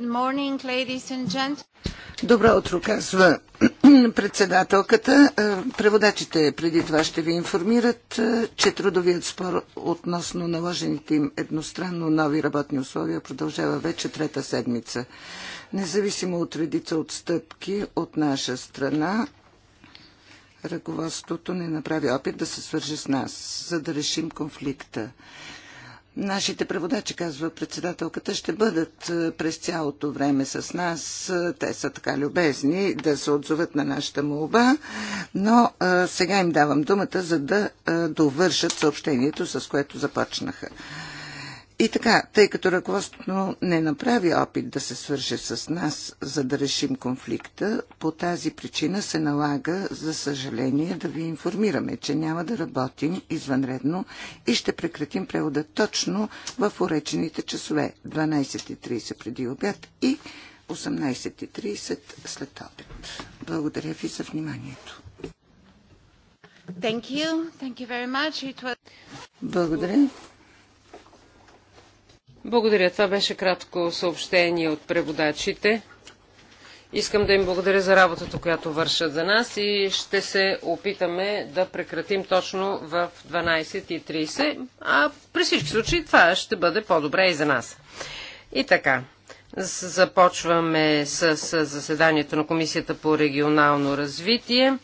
Morning, Добро утро, казва председателката. Е, преводачите преди това ще ви информират, е, че трудовият спор относно наложените им едностранно нови работни условия продължава вече трета седмица. Независимо от редица отстъпки от наша страна, ръководството не направи опит да се свърже с нас, за да решим конфликта. Нашите преводачи, казва председателката, ще бъдат е, през цялото време с нас. Е, те са така любезни да се отзоват на нашата молба, но а, е, сега им давам думата, за да а, довършат съобщението, с което започнаха. И така, тъй като ръководството не направи опит да се свърже с нас, за да решим конфликта, по тази причина се налага, за съжаление, да ви информираме, че няма да работим извънредно и ще прекратим превода точно в уречените часове 12.30 преди обяд и 18.30 след обед. Благодаря ви за вниманието. Thank you. Thank you very much. It was... Благодаря. Благодаря. Това беше кратко съобщение от преводачите. Искам да им благодаря за работата, която вършат за нас и ще се опитаме да прекратим точно в 12.30, а при всички случаи това ще бъде по-добре и за нас. И така, започваме с заседанието на Комисията по регионално развитие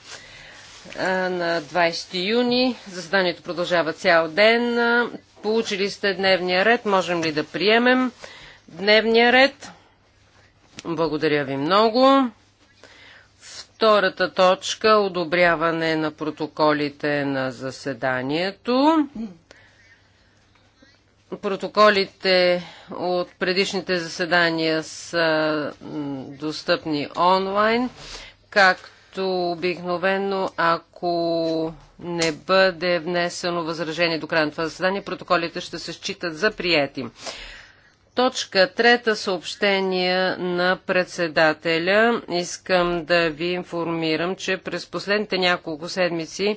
на 20 юни. Заседанието продължава цял ден. Получили сте дневния ред. Можем ли да приемем дневния ред? Благодаря ви много. Втората точка – одобряване на протоколите на заседанието. Протоколите от предишните заседания са достъпни онлайн, както Както обикновено, ако не бъде внесено възражение до края на това заседание, протоколите ще се считат за прияти. Точка трета съобщение на председателя. Искам да ви информирам, че през последните няколко седмици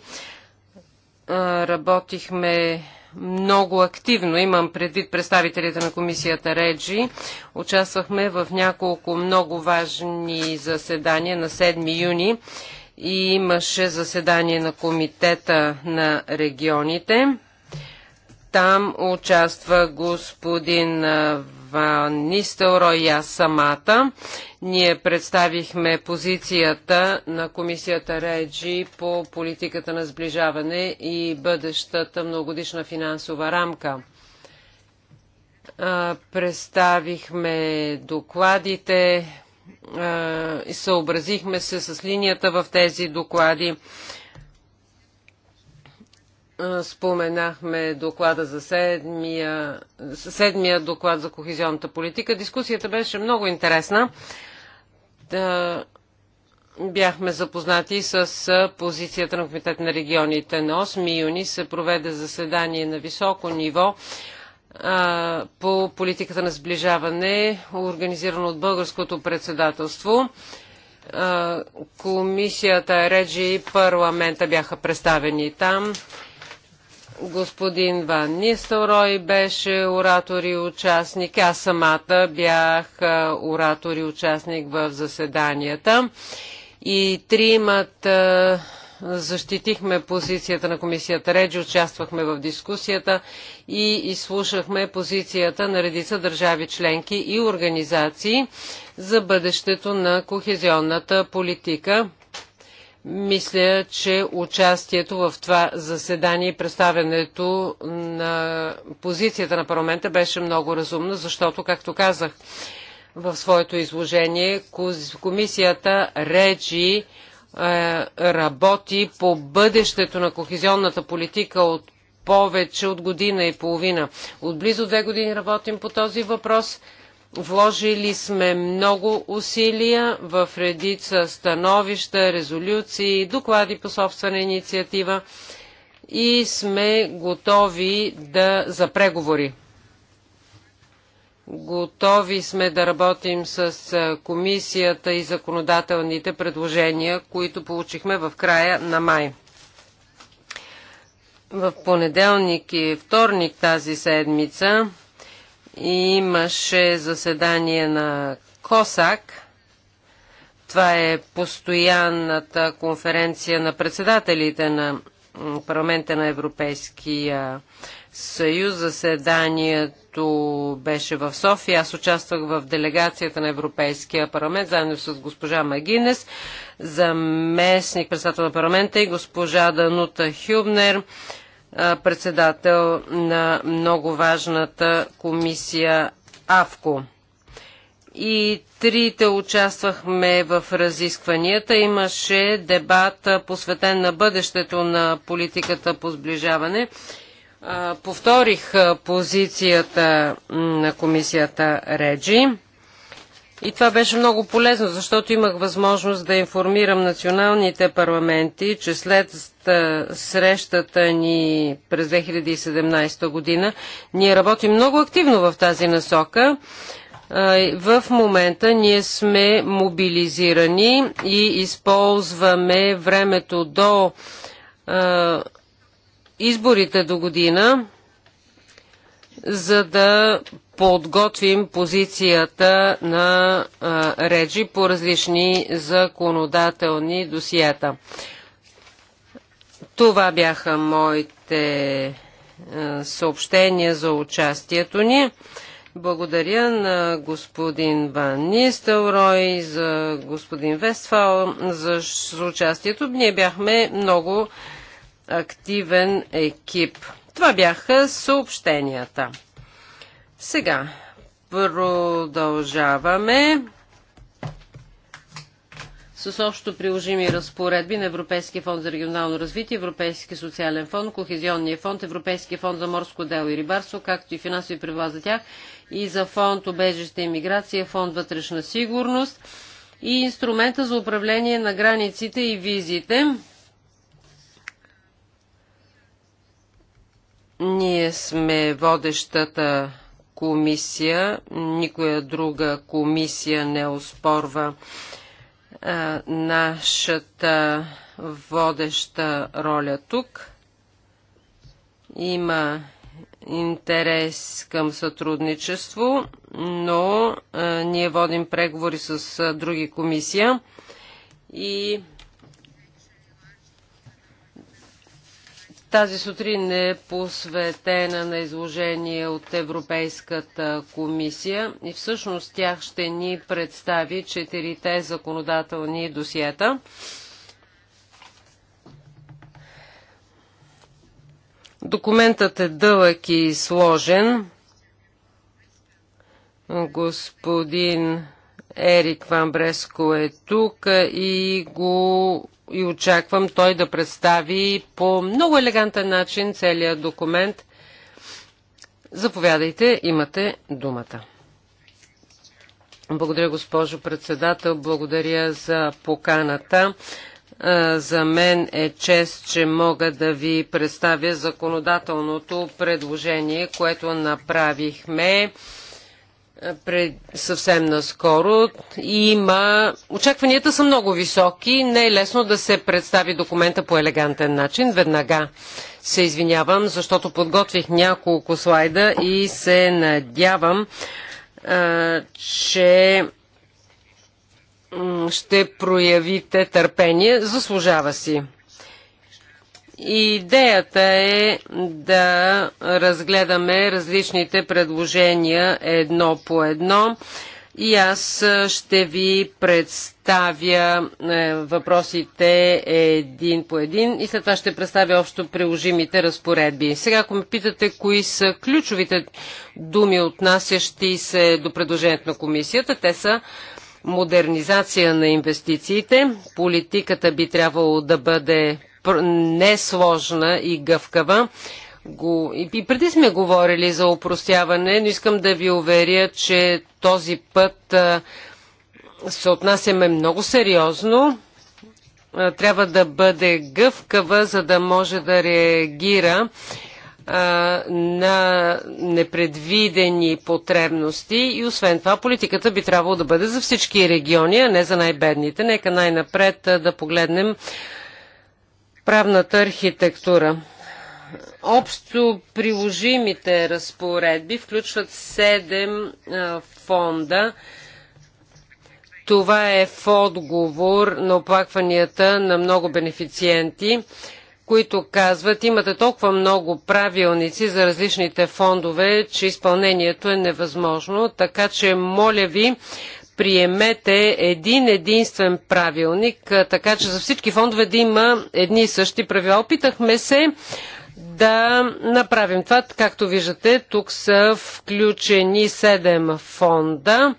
работихме много активно. Имам предвид представителите на комисията Реджи. Участвахме в няколко много важни заседания на 7 юни и имаше заседание на комитета на регионите. Там участва господин Ван Нистелро и аз самата. Ние представихме позицията на комисията Реджи по политиката на сближаване и бъдещата многодишна финансова рамка. Представихме докладите, съобразихме се с линията в тези доклади споменахме доклада за седмия, седмия доклад за кохезионната политика. Дискусията беше много интересна. Да, бяхме запознати с позицията на Комитет на регионите. На 8 юни се проведе заседание на високо ниво а, по политиката на сближаване, организирано от българското председателство. Комисията Реджи и парламента бяха представени там господин Ван Нистелрой беше оратор и участник. Аз самата бях оратор и участник в заседанията. И тримата защитихме позицията на комисията Реджи, участвахме в дискусията и изслушахме позицията на редица държави членки и организации за бъдещето на кохезионната политика. Мисля, че участието в това заседание и представянето на позицията на парламента беше много разумно, защото, както казах в своето изложение, комисията Реджи е, работи по бъдещето на кохезионната политика от повече от година и половина. От близо две години работим по този въпрос. Вложили сме много усилия в редица становища, резолюции, доклади по собствена инициатива и сме готови да, за преговори. Готови сме да работим с комисията и законодателните предложения, които получихме в края на май. В понеделник и вторник тази седмица Имаше заседание на КОСАК. Това е постоянната конференция на председателите на парламента на Европейския съюз. Заседанието беше в София. Аз участвах в делегацията на Европейския парламент, заедно с госпожа Магинес, заместник председател на парламента и госпожа Данута Хюбнер, председател на много важната комисия АВКО. И трите участвахме в разискванията. Имаше дебат посветен на бъдещето на политиката по сближаване. Повторих позицията на комисията Реджи. И това беше много полезно, защото имах възможност да информирам националните парламенти, че след срещата ни през 2017 година. Ние работим много активно в тази насока. В момента ние сме мобилизирани и използваме времето до изборите до година, за да подготвим позицията на Реджи по различни законодателни досиета. Това бяха моите е, съобщения за участието ни. Благодаря на господин Ван Нистелрой, за господин Вестфал, за, за участието. Ние бяхме много активен екип. Това бяха съобщенията. Сега продължаваме с общо приложими разпоредби на Европейския фонд за регионално развитие, Европейския социален фонд, Кохезионния фонд, Европейския фонд за морско дело и рибарство, както и финансови правила за тях и за фонд обежище и миграция, фонд вътрешна сигурност и инструмента за управление на границите и визите. Ние сме водещата комисия, никоя друга комисия не оспорва е, нашата водеща роля тук. Има интерес към сътрудничество, но а, е, ние водим преговори с а, е, други комисия и Тази сутрин е посветена на изложение от Европейската комисия и всъщност тях ще ни представи четирите законодателни досиета. Документът е дълъг и сложен. Господин Ерик Ван Бреско е тук и го и очаквам той да представи по много елегантен начин целият документ. Заповядайте, имате думата. Благодаря, госпожо председател. Благодаря за поканата. За мен е чест, че мога да ви представя законодателното предложение, което направихме пред, съвсем наскоро. Има... Очакванията са много високи. Не е лесно да се представи документа по елегантен начин. Веднага се извинявам, защото подготвих няколко слайда и се надявам, а, че ще проявите търпение. Заслужава си. Идеята е да разгледаме различните предложения едно по едно и аз ще ви представя е, въпросите един по един и след това ще представя общо приложимите разпоредби. Сега, ако ме питате кои са ключовите думи, отнасящи се до предложението на комисията, те са модернизация на инвестициите. Политиката би трябвало да бъде несложна и гъвкава. И преди сме говорили за упростяване, но искам да ви уверя, че този път се отнасяме много сериозно. Трябва да бъде гъвкава, за да може да реагира на непредвидени потребности и освен това политиката би трябвало да бъде за всички региони, а не за най-бедните. Нека най-напред да погледнем правната архитектура. Общо приложимите разпоредби включват 7 фонда. Това е в отговор на оплакванията на много бенефициенти, които казват, имате толкова много правилници за различните фондове, че изпълнението е невъзможно. Така че, моля ви, приемете един единствен правилник, така че за всички фондове да има едни и същи правила. Опитахме се да направим това. Както виждате, тук са включени 7 фонда.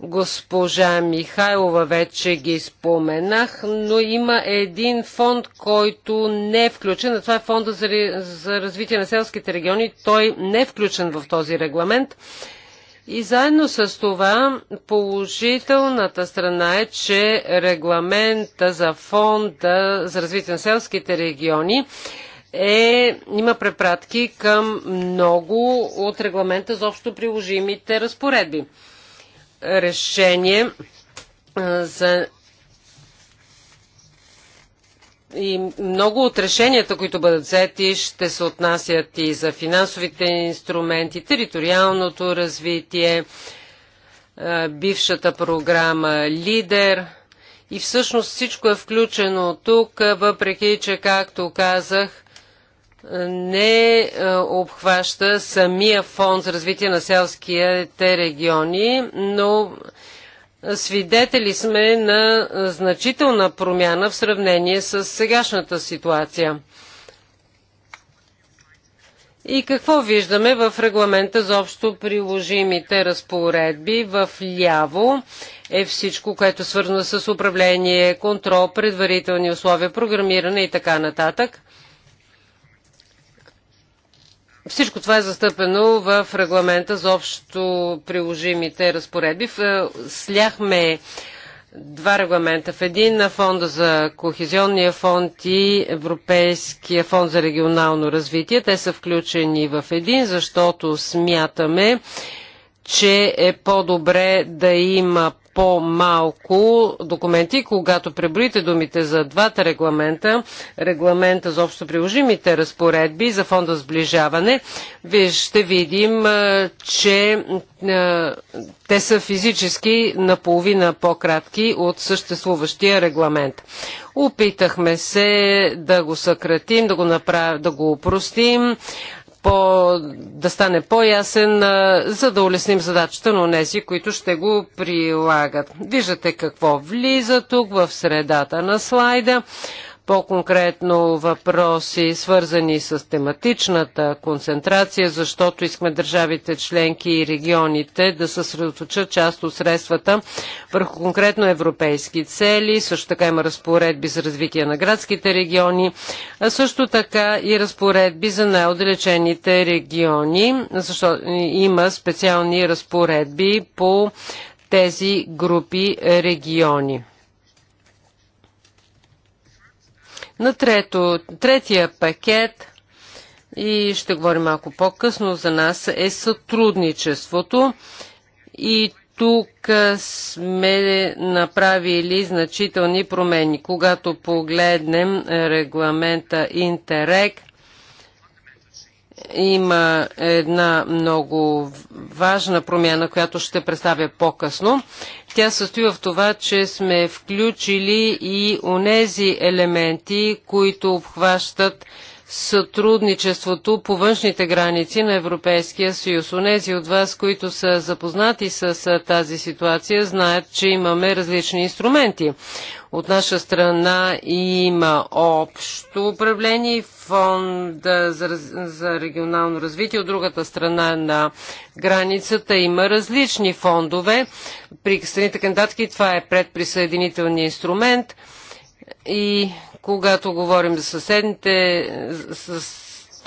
Госпожа Михайлова вече ги споменах, но има един фонд, който не е включен. А това е фонда за, за развитие на селските региони. Той не е включен в този регламент. И заедно с това положителната страна е, че регламента за фонда за развитие на селските региони е, има препратки към много от регламента за общо приложимите разпоредби. Решение за и много от решенията, които бъдат взети, ще се отнасят и за финансовите инструменти, териториалното развитие, е, бившата програма Лидер. И всъщност всичко е включено тук, въпреки че, както казах, не е, обхваща самия фонд за развитие на селските региони, но Свидетели сме на значителна промяна в сравнение с сегашната ситуация. И какво виждаме в регламента за общо приложимите разпоредби? В ляво е всичко, което е свързано с управление, контрол, предварителни условия, програмиране и така нататък. Всичко това е застъпено в регламента за общо приложимите разпоредби. Е, сляхме два регламента в един на фонда за Кохезионния фонд и Европейския фонд за регионално развитие. Те са включени в един, защото смятаме, че е по-добре да има по-малко документи. Когато преброите думите за двата регламента, регламента за общо приложимите разпоредби за фонда сближаване, ще видим, че те са физически наполовина по-кратки от съществуващия регламент. Опитахме се да го съкратим, да го, направ... да го упростим по, да стане по-ясен, за да улесним задачата на тези, които ще го прилагат. Виждате какво влиза тук в средата на слайда по-конкретно въпроси, свързани с тематичната концентрация, защото искаме държавите членки и регионите да съсредоточат част от средствата върху конкретно европейски цели. Също така има разпоредби за развитие на градските региони, а също така и разпоредби за най-отдалечените региони, защото има специални разпоредби по тези групи региони. на трето, третия пакет и ще говорим малко по-късно за нас е сътрудничеството и тук сме направили значителни промени. Когато погледнем регламента Интерек, има една много важна промяна, която ще представя по-късно. Тя състои в това, че сме включили и онези елементи, които обхващат сътрудничеството по външните граници на Европейския съюз. Онези от вас, които са запознати с тази ситуация, знаят, че имаме различни инструменти. От наша страна има общо управление и фонд за, регионално развитие. От другата страна на границата има различни фондове. При страните кандидатки това е предприсъединителният инструмент. И когато говорим за съседните, с,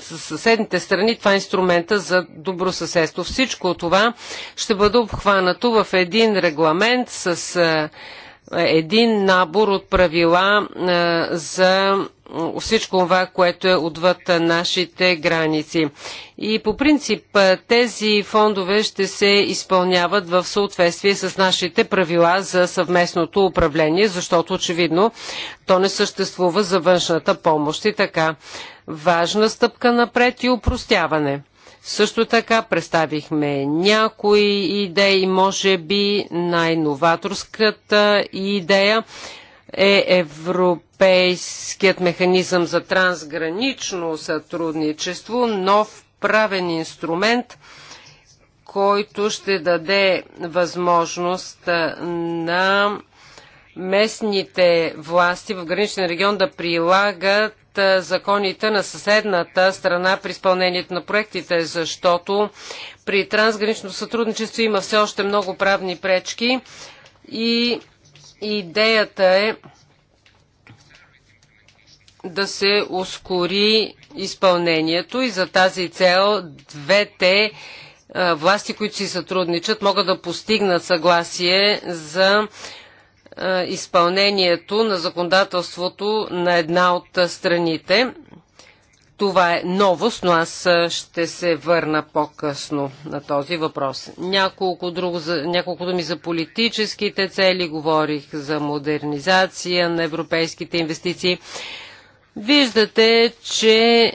с съседните страни, това е инструмента за добросъседство. Всичко това ще бъде обхванато в един регламент с един набор от правила е, за всичко това, което е отвъд нашите граници. И по принцип е, тези фондове ще се изпълняват в съответствие с нашите правила за съвместното управление, защото очевидно то не съществува за външната помощ и така. Важна стъпка напред и упростяване – също така представихме някои идеи, може би най-новаторската идея е Европейският механизъм за трансгранично сътрудничество, нов правен инструмент, който ще даде възможност на местните власти в граничен регион да прилагат законите на съседната страна при изпълнението на проектите, защото при трансграничното сътрудничество има все още много правни пречки и идеята е да се ускори изпълнението и за тази цел двете власти, които си сътрудничат, могат да постигнат съгласие за е, изпълнението на законодателството на една от страните. Това е новост, но аз е, ще се върна по-късно на този въпрос. Няколко, друго, няколко думи за политическите цели, говорих за модернизация на европейските инвестиции. Виждате, че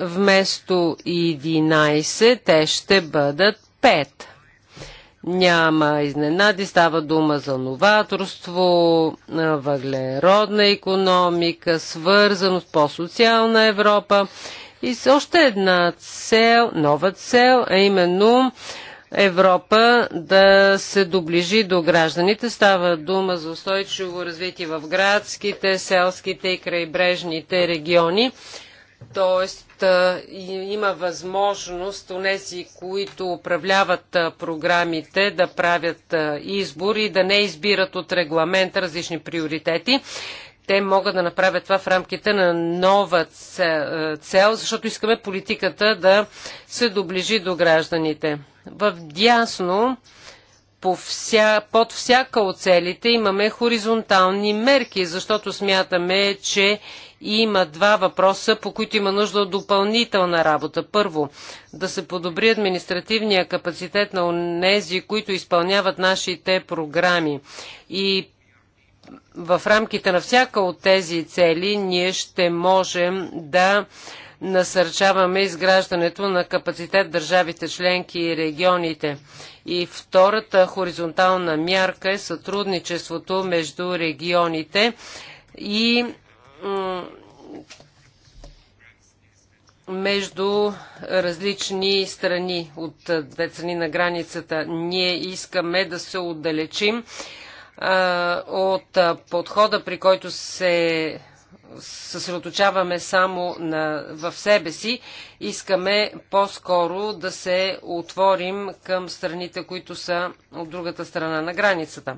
вместо 11 те ще бъдат 5. Няма изненади, става дума за новаторство, въглеродна економика, свързаност, по-социална Европа и с още една цел, нова цел, а е именно Европа да се доближи до гражданите. Става дума за устойчиво развитие в градските, селските и крайбрежните региони. Тоест, е, има възможност у нези, които управляват е, програмите, да правят е, избор и да не избират от регламента различни приоритети. Те могат да направят това в рамките на нова цел, защото искаме политиката да се доближи до гражданите. В дясно по вся, под всяка от целите имаме хоризонтални мерки, защото смятаме, че и има два въпроса, по които има нужда от допълнителна работа. Първо, да се подобри административния капацитет на онези, които изпълняват нашите програми. И в рамките на всяка от тези цели ние ще можем да насърчаваме изграждането на капацитет държавите членки и регионите. И втората хоризонтална мярка е сътрудничеството между регионите и между различни страни от двете страни на границата. Ние искаме да се отдалечим от подхода, при който се съсредоточаваме само на, в себе си. Искаме по-скоро да се отворим към страните, които са от другата страна на границата.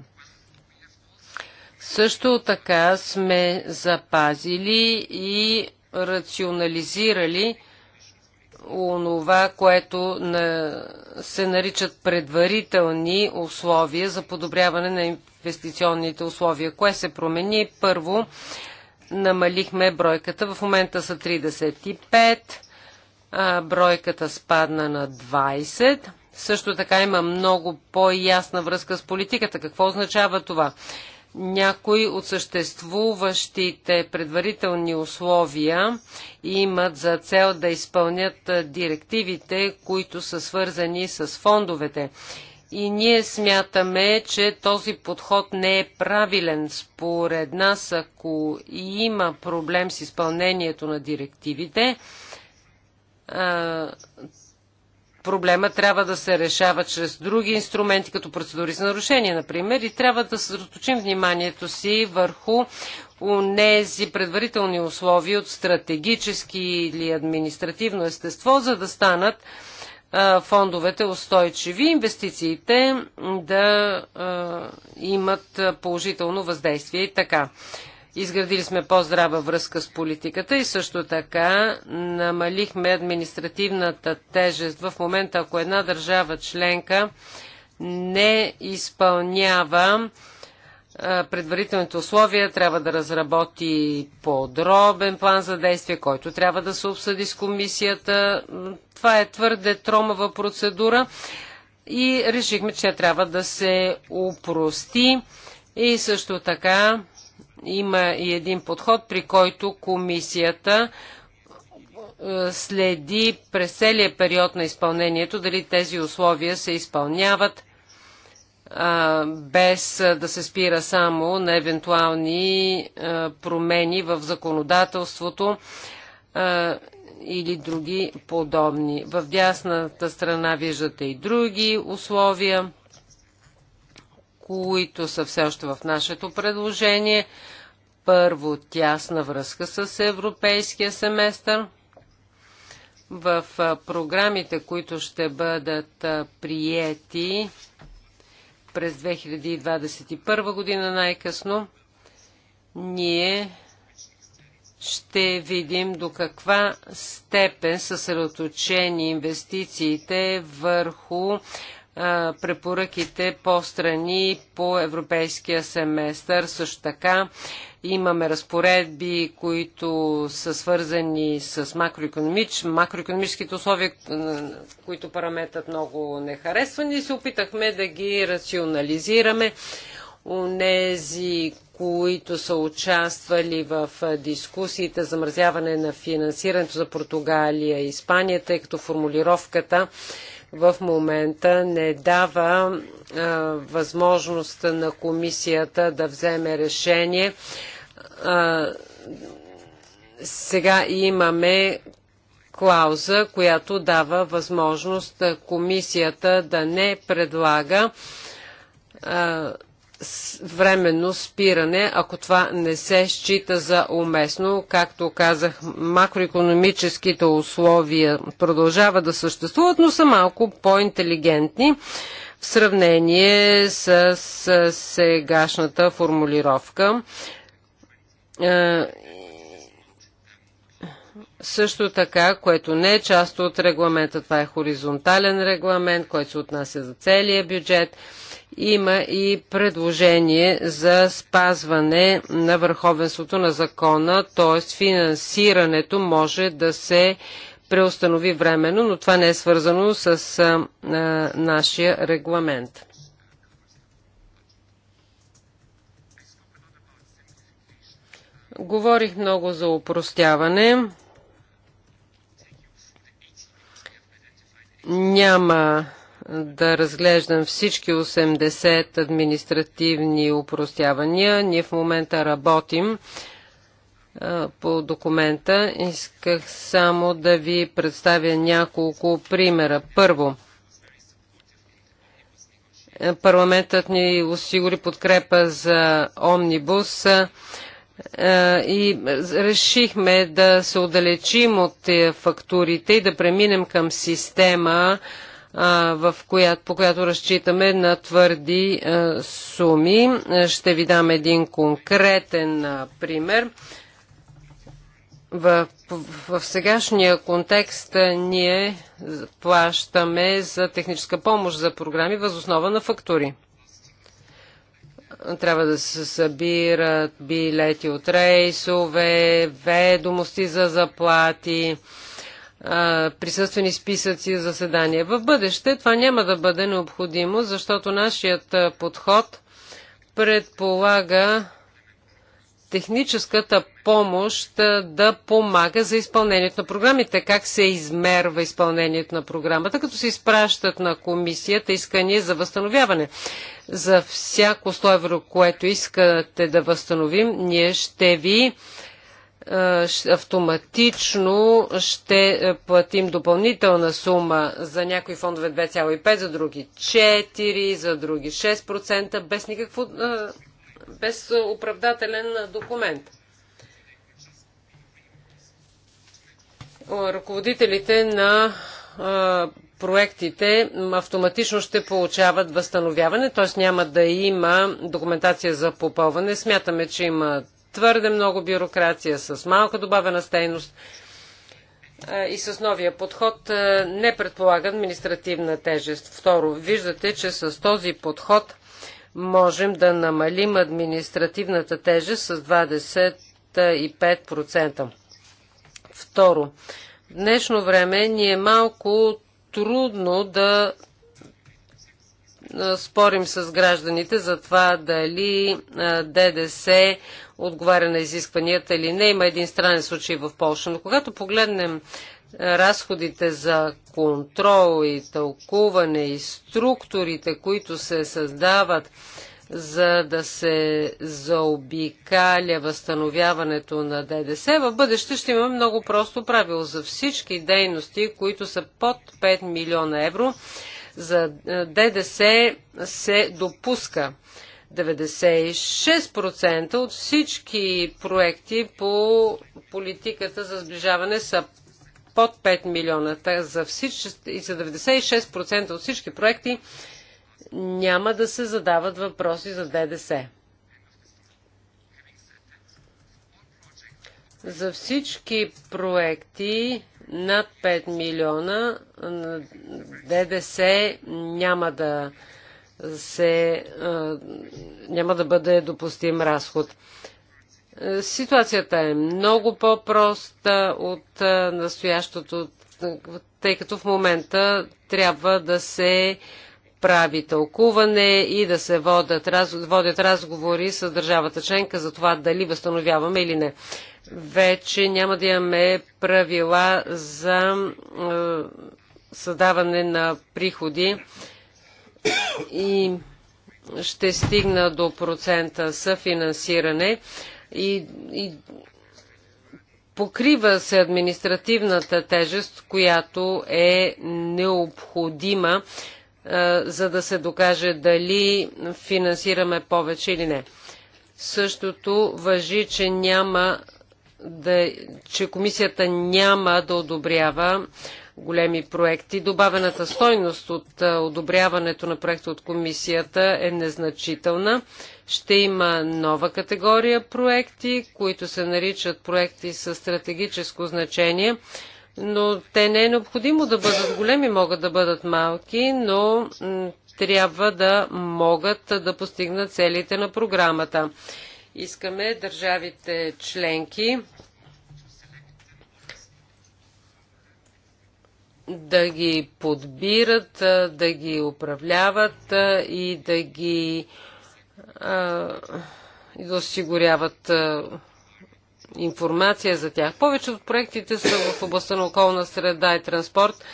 Също така сме запазили и рационализирали онова, което се наричат предварителни условия за подобряване на инвестиционните условия. Кое се промени? Първо, намалихме бройката. В момента са 35, а бройката спадна на 20. Също така има много по-ясна връзка с политиката. Какво означава това? някои от съществуващите предварителни условия имат за цел да изпълнят директивите, които са свързани с фондовете. И ние смятаме, че този подход не е правилен. Според нас, ако има проблем с изпълнението на директивите, проблема трябва да се решава чрез други инструменти, като процедури за нарушение, например, и трябва да съсредоточим вниманието си върху унези предварителни условия от стратегически или административно естество, за да станат фондовете устойчиви, инвестициите да а, имат положително въздействие и така. Изградили сме по-здрава връзка с политиката и също така намалихме административната тежест. В момента, ако една държава членка не изпълнява предварителните условия, трябва да разработи подробен план за действие, който трябва да се обсъди с комисията. Това е твърде тромава процедура и решихме, че трябва да се упрости и също така има и един подход, при който комисията е, следи през целия период на изпълнението дали тези условия се изпълняват без да се спира само на евентуални промени в законодателството или други подобни. В дясната страна виждате и други условия които са все още в нашето предложение. Първо, тясна връзка с европейския семестър. В програмите, които ще бъдат приети през 2021 година най-късно, ние ще видим до каква степен са съсредоточени инвестициите върху препоръките по страни по европейския семестър. Също така имаме разпоредби, които са свързани с макроекономич, макроекономическите условия, които параметът много не харесва. Ние се опитахме да ги рационализираме. Унези, които са участвали в дискусиите за замразяване на финансирането за Португалия и Испания, тъй като формулировката в момента не дава а, възможност на комисията да вземе решение. А, сега имаме клауза, която дава възможност комисията да не предлага а, временно спиране, ако това не се счита за уместно. Както казах, макроекономическите условия продължават да съществуват, но са малко по-интелигентни в сравнение с сегашната формулировка. Е, също така, което не е част от регламента, това е хоризонтален регламент, който се отнася за целия бюджет – има и предложение за спазване на върховенството на закона, т.е. финансирането може да се преустанови временно, но това не е свързано с а, а, нашия регламент. Говорих много за упростяване. Няма да разглеждам всички 80 административни упростявания. Ние в момента работим по документа. Исках само да ви представя няколко примера. Първо, парламентът ни осигури подкрепа за омнибус и решихме да се отдалечим от фактурите и да преминем към система, в коя, по която разчитаме на твърди суми. Ще ви дам един конкретен пример. В, в, в сегашния контекст ние плащаме за техническа помощ за програми възоснова на фактури. Трябва да се събират билети от рейсове, ведомости за заплати, присъствени списъци и заседания. В бъдеще това няма да бъде необходимо, защото нашият подход предполага техническата помощ да помага за изпълнението на програмите. Как се измерва изпълнението на програмата, като се изпращат на комисията искания за възстановяване. За всяко 100 евро, което искате да възстановим, ние ще ви е, автоматично ще е, платим допълнителна сума за някои фондове 2,5, за други 4, за други 6%, без никакво е, без оправдателен документ. Ръководителите на проектите автоматично ще получават възстановяване, т.е. няма да има документация за попълване. Смятаме, че има твърде много бюрокрация, с малка добавена стейност и с новия подход не предполага административна тежест. Второ, виждате, че с този подход можем да намалим административната тежест с 25%. Второ, в днешно време ни е малко трудно да спорим с гражданите за това дали ДДС отговаря на изискванията или не. Има един странен случай в Польша. Но когато погледнем разходите за контрол и тълкуване и структурите, които се създават, за да се заобикаля възстановяването на ДДС. В бъдеще ще има много просто правило за всички дейности, които са под 5 милиона евро за е, ДДС се допуска. 96% от всички проекти по политиката за сближаване са под 5 милиона. за всички, и за 96% от всички проекти няма да се задават въпроси за ДДС. За всички проекти над 5 милиона ДДС няма да се, няма да бъде допустим разход. Ситуацията е много по-проста от настоящото, тъй като в момента трябва да се прави тълкуване и да се водят, водят разговори с държавата членка за това дали възстановяваме или не вече няма да имаме правила за е, създаване на приходи и ще стигна до процента съфинансиране и, и покрива се административната тежест, която е необходима, е, за да се докаже дали финансираме повече или не. Същото въжи, че няма да, че комисията няма да одобрява големи проекти. Добавената стойност от одобряването на проекта от комисията е незначителна. Ще има нова категория проекти, които се наричат проекти с стратегическо значение, но те не е необходимо да бъдат големи, могат да бъдат малки, но трябва да могат да постигнат целите на програмата. Искаме държавите членки да ги подбират, да ги управляват и да ги а, да осигуряват а, информация за тях. Повече от проектите са в областта на околна среда и транспорт,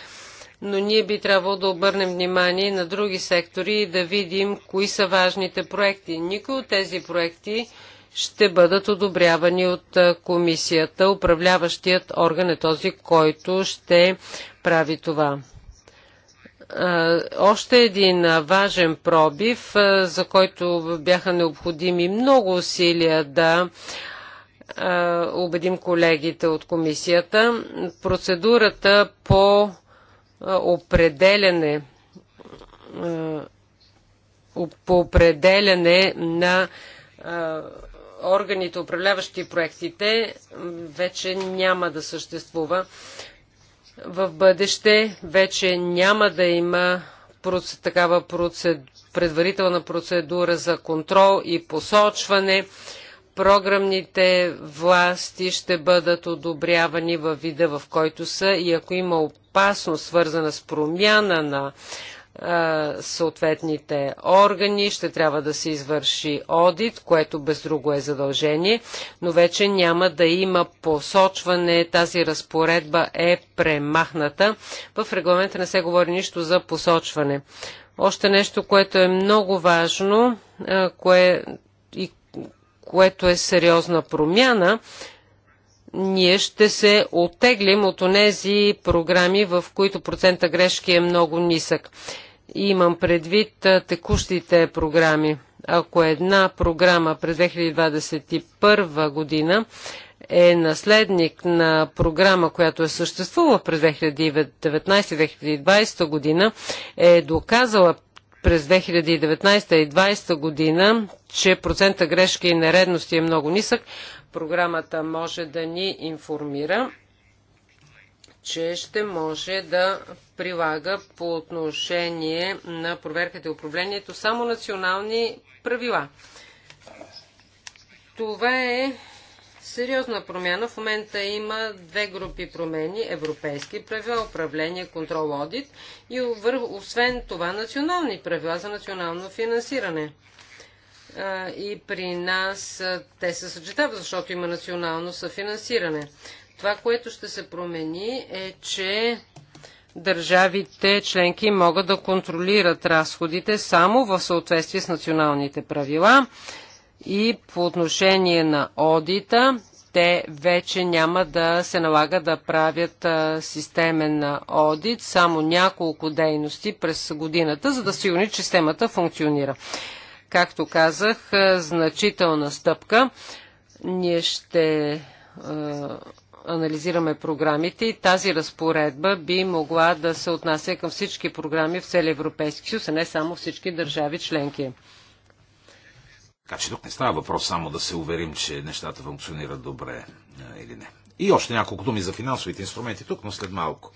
но ние би трябвало да обърнем внимание на други сектори и да видим кои са важните проекти. Никой от тези проекти ще бъдат одобрявани от комисията. Управляващият орган е този, който ще прави това. Още един важен пробив, за който бяха необходими много усилия да убедим колегите от комисията. Процедурата по определене по определене на органите, управляващи проектите, вече няма да съществува. В бъдеще вече няма да има такава предварителна процедура за контрол и посочване. Програмните власти ще бъдат одобрявани във вида, в който са и ако има опасност, свързана с промяна на съответните органи, ще трябва да се извърши одит, което без друго е задължение, но вече няма да има посочване. Тази разпоредба е премахната. В регламента не се говори нищо за посочване. Още нещо, което е много важно, кое, и, което е сериозна промяна, ние ще се оттеглим от онези програми, в които процента грешки е много нисък. Имам предвид текущите програми. Ако една програма през 2021 година е наследник на програма, която е съществувала през 2019-2020 година, е доказала през 2019 и 2020 година, че процента грешки и нередности е много нисък, Програмата може да ни информира, че ще може да прилага по отношение на проверката и управлението само национални правила. Това е сериозна промяна. В момента има две групи промени. Европейски правила, управление, контрол, одит и освен това национални правила за национално финансиране и при нас те се съчетават, защото има национално съфинансиране. Това, което ще се промени е, че държавите членки могат да контролират разходите само в съответствие с националните правила и по отношение на одита те вече няма да се налага да правят системен одит, само няколко дейности през годината, за да сигурни, че системата функционира както казах, е, значителна стъпка. Ние ще е, анализираме програмите и тази разпоредба би могла да се отнася към всички програми в целия Европейски съюз, а не само всички държави членки. Така че тук не става въпрос само да се уверим, че нещата функционират добре е, или не. И още няколко думи за финансовите инструменти тук, но след малко.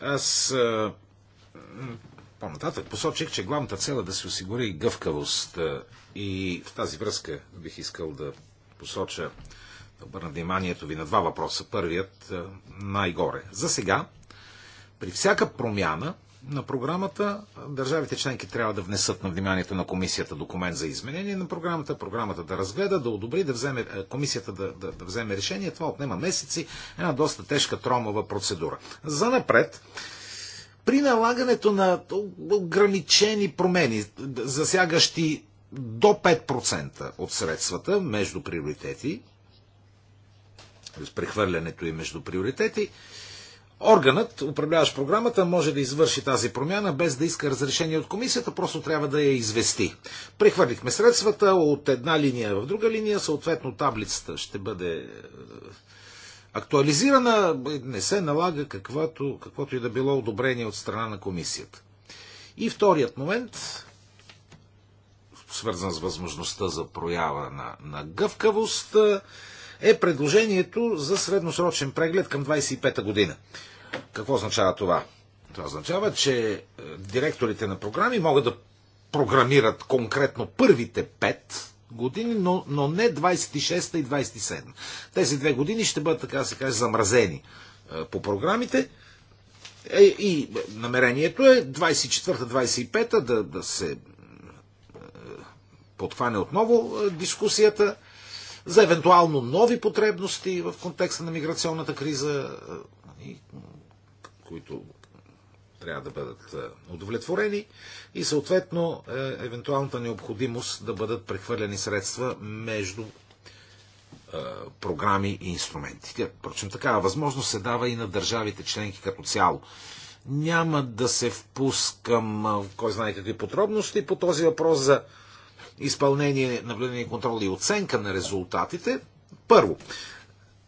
Аз по-нататък посочих, че главната цел е да се осигури гъвкавост и в тази връзка бих искал да посоча, да обърна вниманието ви на два въпроса. Първият най-горе. За сега, при всяка промяна на програмата, държавите членки трябва да внесат на вниманието на комисията документ за изменение на програмата, програмата да разгледа, да одобри, да вземе, комисията да, да, да вземе решение. Това отнема месеци, една доста тежка тромова процедура. За напред, при налагането на ограничени промени, засягащи до 5% от средствата между приоритети, прехвърлянето и между приоритети, Органът, управляващ програмата, може да извърши тази промяна без да иска разрешение от комисията, просто трябва да я извести. Прехвърлихме средствата от една линия в друга линия, съответно таблицата ще бъде е, актуализирана, не се налага каквото, каквото и да било одобрение от страна на комисията. И вторият момент, свързан с възможността за проява на, на гъвкавост, е предложението за средносрочен преглед към 25-та година. Какво означава това? Това означава, че е, директорите на програми могат да програмират конкретно първите пет години, но, но не 26-та и 27. Тези две години ще бъдат, така се каже, замразени е, по програмите. Е, и намерението е 24-25 да, да се е, подхване отново дискусията за евентуално нови потребности в контекста на миграционната криза, които трябва да бъдат е, удовлетворени и съответно е, евентуалната необходимост да бъдат прехвърлени средства между е, програми и инструменти. Впрочем, такава възможност се дава и на държавите членки като цяло. Няма да се впускам в кой знае какви подробности по този въпрос за изпълнение, наблюдение, контрол и оценка на резултатите. Първо,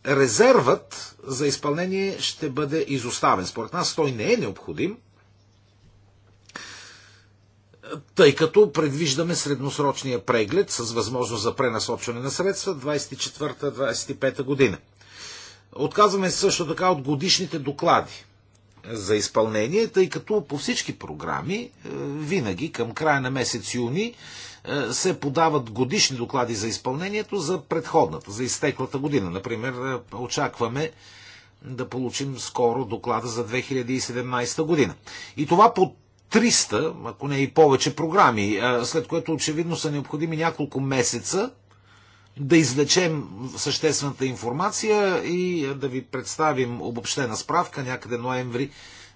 резервът за изпълнение ще бъде изоставен. Според нас той не е необходим, тъй като предвиждаме средносрочния преглед с възможност за пренасочване на средства 24-25 година. Отказваме също така от годишните доклади за изпълнение, тъй като по всички програми е, винаги към края на месец юни е, се подават годишни доклади за изпълнението за предходната, за изтеклата година. Например, е, очакваме да получим скоро доклада за 2017 година. И това по 300, ако не и повече програми, е, след което очевидно са необходими няколко месеца да извлечем съществената информация и да ви представим обобщена справка някъде ноември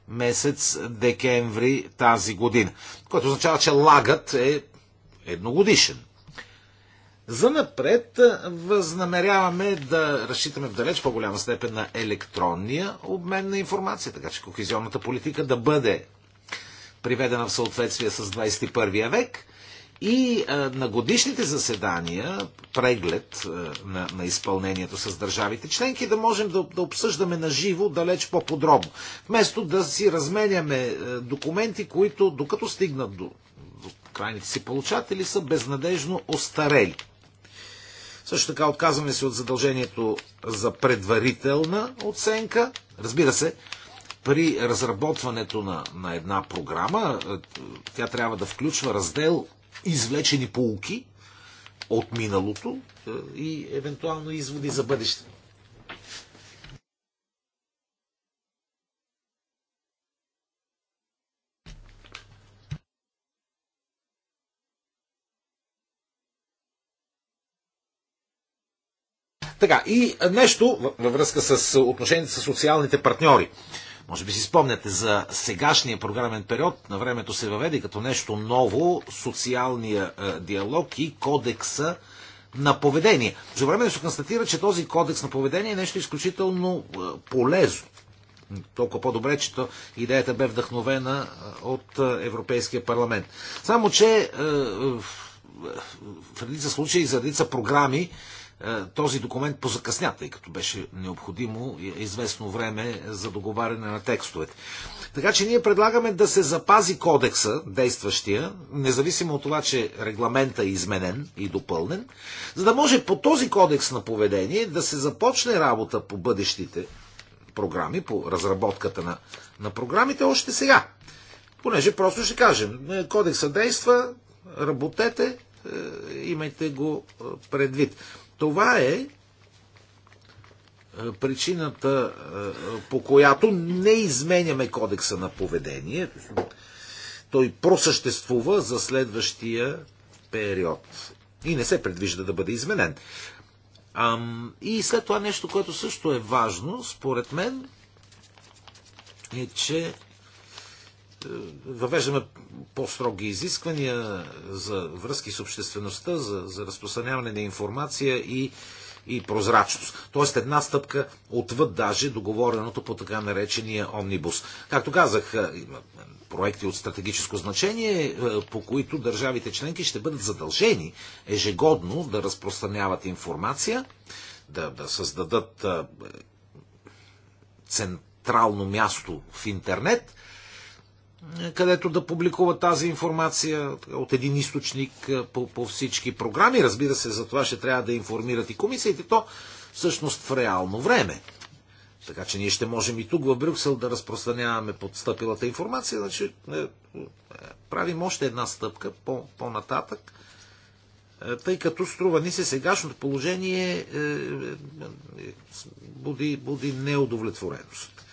месец декември тази година. Което означава, че лагът е едногодишен. За напред възнамеряваме да разчитаме в далеч по-голяма степен на електронния обмен на информация, така че кохезионната политика да бъде приведена в съответствие с 21 век и на годишните заседания, преглед на, на изпълнението с държавите членки, да можем да, да обсъждаме наживо далеч по-подробно. Вместо да си разменяме документи, които докато стигнат до крайните си получатели са безнадежно остарели. Също така отказваме се от задължението за предварителна оценка. Разбира се, при разработването на, на една програма, е, тя трябва да включва раздел извлечени полуки от миналото е, и евентуално изводи за бъдещето. Така, и нещо във връзка с отношенията с социалните партньори. Може би си спомняте за сегашния програмен период, на времето се въведе като нещо ново социалния е, диалог и кодекса на поведение. За време се констатира, че този кодекс на поведение е нещо изключително е, полезно. Толкова по-добре, че то идеята бе вдъхновена е, от Европейския парламент. Само, че в редица случаи, за редица програми, е, този документ позакъсня, тъй като беше необходимо известно време за договаряне на текстовете. Така че ние предлагаме да се запази кодекса, действащия, независимо от това, че регламента е изменен и допълнен, за да може по този кодекс на поведение да се започне работа по бъдещите програми, по разработката на, на програмите още сега. Понеже просто ще кажем, е, кодекса действа, работете, е, имайте го предвид. Това е, е причината, е, по която не изменяме кодекса на поведение. Той просъществува за следващия период. И не се предвижда да бъде изменен. и след това нещо, което също е важно, според мен, е, че въвеждаме по-строги изисквания за връзки с обществеността, за, за разпространяване на информация и, и прозрачност. Тоест една стъпка отвъд даже договореното по така наречения омнибус. Както казах, е, има проекти от стратегическо значение, е, по които държавите членки ще бъдат задължени ежегодно да разпространяват информация, да, да създадат е, централно място в интернет – където да публикува тази информация от един източник по, по всички програми. Разбира се, за това ще трябва да информират и комисиите, то всъщност в реално време. Така че ние ще можем и тук в Брюксел да разпространяваме подстъпилата информация, значи е, е правим още една стъпка по, по-нататък, е, тъй като струва ни се сегашното положение е, е, е буди, буди неудовлетвореност.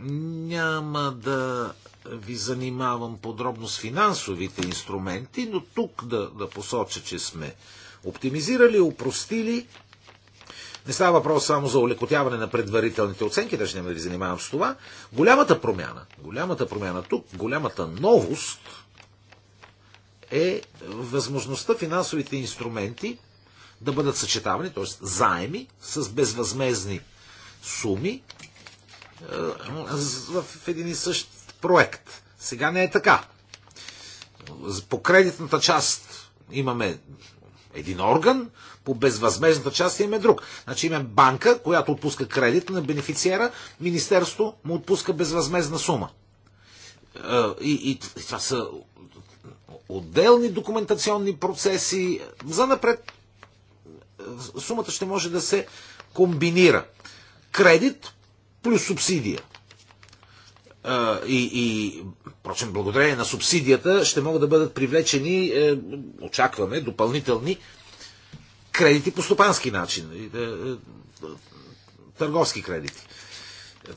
Няма да ви занимавам подробно с финансовите инструменти, но тук да, да посоча, че сме оптимизирали, упростили. Не става въпрос само за улекотяване на предварителните оценки, даже няма да ви занимавам с това. Голямата промяна, голямата промяна тук, голямата новост е възможността финансовите инструменти да бъдат съчетавани, т.е. заеми с безвъзмезни суми, е, в един и същ проект. Сега не е така. По кредитната част имаме един орган, по безвъзмезната част имаме друг. Значи имаме банка, която отпуска кредит на бенефициера, министерство му отпуска безвъзмезна сума. Е, и, и, и това са отделни документационни процеси. За напред е, сумата ще може да се комбинира. Кредит плюс субсидия. И, и, впрочем, благодарение на субсидията ще могат да бъдат привлечени, е, очакваме, допълнителни кредити по стопански начин, е, е, търговски кредити.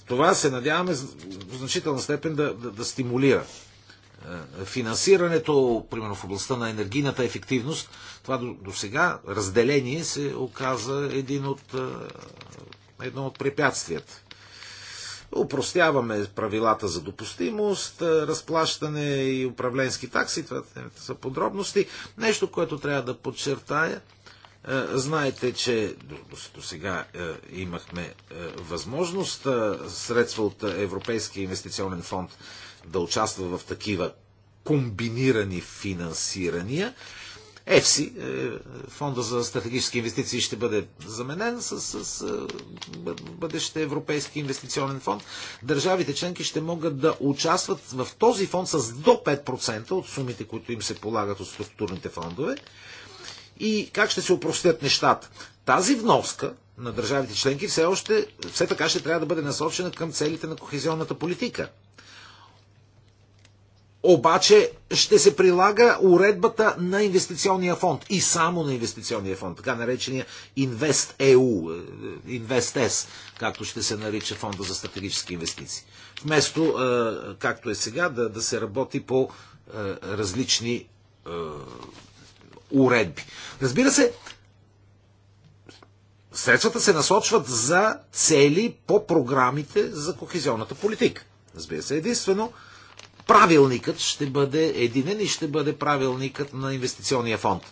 Това се надяваме в значителна степен да, да, да стимулира финансирането, примерно в областта на енергийната ефективност, това до, до сега разделение се оказа един от, едно от препятствията. Упростяваме правилата за допустимост, е, разплащане и управленски такси, това е, са подробности. Нещо, което трябва да подчертая, е, Знаете, че до сега имахме възможност средства от Европейския инвестиционен фонд да участва в такива комбинирани финансирания. ЕФСИ, е, Фонда за стратегически инвестиции, ще бъде заменен с, с, с бъдеще Европейски инвестиционен фонд. Държавите членки ще могат да участват в този фонд с до 5% от сумите, които им се полагат от структурните фондове. И как ще се упростят нещата? Тази вноска на държавите членки все още, все така ще трябва да бъде насочена към целите на кохезионната политика. Обаче ще се прилага уредбата на инвестиционния фонд и само на инвестиционния фонд, така наречения Invest е, S, както ще се нарича фонда за стратегически инвестиции. Вместо, е, както е сега, да, да се работи по е, различни уредби. Разбира се, средствата се насочват за цели по програмите за кохезионната политика. Разбира се, единствено, правилникът ще бъде единен и ще бъде правилникът на инвестиционния фонд.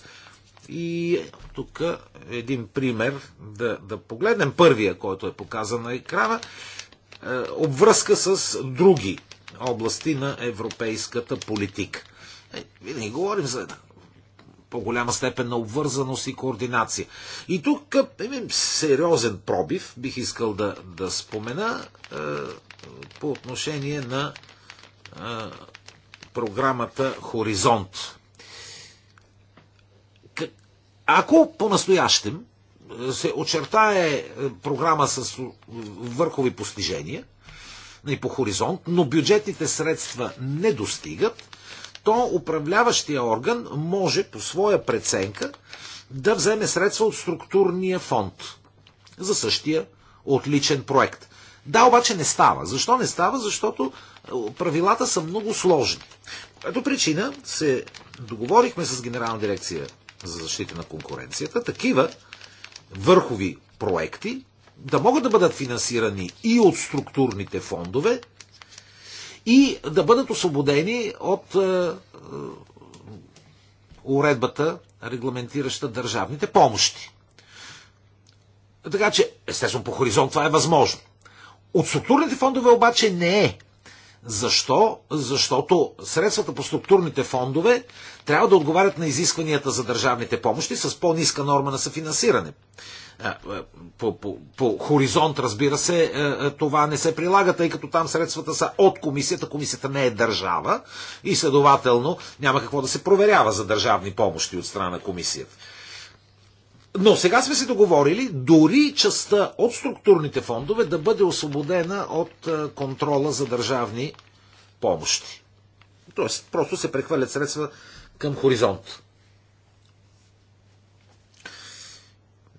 И тук един пример да, да погледнем. Първия, който е показан на екрана, е, обвръзка с други области на европейската политика. Е, винаги говорим за една по-голяма степен на обвързаност и координация. И тук имам е, е, сериозен пробив, бих искал да, да спомена е, по отношение на програмата Хоризонт. Ако по-настоящем се очертае програма с върхови постижения и нали, по хоризонт, но бюджетните средства не достигат, то управляващия орган може по своя преценка да вземе средства от структурния фонд за същия отличен проект. Да, обаче не става. Защо не става? Защото правилата са много сложни. Ето причина се договорихме с Генерална дирекция за защита на конкуренцията, такива върхови проекти да могат да бъдат финансирани и от структурните фондове, и да бъдат освободени от е, е, уредбата, регламентираща държавните помощи. Така че, естествено, по хоризонт това е възможно. От структурните фондове обаче не е защо? Защото средствата по структурните фондове трябва да отговарят на изискванията за държавните помощи с по-ниска норма на съфинансиране. Е, е, по, по, по хоризонт, разбира се, е, това не се прилага, тъй като там средствата са от комисията. Комисията не е държава и следователно няма какво да се проверява за държавни помощи от страна на комисията. Но сега сме се договорили дори частта от структурните фондове да бъде освободена от е, контрола за държавни помощи. Тоест, просто се прехвърлят средства към хоризонт.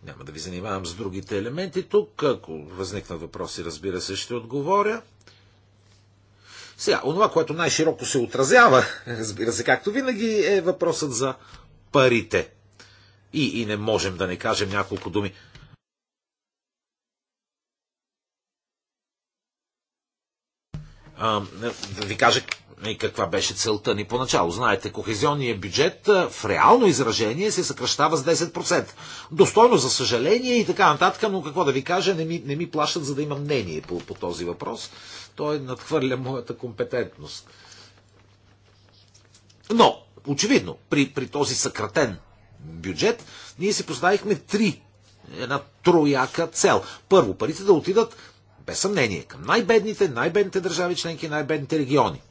Няма да ви занимавам с другите елементи тук. Ако възникнат въпроси, разбира се, ще отговоря. Сега, онова, което най-широко се отразява, разбира се, както винаги, е въпросът за парите и, и не можем да не кажем няколко думи. А, да ви кажа и каква беше целта ни поначало. Знаете, кохезионният бюджет в реално изражение се съкръщава с 10%. Достойно за съжаление и така нататък, но какво да ви кажа, не ми, не ми плащат за да имам мнение по, по този въпрос. Той надхвърля моята компетентност. Но, очевидно, при, при този съкратен бюджет, ние си поставихме три, една трояка цел. Първо, парите да отидат, без съмнение, към най-бедните, най-бедните държави членки, най-бедните региони.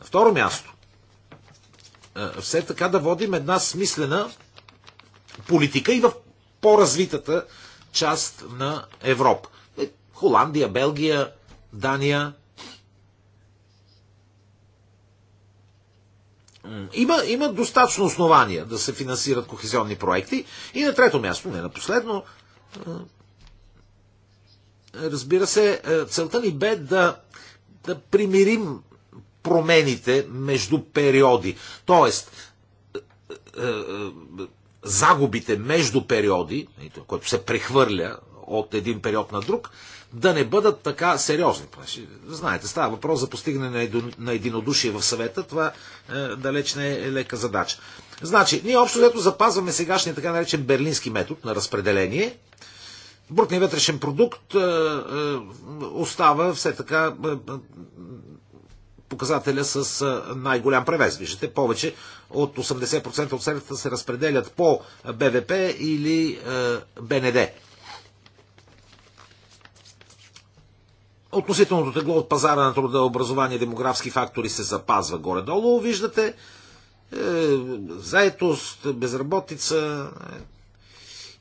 На второ място, е, все така да водим една смислена политика и в по-развитата част на Европа. Е, Холандия, Белгия, Дания, Има, има достатъчно основания да се финансират кохезионни проекти. И на трето място, не на последно, разбира се, целта ни бе да, да примирим промените между периоди. Тоест, загубите между периоди, което се прехвърля от един период на друг, да не бъдат така сериозни. Знаете, става въпрос за постигане на единодушие в съвета. Това е, далеч не е лека задача. Значи, ние общо взето запазваме сегашния така наречен берлински метод на разпределение. Брутният вътрешен продукт е, е, остава все така е, е показателя с е, най-голям превес. Виждате, повече от 80% от средствата се разпределят по БВП или е, БНД. Относителното тегло от пазара на труда, образование, демографски фактори се запазва горе-долу, виждате. Е, заетост, безработица.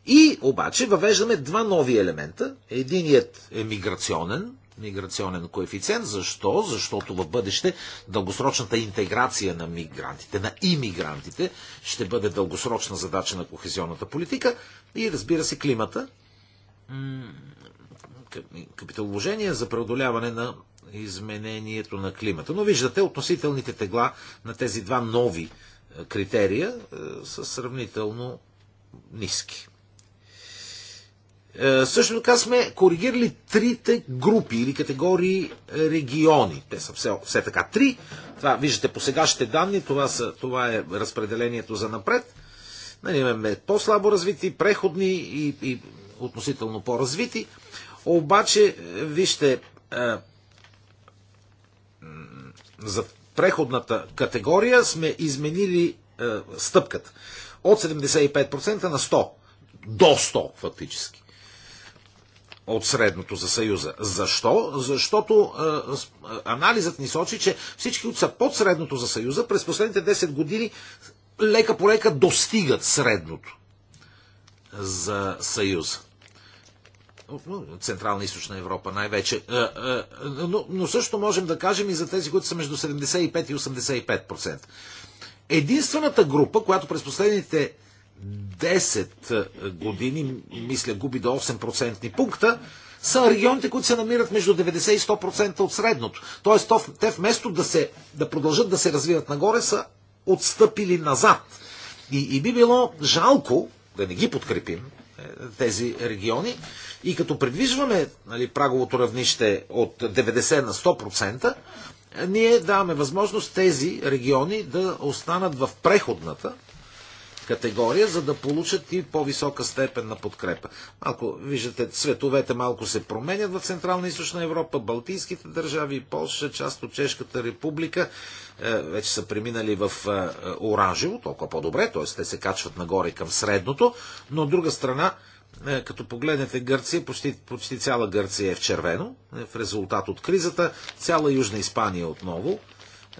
И обаче въвеждаме два нови елемента. Единият е миграционен, миграционен коефициент. Защо? Защото в бъдеще дългосрочната интеграция на мигрантите, на имигрантите, ще бъде дългосрочна задача на кохезионната политика и разбира се климата капиталовложения за преодоляване на изменението на климата. Но виждате относителните тегла на тези два нови е, критерия е, са сравнително ниски. Е, също така сме коригирали трите групи или категории региони. Те са все, все така три. Това виждате по сегашните данни, това, са, това е разпределението за напред. Нали, имаме по-слабо развити, преходни и, и относително по-развити. Обаче, вижте, е, за преходната категория сме изменили е, стъпката от 75% на 100. До 100 фактически от средното за Съюза. Защо? Защото е, е, анализът ни сочи, че всички, които са под средното за Съюза, през последните 10 години лека по лека достигат средното за Съюза. Централна и Източна Европа най-вече. Е, е, но, но също можем да кажем и за тези, които са между 75 и 85%. Единствената група, която през последните 10 е, години, мисля, губи до 8% пункта, са регионите, които се намират между 90 и 100% от средното. Тоест, те вместо да, се, да продължат да се развиват нагоре, са отстъпили назад. И, и би било жалко да не ги подкрепим, тези региони, и като предвижваме нали, праговото равнище от 90 на 100%, ние даваме възможност тези региони да останат в преходната категория, за да получат и по-висока степен на подкрепа. Малко, виждате, световете малко се променят в Централна и Източна Европа, Балтийските държави, Польша, част от Чешката република е, вече са преминали в е, е, оранжево, толкова по-добре, т.е. те се качват нагоре към средното, но от друга страна е, като погледнете Гърция, почти, почти цяла Гърция е в червено, е в резултат от кризата. Цяла Южна Испания отново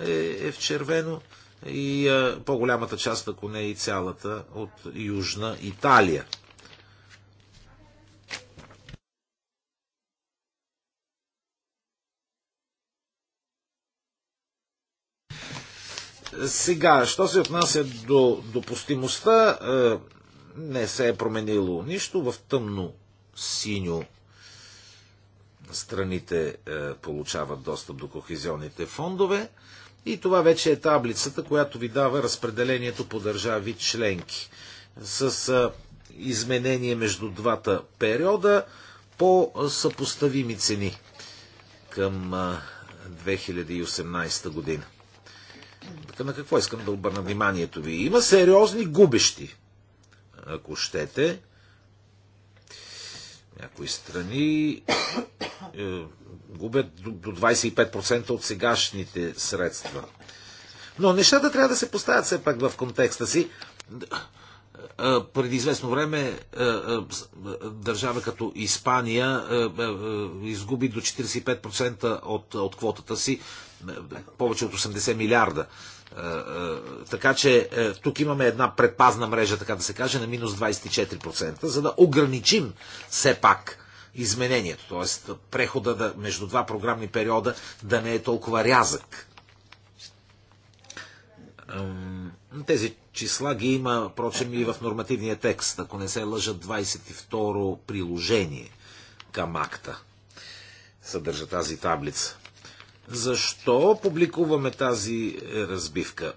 е, е в червено и е, по-голямата част, ако не и цялата, от Южна Италия. Сега, що се отнася до допустимостта, е, не се е променило нищо. В тъмно синьо страните е, получават достъп до кохезионните фондове. И това вече е таблицата, която ви дава разпределението по държави членки. С е, изменение между двата периода по съпоставими цени към е, 2018 година. Така на какво искам да обърна вниманието ви? Има сериозни губещи ако щете. Някои страни е, губят до 25% от сегашните средства. Но нещата трябва да се поставят все пак в контекста си преди известно време държава като Испания изгуби до 45% от, от квотата си, повече от 80 милиарда. Така че тук имаме една предпазна мрежа, така да се каже, на минус 24%, за да ограничим все пак изменението, т.е. прехода да, между два програмни периода да не е толкова рязък. Um... Тези числа ги има, прочем, и в нормативния текст, ако не се лъжат 22 приложение към акта. Съдържа тази таблица. Защо публикуваме тази е, разбивка?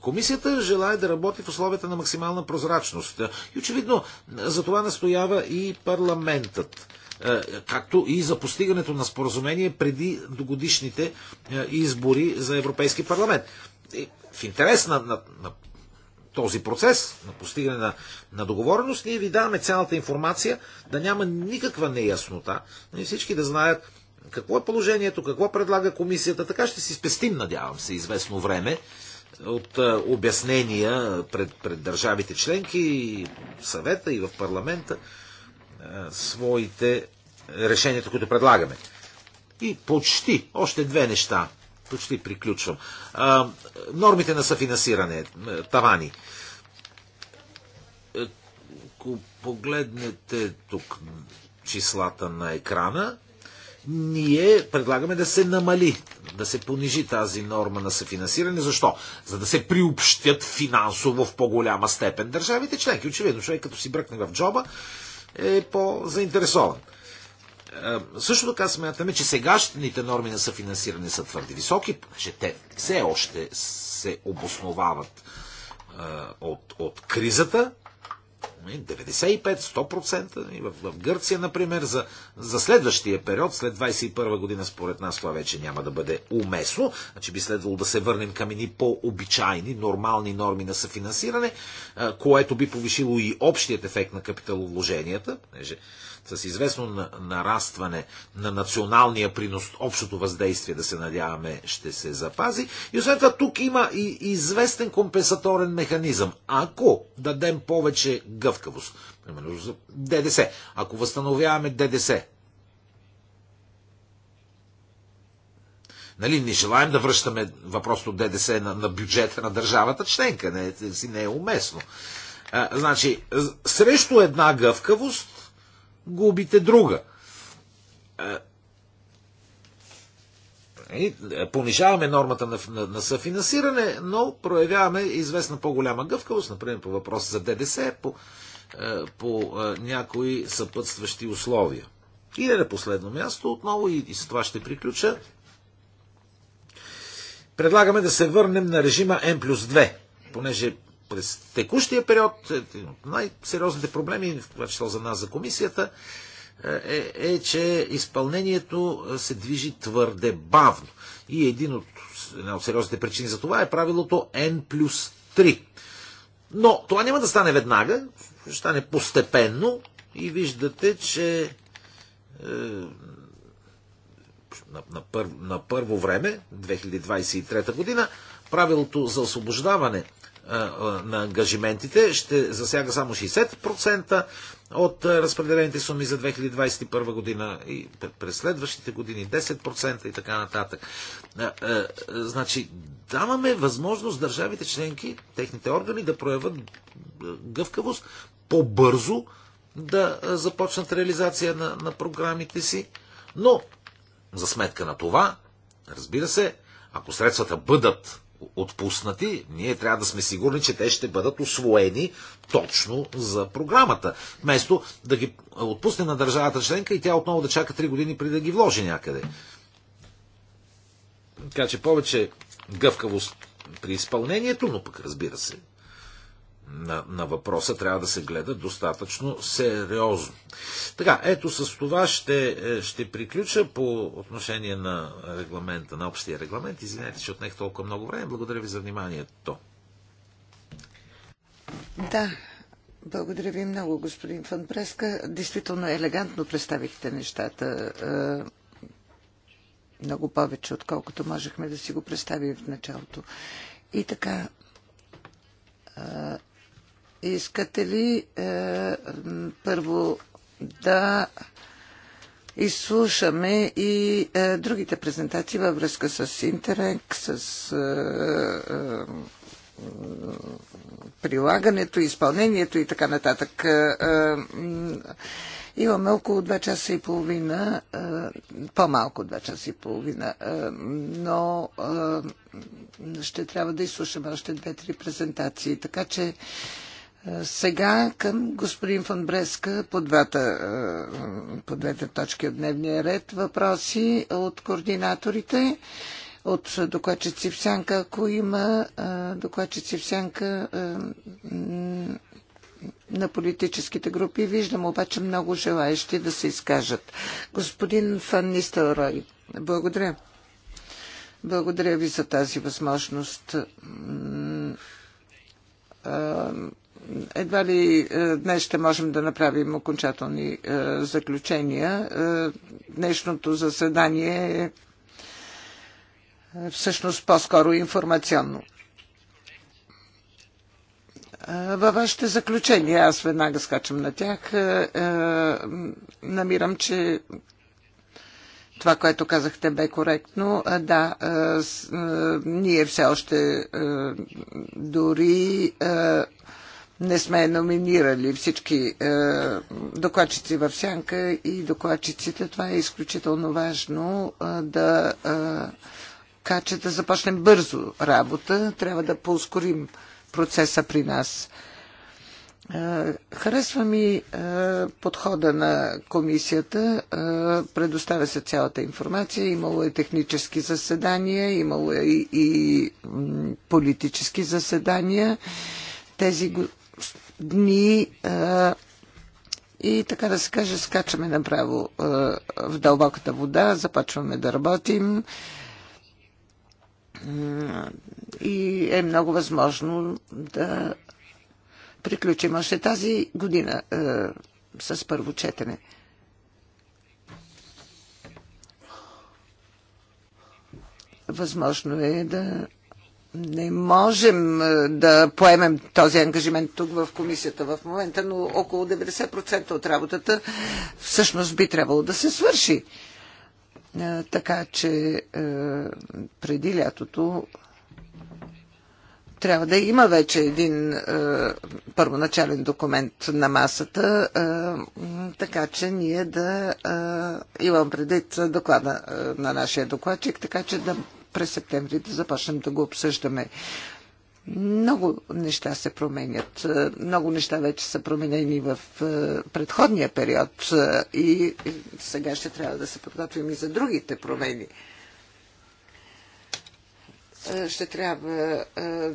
Комисията желая да работи в условията на максимална прозрачност. И очевидно, за това настоява и парламентът е, както и за постигането на споразумение преди догодишните е, избори за Европейски парламент в интерес на, на, на този процес на постигане на, на договореност, ние ви даваме цялата информация, да няма никаква неяснота, и нали, всички да знаят какво е положението, какво предлага комисията. Така ще си спестим, надявам се, известно време от а, е, обяснения пред, пред държавите членки, и съвета и в парламента а, е, своите решенията, които предлагаме. И почти още две неща почти приключвам. А, нормите на съфинансиране, е, тавани. Е, ако погледнете тук числата на екрана, ние предлагаме да се намали, да се понижи тази норма на съфинансиране. Защо? За да се приобщят финансово в по-голяма степен държавите членки. Очевидно, човек като си бръкне в джоба е по-заинтересован. Е, също така смятаме, че сегашните норми на съфинансиране са твърде високи, че те все още се обосновават е, от, от кризата. 95-100% нали, в, в Гърция, например, за, за следващия период, след 21 година, според нас това вече няма да бъде уместно. Значи би следвало да се върнем към едни по-обичайни, нормални норми на съфинансиране, е, което би повишило и общият ефект на капиталовложенията. Понеже с известно нарастване на националния принос, общото въздействие, да се надяваме, ще се запази. И освен това, тук има и известен компенсаторен механизъм. Ако дадем повече гъвкавост, примерно за ДДС, ако възстановяваме ДДС, Нали, не желаем да връщаме от ДДС на, на бюджета на държавата членка. Не, си не е уместно. А, значи, срещу една гъвкавост губите друга. И е, понижаваме нормата на, на, на съфинансиране, но проявяваме известна по-голяма гъвкавост, например по въпрос за ДДС, по, е, по е, някои съпътстващи условия. И на последно място, отново и, и с това ще приключа, предлагаме да се върнем на режима N плюс 2, понеже през текущия период, е, е, най-сериозните проблеми, в това число за нас, за комисията, е, е, е, че изпълнението се движи твърде бавно. И един от, една от сериозните причини за това е правилото N плюс 3. Но това няма да стане веднага, ще стане постепенно и виждате, че на, на, първо, на първо време, 2023 година, правилото за освобождаване на ангажиментите ще засяга само 60% от разпределените суми за 2021 година и през следващите години 10% и така нататък. Значи, даваме възможност държавите членки, техните органи да проявят гъвкавост по-бързо да започнат реализация на, на програмите си, но за сметка на това, разбира се, ако средствата бъдат отпуснати, ние трябва да сме сигурни, че те ще бъдат освоени точно за програмата. Вместо да ги отпусне на държавата членка и тя отново да чака 3 години преди да ги вложи някъде. Така че повече гъвкавост при изпълнението, но пък разбира се, на, на въпроса трябва да се гледа достатъчно сериозно. Така, ето с това ще, е, ще приключа по отношение на регламента, на общия регламент. Извинете, че отнех толкова много време. Благодаря ви за вниманието. Да, благодаря ви много, господин Фан Преска. Действително елегантно представихте нещата. Е, много повече, отколкото можехме да си го представим в началото. И така, е, Искате ли е, първо да изслушаме и е, другите презентации във връзка с Интерек, с е, е, прилагането, изпълнението и така нататък. Е, е, имаме около 2 часа и половина, е, по-малко 2 часа и половина, е, но е, ще трябва да изслушаме още 2-3 презентации. Така че е, сега към господин Фан Бреска по, двата, е, по двете точки от дневния ред въпроси от координаторите, от докладчици в сянка. Ако има е, докладчици в на политическите групи, виждам обаче много желаещи да се изкажат. Господин Фан Нистелрой, благодаря. Благодаря ви за тази възможност едва ли е, днес ще можем да направим окончателни е, заключения. Е, днешното заседание е всъщност по-скоро информационно. Във вашите заключения, аз веднага скачам на тях, намирам, че това, което казахте, бе коректно. Да, ние все още дори не сме номинирали всички е, докладчици в сянка и докладчиците. Това е изключително важно е, да е, каче да започнем бързо работа. Трябва да поускорим процеса при нас. Е, харесва ми е, подхода на комисията. Е, предоставя се цялата информация. Имало е технически заседания, имало е и политически заседания. Тези дни и така да се каже, скачаме направо в дълбоката вода, започваме да работим и е много възможно да приключим още тази година с първо четене. Възможно е да не можем е, да поемем този ангажимент тук в комисията в момента, но около 90% от работата всъщност би трябвало да се свърши. Е, така че е, преди лятото трябва да има вече един първоначален документ на масата, така че ние да имам предвид доклада на нашия докладчик, така че да през септември да започнем да го обсъждаме. Много неща се променят. Е, много неща вече са променени в е, предходния период е, и сега ще трябва да се подготвим и за другите промени ще трябва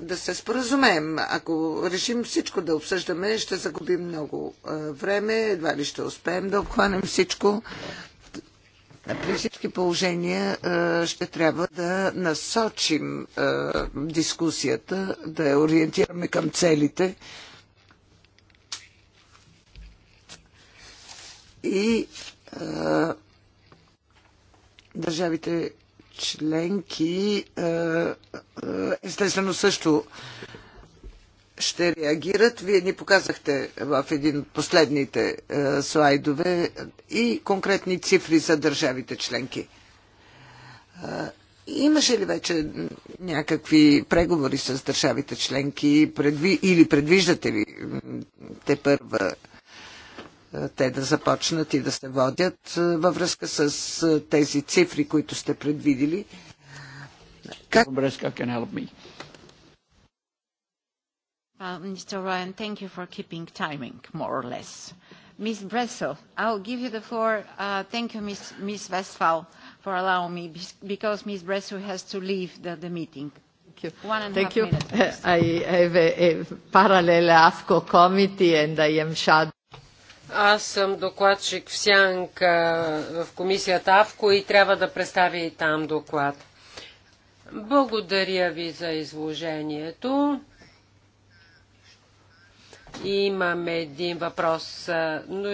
да се споразумеем. Ако решим всичко да обсъждаме, ще загубим много време, едва ли ще успеем да обхванем всичко. При всички положения е, ще трябва да насочим е, дискусията, да я ориентираме към целите и е, държавите членки естествено също ще реагират. Вие ни показахте в един от последните е, слайдове и конкретни цифри за държавите членки. Е, имаше ли вече някакви преговори с държавите членки предви, или предвиждате ли те първа е, те да започнат и да се водят е, във връзка с е, тези цифри, които сте предвидили? Как... can help me. Mr. Ryan, thank you for keeping timing, more or less. Ms. Bressel, I'll give you the floor. Thank you, Ms. Westphal, for allowing me, because Ms. Bressel has to leave the meeting. Thank you. One and a half minutes. Thank you. I have a parallel AFCO committee, and I am shadow. Аз съм докладчик в Сянка в комисията АВКО и трябва да представя и там доклад. Благодаря ви за изложението. Имаме един въпрос, но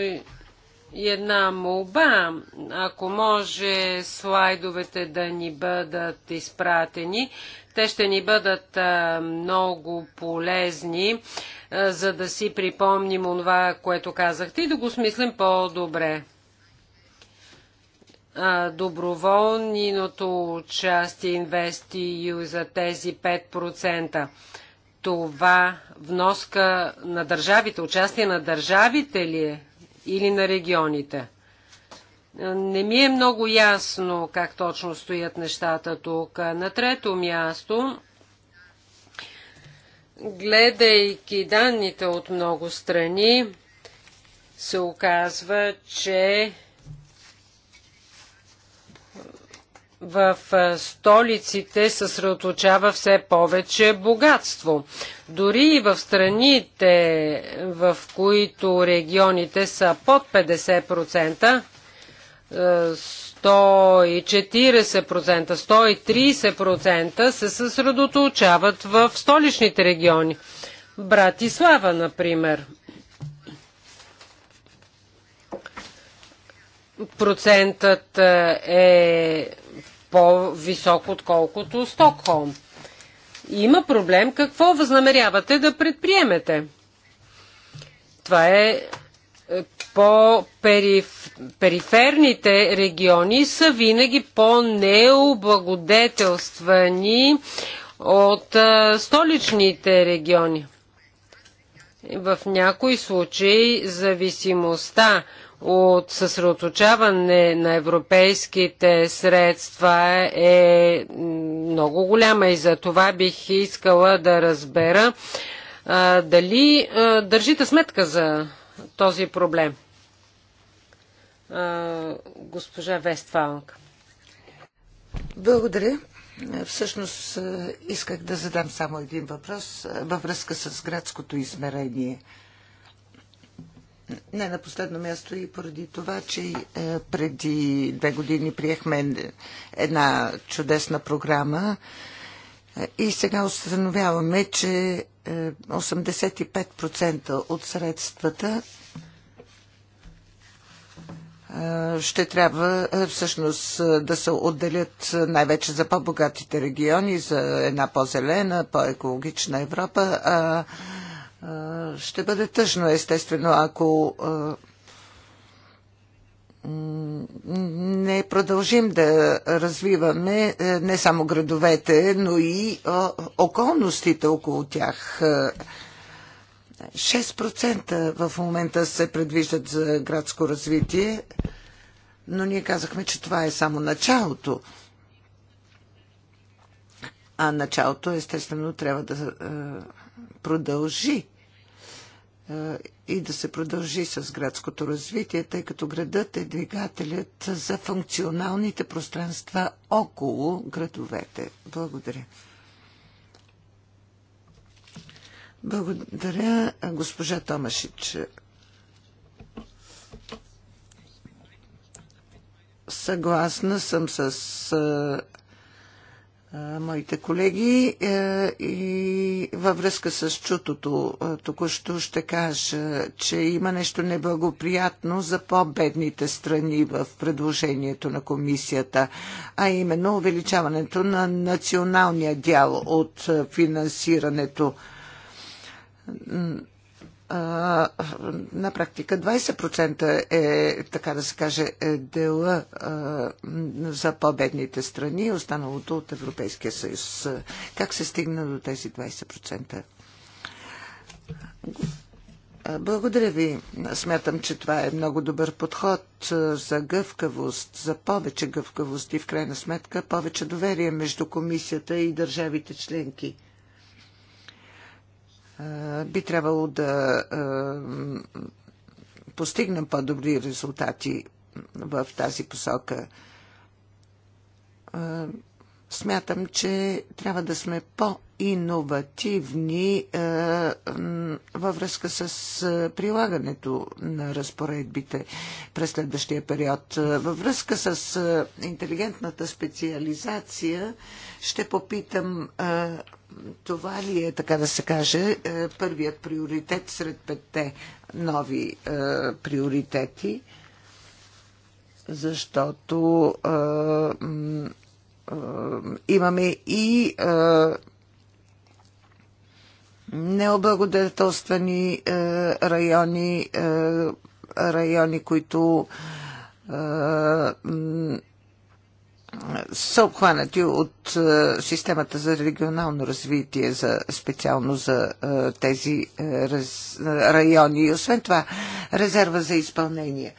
и една молба. Ако може слайдовете да ни бъдат изпратени, те ще ни бъдат много полезни, за да си припомним това, което казахте и да го смислим по-добре доброволното участие InvestEU за тези 5% това вноска на държавите, участие на държавите ли е или на регионите? Не ми е много ясно как точно стоят нещата тук. На трето място, гледайки данните от много страни, се оказва, че в столиците съсредоточава все повече богатство. Дори и в страните, в които регионите са под 50%, 140%, 130% се съсредоточават в столичните региони. Братислава, например. Процентът е по-висок, отколкото Стокхолм. Има проблем. Какво възнамерявате да предприемете? Това е, е по-периферните региони са винаги по-необлагодетелствани от а, е, столичните региони. В някои случаи зависимостта от съсредоточаване на европейските средства е много голяма и за това бих искала да разбера а, дали а, държите сметка за този проблем. А, госпожа Вестфалк. Благодаря. Всъщност исках да задам само един въпрос във връзка с градското измерение – не на последно място и поради това, че е, преди две години приехме една чудесна програма е, и сега установяваме, че 85% е, от средствата ще трябва всъщност да се отделят най-вече за по-богатите региони, за една по-зелена, по-екологична Европа. А ще бъде тъжно, естествено, ако не продължим да развиваме не само градовете, но и околностите около тях. 6% в момента се предвиждат за градско развитие, но ние казахме, че това е само началото. А началото, естествено, трябва да продължи е, и да се продължи с градското развитие, тъй като градът е двигателят за функционалните пространства около градовете. Благодаря. Благодаря, госпожа Томашич. Съгласна съм с е, моите колеги е, и във връзка с чутото е, току-що ще кажа, че има нещо неблагоприятно за по-бедните страни в предложението на комисията, а именно увеличаването на националния дял от е, финансирането на практика 20% е, така да се каже, е дела за по-бедните страни, останалото от Европейския съюз. Как се стигна до тези 20%? Благодаря ви. Смятам, че това е много добър подход за гъвкавост, за повече гъвкавост и в крайна сметка повече доверие между комисията и държавите членки. Е, би трябвало да е, постигнем по-добри резултати в тази посока. Е, смятам, че трябва да сме по-инновативни във връзка с прилагането на разпоредбите през следващия период. Във връзка с интелигентната специализация ще попитам това ли е, така да се каже, е, първият приоритет сред петте нови е, приоритети? Защото е, имаме и необлагодетелствани райони, райони, които са обхванати от е, системата за регионално развитие, за, специално за е, тези е, раз, райони. И освен това, резерва за изпълнение.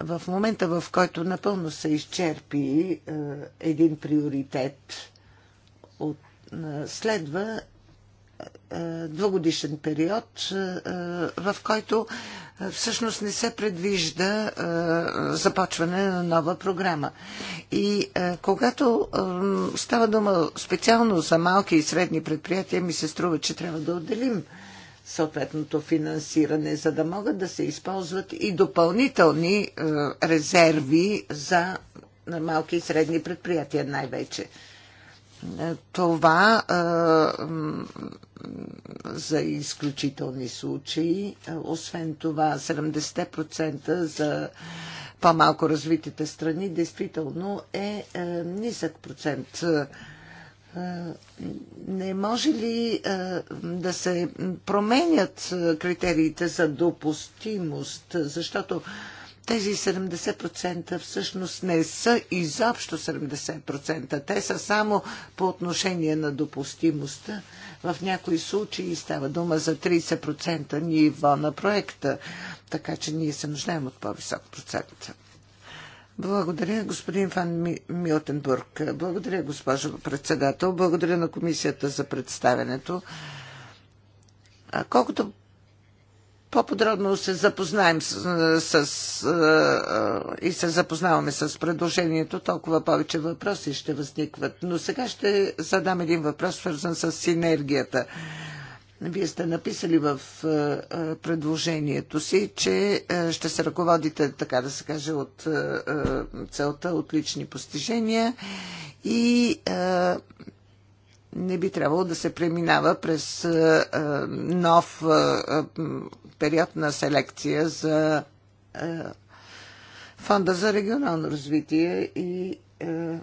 В момента, в който напълно се изчерпи един приоритет, от, следва двугодишен период, в който всъщност не се предвижда започване на нова програма. И когато става дума специално за малки и средни предприятия, ми се струва, че трябва да отделим съответното финансиране, за да могат да се използват и допълнителни резерви за малки и средни предприятия най-вече това за изключителни случаи. Освен това, 70% за по-малко развитите страни действително е, е нисък процент. Не може ли да се променят критериите за допустимост? Защото тези 70% всъщност не са изобщо 70%. Те са само по отношение на допустимостта. В някои случаи става дума за 30% ниво на проекта, така че ние се нуждаем от по-висок процент. Благодаря, господин Фан Милтенбург. Благодаря, госпожо председател. Благодаря на комисията за представенето. Колкото по-подробно се запознаем с, с, с, и се запознаваме с предложението, толкова повече въпроси ще възникват. Но сега ще задам един въпрос, свързан с синергията. Вие сте написали в предложението си, че ще се ръководите, така да се каже, от целта от лични постижения и не би трябвало да се преминава през нов период на селекция за е, Фонда за регионално развитие и е,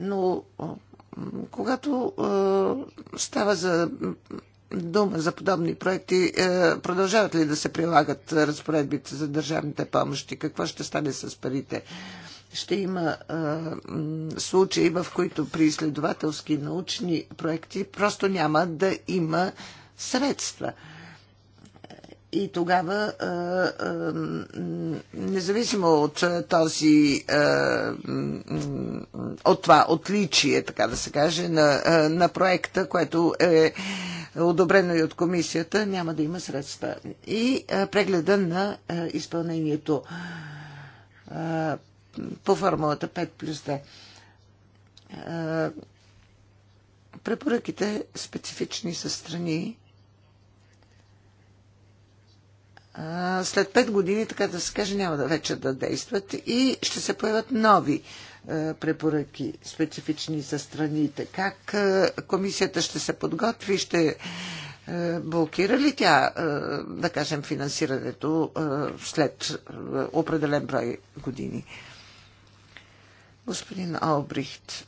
но когато е, става за дума за подобни проекти, продължават ли да се прилагат разпоредбите за държавните помощи? Какво ще стане с парите? Ще има случаи, в които при изследователски научни проекти просто няма да има средства. И тогава, независимо от този, от това отличие, така да се каже, на, на проекта, което е одобрено и от комисията, няма да има средства. И прегледа на изпълнението по формулата 5 плюс 2. Препоръките специфични са страни след 5 години, така да се каже, няма да вече да действат и ще се появят нови е, препоръки, специфични за страните. Как е, комисията ще се подготви, ще е, блокира ли тя, да кажем, финансирането след определен брой години? Господин Албрихт,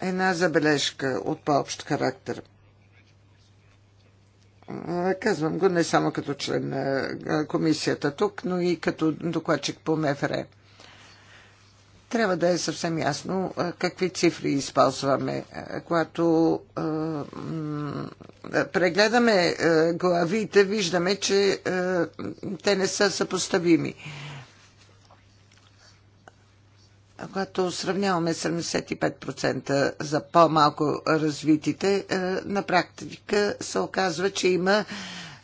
една забележка от по-общ характер – Казвам го не само като член на комисията тук, но и като докладчик по МФР. Трябва да е съвсем ясно какви цифри използваме. Когато е, прегледаме главите, виждаме, че е, те не са съпоставими. Е, когато сравняваме 75% за по-малко развитите, е, на практика се оказва, че има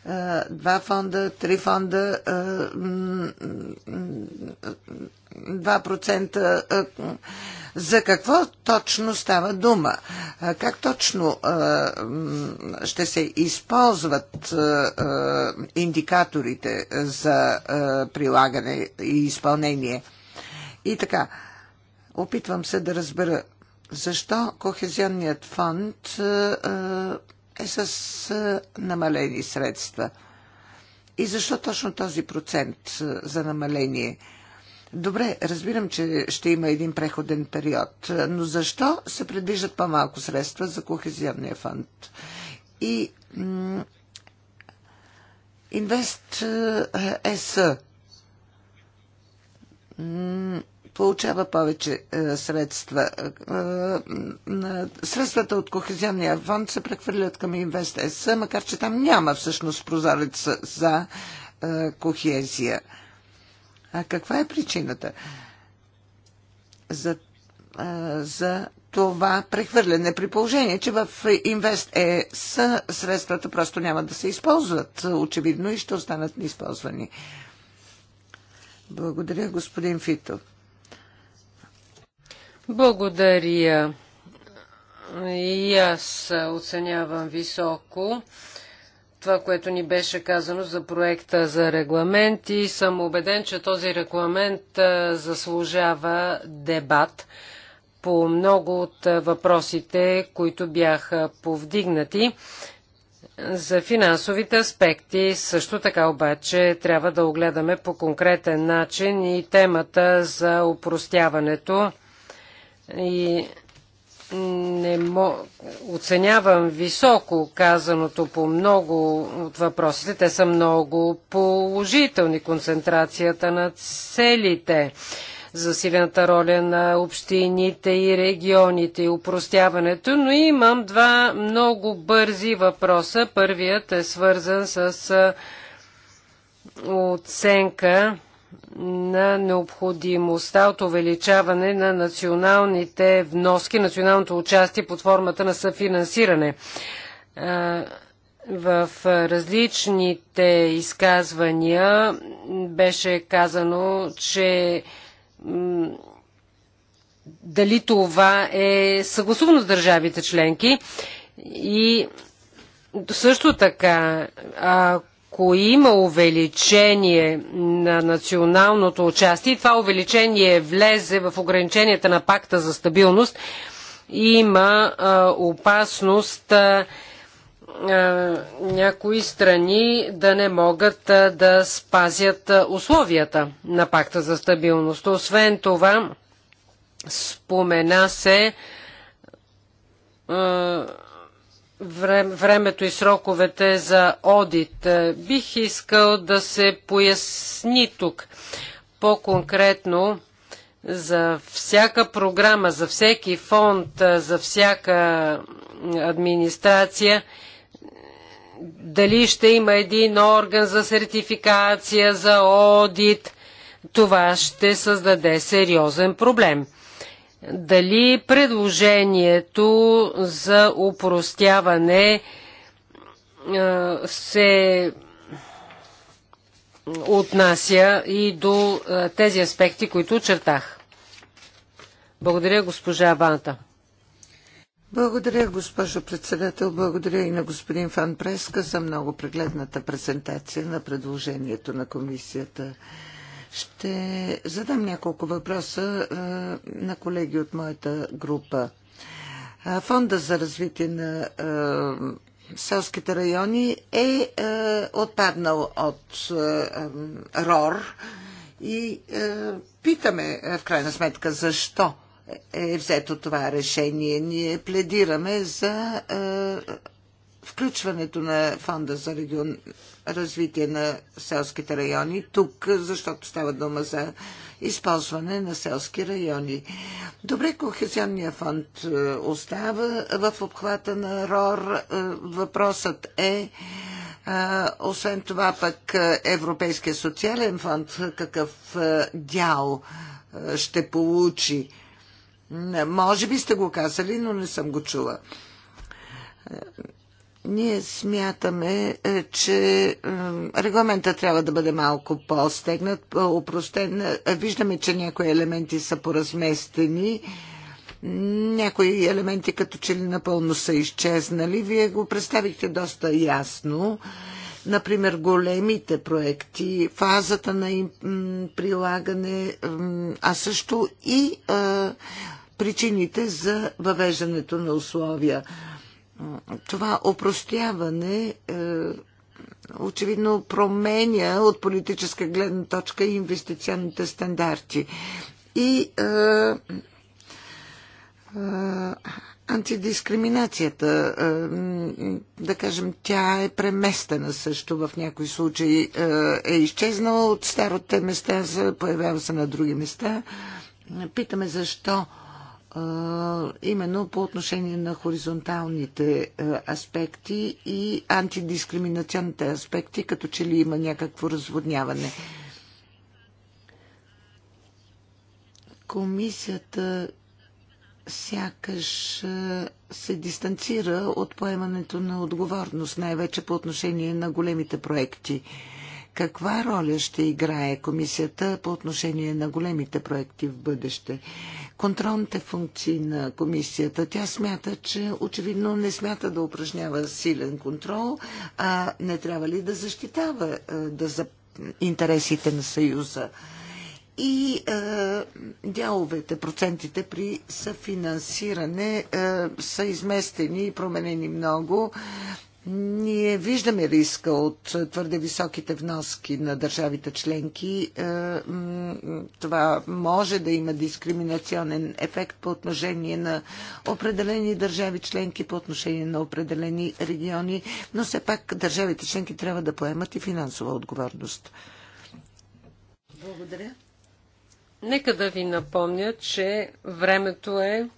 е, два фонда, три фонда, 2%. Е, за какво точно става дума? Как точно ще се използват индикаторите за прилагане и изпълнение? И така, Опитвам се да разбера защо Кохезионният фонд е с намалени средства. И защо точно този процент за намаление? Добре, разбирам, че ще има един преходен период, но защо се предвиждат по-малко средства за Кохезионния фонд? И Инвест ЕС получава повече е, средства. Е, е, средствата от Кохезионния фонд се прехвърлят към Инвестес, макар че там няма всъщност прозорец за кохезия. А каква е причината за, за това прехвърляне при положение, че в Инвест ЕС средствата просто няма да се използват, очевидно, и ще останат неизползвани. Благодаря, господин Фитов. Благодаря. И аз оценявам високо това, което ни беше казано за проекта за регламент и съм убеден, че този регламент заслужава дебат по много от въпросите, които бяха повдигнати. За финансовите аспекти също така обаче трябва да огледаме по конкретен начин и темата за упростяването и не мо... оценявам високо казаното по много от въпросите. Те са много положителни. Концентрацията на целите, засилената роля на общините и регионите и упростяването, но имам два много бързи въпроса. Първият е свързан с оценка на необходимостта от увеличаване на националните вноски, националното участие под формата на съфинансиране. В различните изказвания беше казано, че дали това е съгласувано с държавите членки и също така, ако ако има увеличение на националното участие, това увеличение влезе в ограниченията на пакта за стабилност, има а, опасност а, а, някои страни да не могат а, да спазят условията на пакта за стабилност. Освен това, спомена се а, времето и сроковете за одит. Е, бих искал да се поясни тук по-конкретно за всяка програма, за всеки фонд, е, за всяка администрация, дали ще има един орган за сертификация, за одит, това ще създаде сериозен проблем – дали предложението за упростяване е, се отнася и до е, тези аспекти, които очертах. Благодаря, госпожа Банта. Благодаря, госпожо председател. Благодаря и на господин Фан Преска за много прегледната презентация на предложението на комисията. Ще задам няколко въпроса на колеги от моята група. Фонда за развитие на селските райони е отпаднал от РОР и питаме в крайна сметка защо е взето това решение. Ние пледираме за включването на фонда за регион, развитие на селските райони, тук, защото става дума за използване на селски райони. Добре, Кохезионния фонд е, остава в обхвата на РОР. Е, въпросът е, е освен това пък Европейския социален фонд какъв дял ще получи. Може би сте го казали, но не съм го чула. Ние смятаме, е, че е, регламента трябва да бъде малко по-стегнат, е, упростен. Виждаме, че някои елементи са поразместени. Някои елементи като че ли напълно са изчезнали. Вие го представихте доста ясно. Например, големите проекти, фазата на им, прилагане, а също и а, причините за въвеждането на условия това опростяване е, очевидно променя от политическа гледна точка и инвестиционните стандарти. И а, е, а, е, антидискриминацията, а, да кажем, тя е преместена също в някои случаи, е, е изчезнала от старите места, появява се на други места. Питаме защо именно по отношение на хоризонталните аспекти и антидискриминационните аспекти, като че ли има някакво разводняване. Комисията сякаш се дистанцира от поемането на отговорност, най-вече по отношение на големите проекти. Каква роля ще играе комисията по отношение на големите проекти в бъдеще? Контролните функции на комисията, тя смята, че очевидно не смята да упражнява силен контрол, а не трябва ли да защитава е, да за интересите на Съюза? и е, дяловете, процентите при съфинансиране е, са изместени и променени много. Ние виждаме риска от твърде високите вноски на държавите членки. Е, това може да има дискриминационен ефект по отношение на определени държави членки, по отношение на определени региони, но все пак държавите членки трябва да поемат и финансова отговорност. Благодаря. Нека да ви напомня, че времето е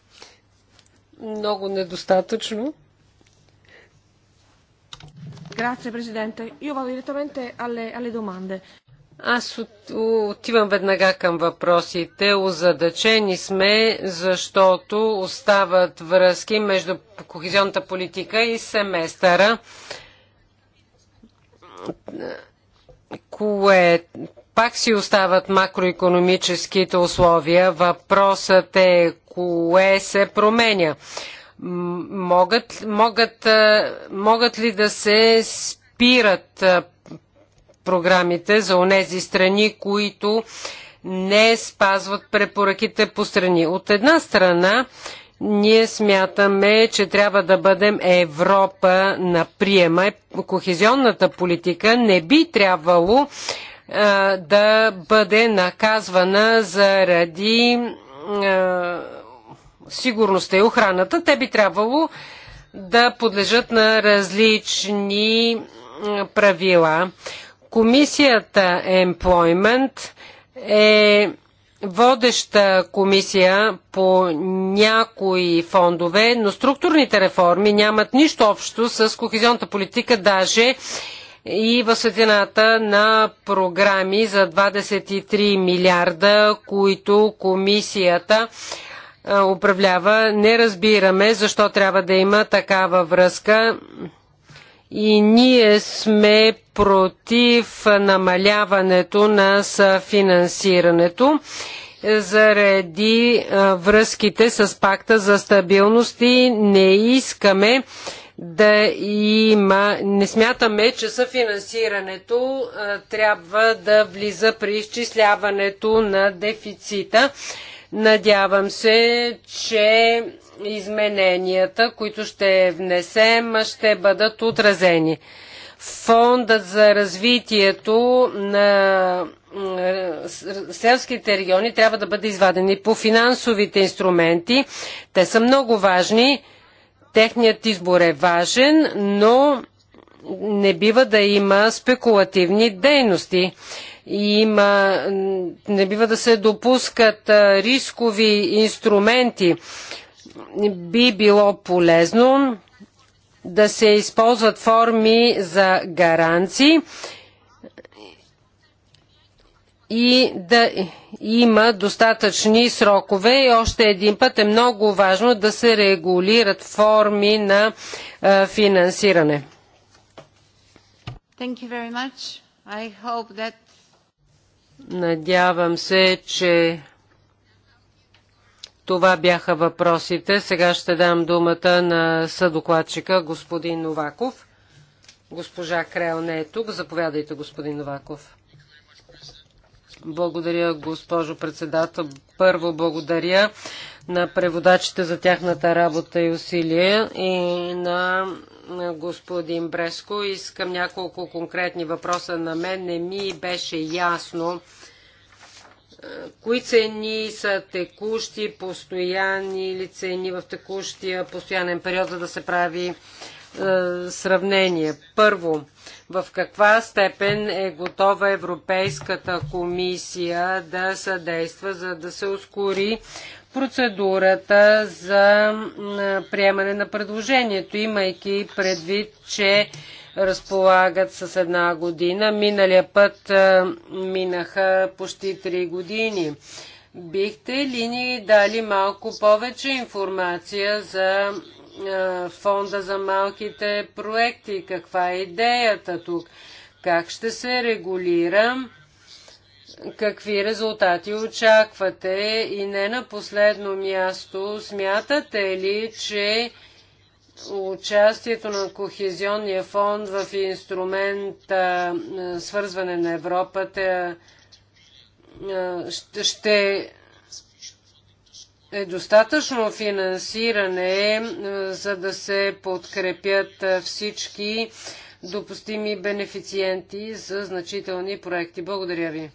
много недостатъчно. Grazie, Presidente. Io vado direttamente alle, alle domande. Аз от, отивам веднага към въпросите. Озадачени сме, защото остават връзки между кохезионната политика и семестъра, кое пак си остават макроекономическите условия. Въпросът е кое се променя. Могат, могат, могат ли да се спират програмите за онези страни, които не спазват препоръките по страни? От една страна, ние смятаме, че трябва да бъдем Европа на приема. Кохезионната политика не би трябвало а, да бъде наказвана заради а, сигурността и охраната, те би трябвало да подлежат на различни правила. Комисията Employment е водеща комисия по някои фондове, но структурните реформи нямат нищо общо с кохезионната политика, даже и в светлината на програми за 23 милиарда, които комисията управлява. Не разбираме защо трябва да има такава връзка. И ние сме против намаляването на съфинансирането заради връзките с пакта за стабилност и не искаме да има. Не смятаме, че съфинансирането трябва да влиза при изчисляването на дефицита Надявам се, че измененията, които ще внесем, ще бъдат отразени. Фондът за развитието на селските региони трябва да бъде изваден и по финансовите инструменти. Те са много важни. Техният избор е важен, но не бива да има спекулативни дейности и има, не бива да се допускат рискови инструменти. Би било полезно да се използват форми за гаранции и да има достатъчни срокове. И още един път е много важно да се регулират форми на а, финансиране. That... Надявам се, че това бяха въпросите. Сега ще дам думата на съдокладчика господин Новаков. Госпожа Крел не е тук. Заповядайте, господин Новаков. Благодаря, госпожо председател. Първо благодаря на преводачите за тяхната работа и усилия и на господин Бреско. Искам няколко конкретни въпроса на мен. Не ми беше ясно кои цени са текущи, постоянни или цени в текущия постоянен период, за да се прави е, сравнение. Първо, в каква степен е готова Европейската комисия да съдейства, за да се ускори процедурата за приемане на предложението, имайки предвид, че разполагат с една година. Миналия път минаха почти три години. Бихте ли ни дали малко повече информация за фонда за малките проекти? Каква е идеята тук? Как ще се регулира? какви резултати очаквате и не на последно място смятате ли, че участието на Кохезионния фонд в инструмента свързване на Европата ще е достатъчно финансиране, за да се подкрепят всички допустими бенефициенти за значителни проекти. Благодаря ви.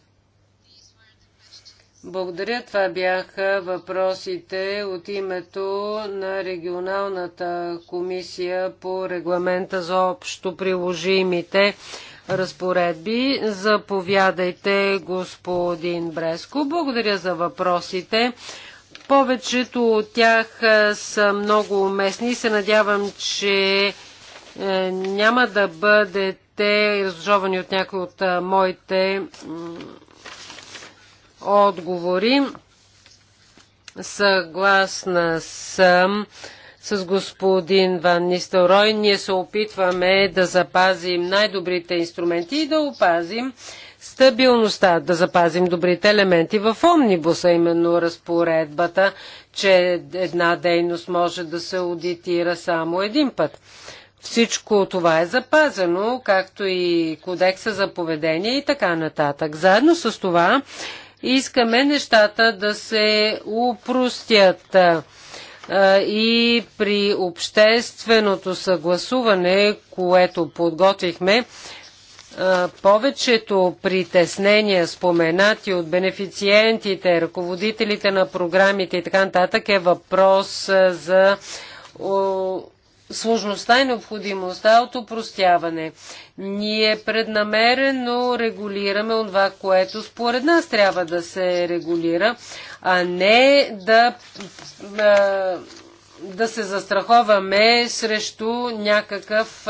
Благодаря. Това бяха въпросите от името на регионалната комисия по регламента за общо приложимите разпоредби. Заповядайте, господин Бреско. Благодаря за въпросите. Повечето от тях е, са много уместни и се надявам, че е, няма да бъдете разжовани от някои от е, моите отговори. Съгласна съм с господин Ван Нистелрой. Ние се опитваме да запазим най-добрите инструменти и да опазим стабилността, да запазим добрите елементи в омнибуса, именно разпоредбата, че една дейност може да се аудитира само един път. Всичко това е запазено, както и кодекса за поведение и така нататък. Заедно с това Искаме нещата да се упростят и при общественото съгласуване, което подготвихме, повечето притеснения, споменати от бенефициентите, ръководителите на програмите и така нататък, е въпрос за сложността и необходимостта от упростяване. Ние преднамерено регулираме това, което според нас трябва да се регулира, а не да, да се застраховаме срещу някакъв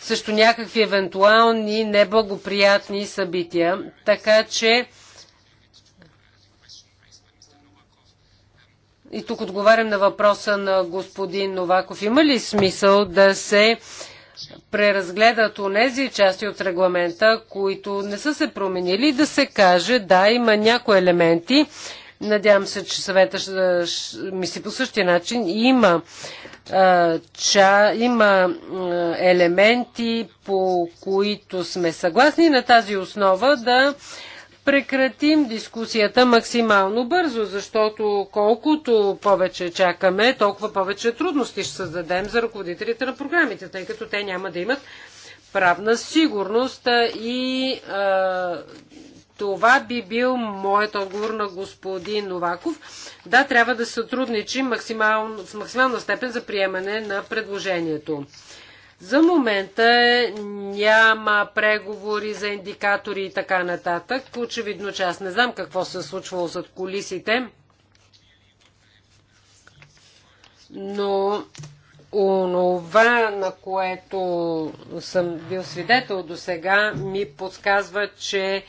срещу някакви евентуални неблагоприятни събития. Така че и тук отговарям на въпроса на господин Новаков, има ли смисъл да се преразгледат онези части от регламента, които не са се променили, да се каже, да, има някои елементи, надявам се, че съвета ще, мисли по същия начин, има, а, ча, има елементи, по които сме съгласни на тази основа да а, прекратим дискусията максимално бързо, защото колкото повече чакаме, толкова повече трудности ще създадем за ръководителите на програмите, тъй като те няма да имат правна сигурност и а, това би бил моят отговор на господин Новаков. Да, трябва да сътрудничим максимал, с максимална степен за приемане на предложението. За момента няма преговори за индикатори и така нататък. Очевидно, че аз не знам какво се е случвало зад колисите, но онова, на което съм бил свидетел до сега, ми подсказва, че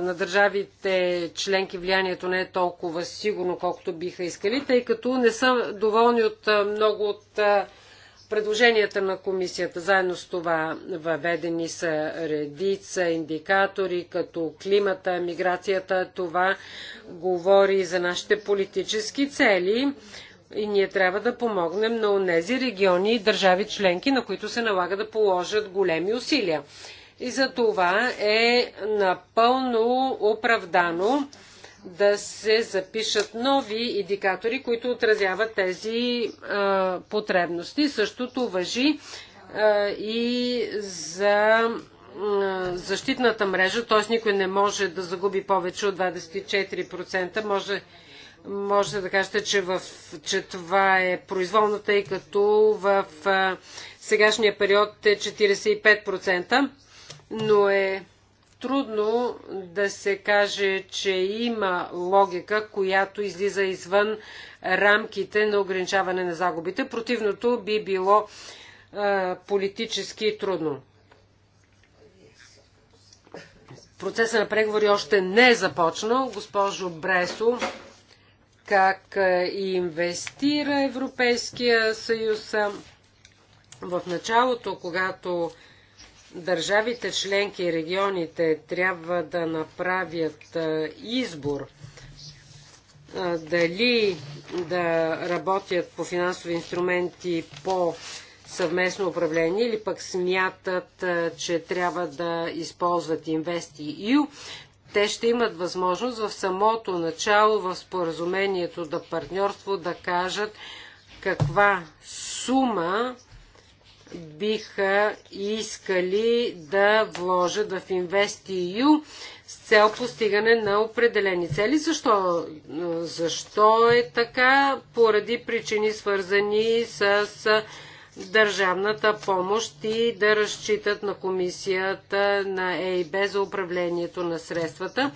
на държавите членки влиянието не е толкова сигурно, колкото биха искали, тъй като не са доволни от много от предложенията на комисията. Заедно с това въведени са редица индикатори, като климата, миграцията. Това говори за нашите политически цели и ние трябва да помогнем на тези региони и държави членки, на които се налага да положат големи усилия. И за това е напълно оправдано да се запишат нови индикатори, които отразяват тези а, потребности. Същото въжи а, и за а, защитната мрежа, т.е. никой не може да загуби повече от 24%. Може, може да кажете, че, в, че това е произволно, тъй като в а, сегашния период е 45%, но е трудно да се каже, че има логика, която излиза извън рамките на ограничаване на загубите. Противното би било политически трудно. Процесът на преговори още не е започнал. Госпожо Бресо, как инвестира Европейския съюз в началото, когато държавите членки и регионите трябва да направят избор дали да работят по финансови инструменти по съвместно управление или пък смятат, че трябва да използват InvestEU, те ще имат възможност в самото начало в споразумението да партньорство да кажат каква сума биха искали да вложат в InvestEU с цел постигане на определени цели. Защо, Защо е така? Поради причини свързани с държавната помощ и да разчитат на комисията на ЕИБ за управлението на средствата.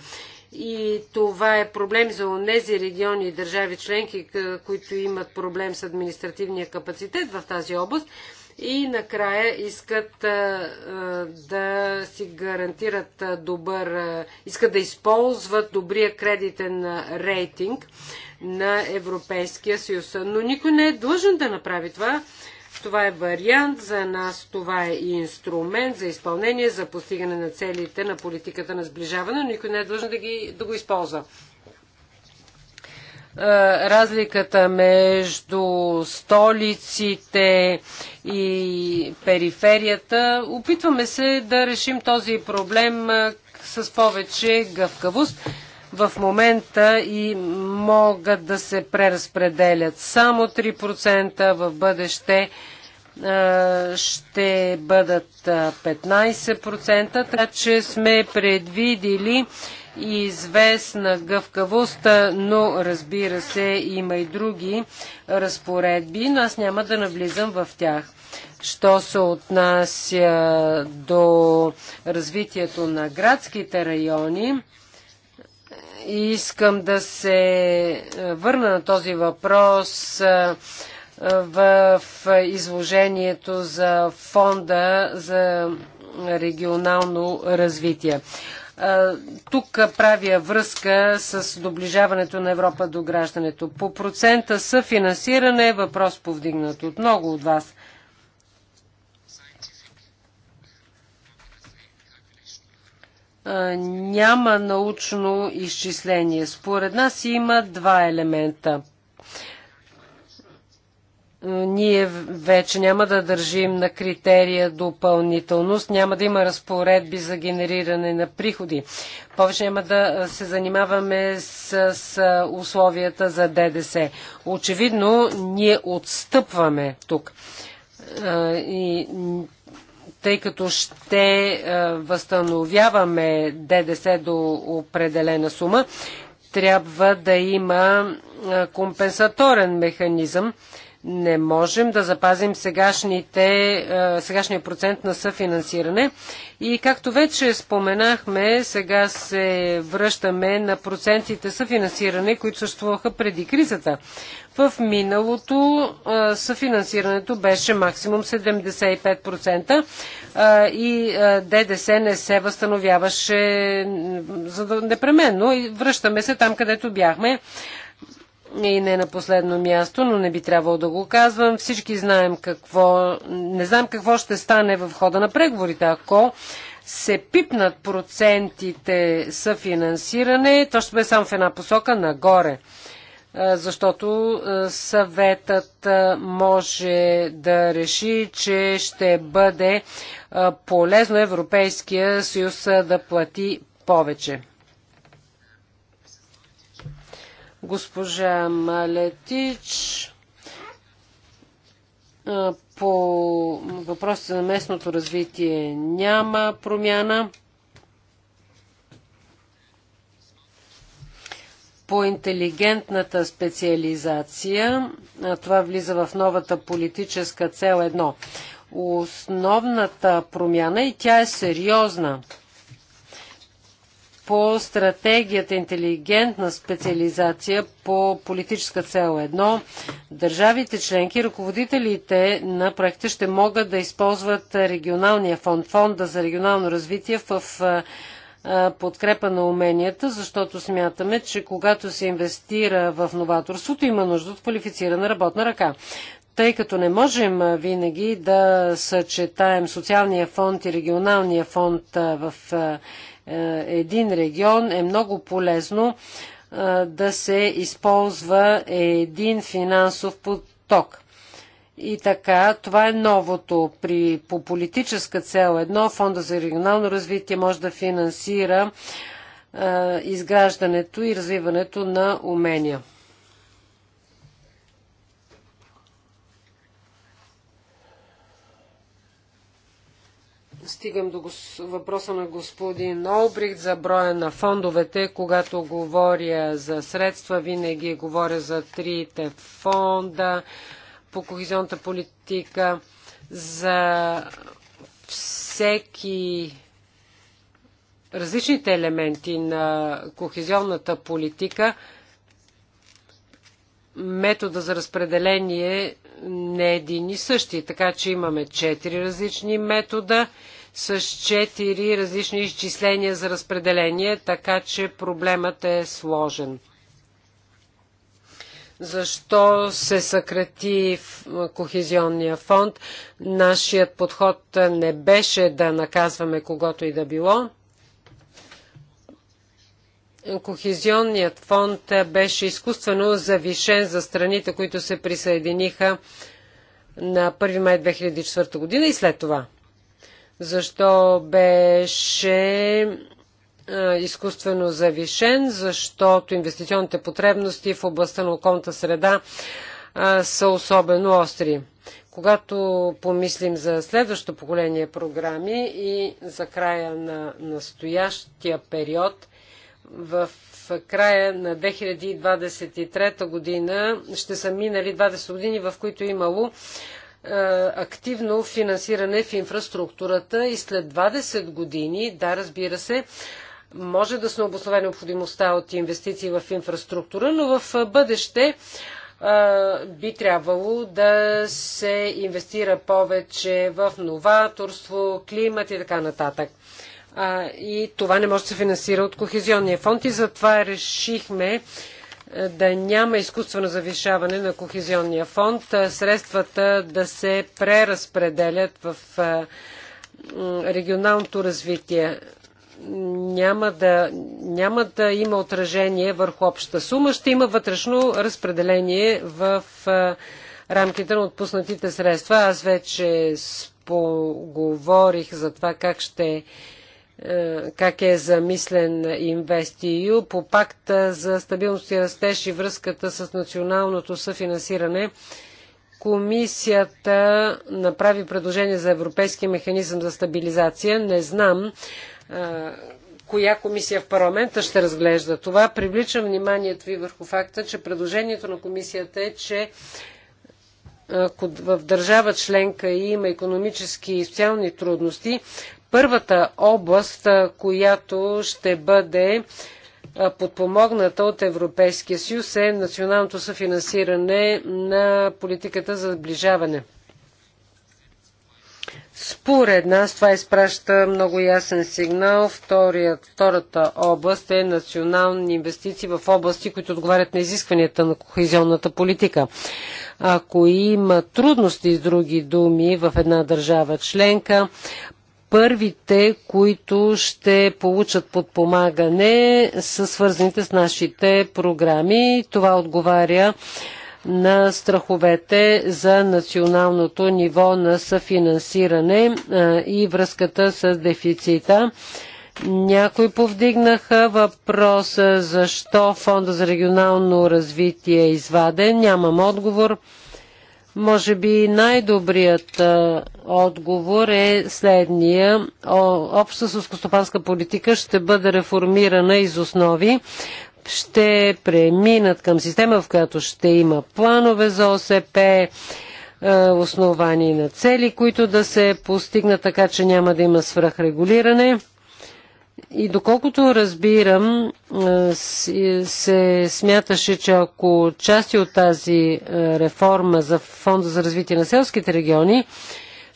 И това е проблем за тези региони и държави членки, които имат проблем с административния капацитет в тази област и накрая искат а, а, да си гарантират добър, а, искат да използват добрия кредитен рейтинг на Европейския съюз. Но никой не е длъжен да направи това. Това е вариант за нас, това е и инструмент за изпълнение, за постигане на целите на политиката на сближаване, но никой не е длъжен да, ги, да го използва. Е, разликата между столиците и периферията. Опитваме се да решим този проблем е, с повече гъвкавост. В момента и могат да се преразпределят само 3%, в бъдеще е, ще бъдат 15%, така че сме предвидили известна гъвкавост, но разбира се има и други разпоредби, но аз няма да навлизам в тях. Що се отнася до развитието на градските райони, искам да се върна на този въпрос в изложението за фонда за регионално развитие. Тук правя връзка с доближаването на Европа до граждането. По процента съфинансиране е въпрос повдигнат от много от вас. няма научно изчисление. Според нас има два елемента. Е, ние вече няма да държим на критерия допълнителност, няма да има разпоредби за генериране на приходи. Повече няма да се занимаваме с, с условията за ДДС. Очевидно, ние отстъпваме тук. Е, и, тъй като ще е, възстановяваме ДДС до определена сума, трябва да има компенсаторен механизъм не можем да запазим сегашните, е, сегашния процент на съфинансиране. И както вече споменахме, сега се връщаме на процентите съфинансиране, които съществуваха преди кризата. В миналото е, съфинансирането беше максимум 75% и е, ДДС не се възстановяваше непременно. И връщаме се там, където бяхме и не на последно място, но не би трябвало да го казвам. Всички знаем какво, не знам какво ще стане в хода на преговорите. Ако се пипнат процентите съфинансиране, то ще бъде само в една посока нагоре. Защото съветът може да реши, че ще бъде полезно Европейския съюз да плати повече. Госпожа Малетич по въпросите на местното развитие няма промяна. По интелигентната специализация, това влиза в новата политическа цел едно. Основната промяна и тя е сериозна – по стратегията интелигентна специализация по политическа цел едно, държавите членки, ръководителите на проекта ще могат да използват регионалния фонд, фонда за регионално развитие в подкрепа на уменията, защото смятаме, че когато се инвестира в новаторството, има нужда от квалифицирана работна ръка тъй като не можем винаги да съчетаем социалния фонд и регионалния фонд в е, един регион, е много полезно е, да се използва един финансов поток. И така, това е новото. При, по политическа цел едно, Фонда за регионално развитие може да финансира е, изграждането и развиването на умения. стигам до въпроса на господин Олбрихт за броя на фондовете. Когато говоря за средства, винаги говоря за трите фонда по кохизионната политика, за всеки различните елементи на кохизионната политика – метода за разпределение не е един и същи, така че имаме четири различни метода с четири различни изчисления за разпределение, така че проблемът е сложен. Защо се съкрати в кохезионния фонд? Нашият подход не беше да наказваме когото и да било. Кохезионният фонд беше изкуствено завишен за страните, които се присъединиха на 1 май 2004 година и след това. Защо беше изкуствено завишен, защото инвестиционните потребности в областта на околната среда са особено остри. Когато помислим за следващото поколение програми и за края на настоящия период, в края на 2023 година ще са минали 20 години, в които е имало е, активно финансиране в инфраструктурата и след 20 години, да, разбира се, може да се обоснове необходимостта от инвестиции в инфраструктура, но в бъдеще е, би трябвало да се инвестира повече в новаторство, климат и така нататък а, и това не може да се финансира от Кохезионния фонд и затова решихме е, да няма изкуствено завишаване на Кохезионния фонд, средствата да се преразпределят в е, регионалното развитие. Няма да, няма да има отражение върху общата сума, ще има вътрешно разпределение в е, рамките на отпуснатите средства. Аз вече споговорих за това как ще е, как е замислен InvestEU по пакта за стабилност и растеж и връзката с националното съфинансиране. Комисията направи предложение за Европейския механизъм за стабилизация. Не знам е, коя комисия в парламента ще разглежда това. Привличам вниманието ви върху факта, че предложението на комисията е, че ако в държава членка има економически и социални трудности, първата област, която ще бъде подпомогната от Европейския съюз е националното съфинансиране на политиката за сближаване. Според нас това изпраща много ясен сигнал. втората област е национални инвестиции в области, които отговарят на изискванията на кохезионната политика. Ако има трудности с други думи в една държава членка, първите, които ще получат подпомагане, са свързаните с нашите програми. Това отговаря на страховете за националното ниво на съфинансиране и връзката с дефицита. Някои повдигнаха въпроса защо Фонда за регионално развитие е изваден. Нямам отговор. Може би най-добрият отговор е следния. Обща сълскостопанска политика ще бъде реформирана из основи. Ще преминат към система, в която ще има планове за ОСП, е, основани на цели, които да се постигнат така, че няма да има свръхрегулиране. И доколкото разбирам, се смяташе, че ако части от тази реформа за Фонда за развитие на селските региони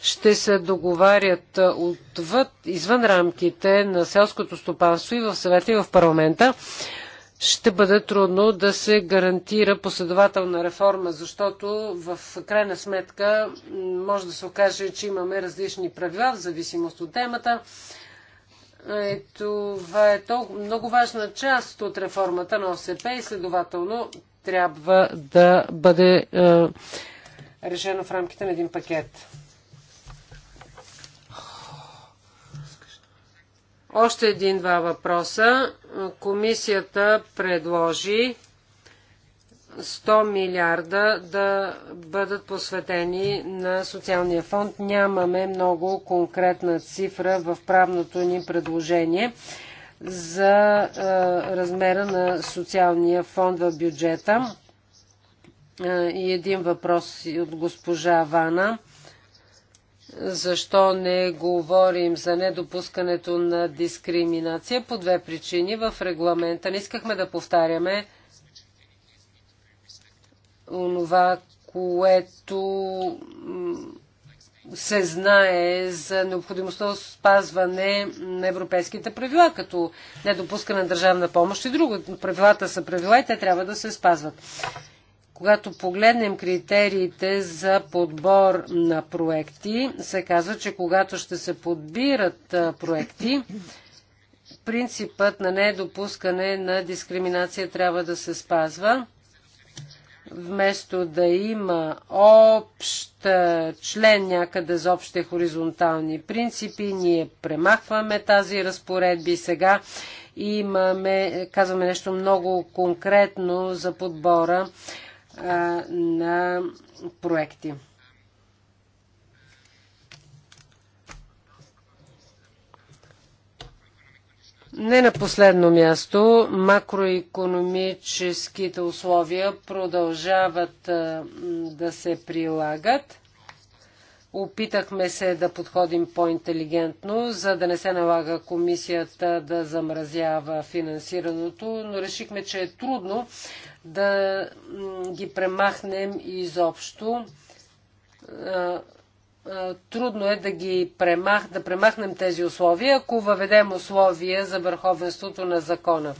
ще се договарят отвъд, извън рамките на селското стопанство и в съвета и в парламента, ще бъде трудно да се гарантира последователна реформа, защото в крайна сметка може да се окаже, че имаме различни правила в зависимост от темата това е толкова, много важна част от реформата на ОСП и следователно трябва да бъде е, решено в рамките на един пакет. Още един-два въпроса. Комисията предложи 100 милиарда да бъдат посветени на социалния фонд. Нямаме много конкретна цифра в правното ни предложение за е, размера на социалния фонд в бюджета. Е, и един въпрос от госпожа Вана. Защо не говорим за недопускането на дискриминация? По две причини в регламента. Не искахме да повтаряме онова, което се знае за необходимостта от спазване на европейските правила, като недопускане на държавна помощ и друго. Правилата са правила и те трябва да се спазват. Когато погледнем критериите за подбор на проекти, се казва, че когато ще се подбират проекти, принципът на недопускане на дискриминация трябва да се спазва вместо да има общ член някъде за общите хоризонтални принципи, ние премахваме тази разпоредби сега имаме, казваме нещо много конкретно за подбора а, на проекти. Не на последно място, макроекономическите условия продължават да се прилагат. Опитахме се да подходим по-интелигентно, за да не се налага комисията да замразява финансирането, но решихме, че е трудно да ги премахнем изобщо. Е, трудно е да ги премах, да премахнем тези условия, ако въведем условия за върховенството на закона.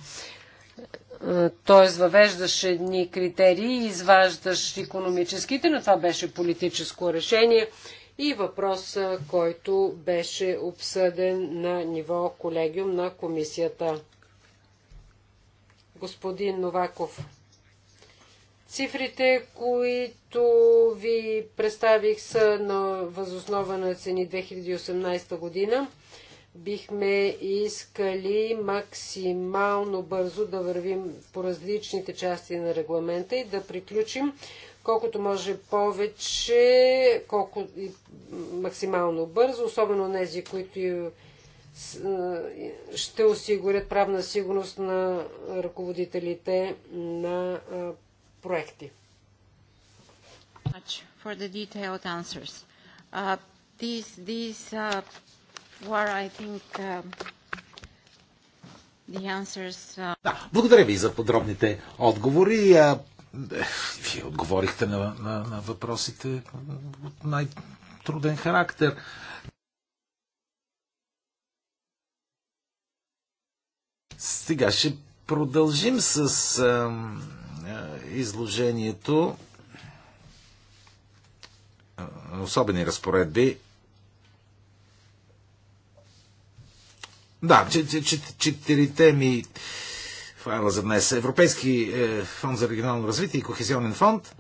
Е, тоест въвеждаш едни критерии изваждаш економическите, но това беше политическо решение и въпрос, е, който беше обсъден на ниво колегиум на комисията. Господин Новаков. Цифрите, които ви представих са на възоснова на цени 2018 година. Бихме искали максимално бързо да вървим по различните части на регламента и да приключим колкото може повече, колко и максимално бързо, особено тези, които ще осигурят правна сигурност на ръководителите на проекти. For the detailed answers. Uh, these, these uh, were, I think, um, the answers. Uh... Да, благодаря ви за подробните отговори. вие отговорихте на, на, на въпросите от най-труден характер. Сега ще продължим с а, изложението особени разпоредби. Да, четирите ми файла за днес. Европейски е, фонд за регионално развитие и Кохезионен фонд.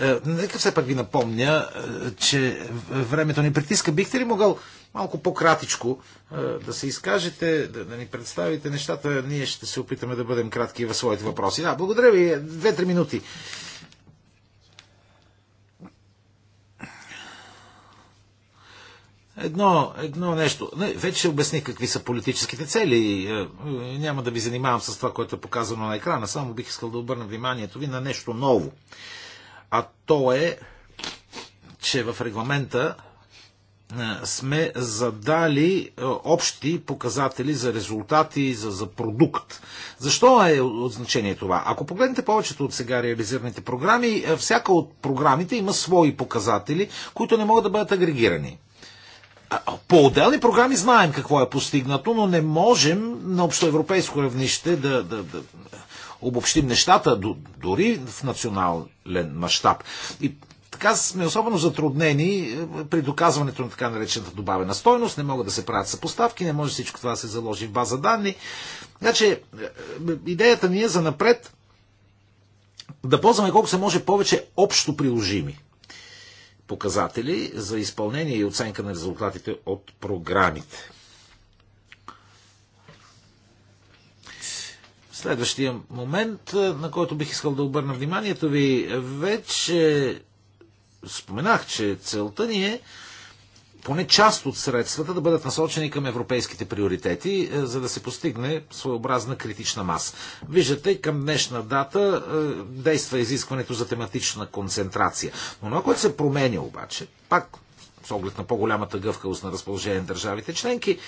Е, нека все пак ви напомня, е, че времето ни притиска. Бихте ли могъл малко по-кратичко е, да се изкажете, да, да ни представите нещата. Ние ще се опитаме да бъдем кратки в своите въпроси. Да, благодаря ви. Две-три минути. Едно, едно нещо. Не, вече обясних какви са политическите цели. Е, е, няма да ви занимавам с това, което е показано на екрана. Само бих искал да обърна вниманието ви на нещо ново. А то е, че в регламента е, сме задали е, общи показатели за резултати, за, за продукт. Защо е от значение това? Ако погледнете повечето от сега реализираните програми, е, всяка от програмите има свои показатели, които не могат да бъдат агрегирани. По отделни програми знаем какво е постигнато, но не можем на общоевропейско равнище да, да, да обобщим нещата, дори в национален мащаб. И така сме особено затруднени е, при доказването на така наречената добавена стойност. Не могат да се правят съпоставки, не може всичко това да се заложи в база данни. Значи, е, е, идеята ни е за напред да ползваме колко се може повече общо приложими показатели за изпълнение и оценка на резултатите от програмите. Следващия момент, на който бих искал да обърна вниманието ви, вече споменах, че целта ни е поне част от средствата да бъдат насочени към европейските приоритети, е, за да се постигне своеобразна критична маса. Виждате, към днешна дата е, действа изискването за тематична концентрация. Но това, което се променя обаче, пак с оглед на по-голямата гъвкавост на разположение на държавите членки,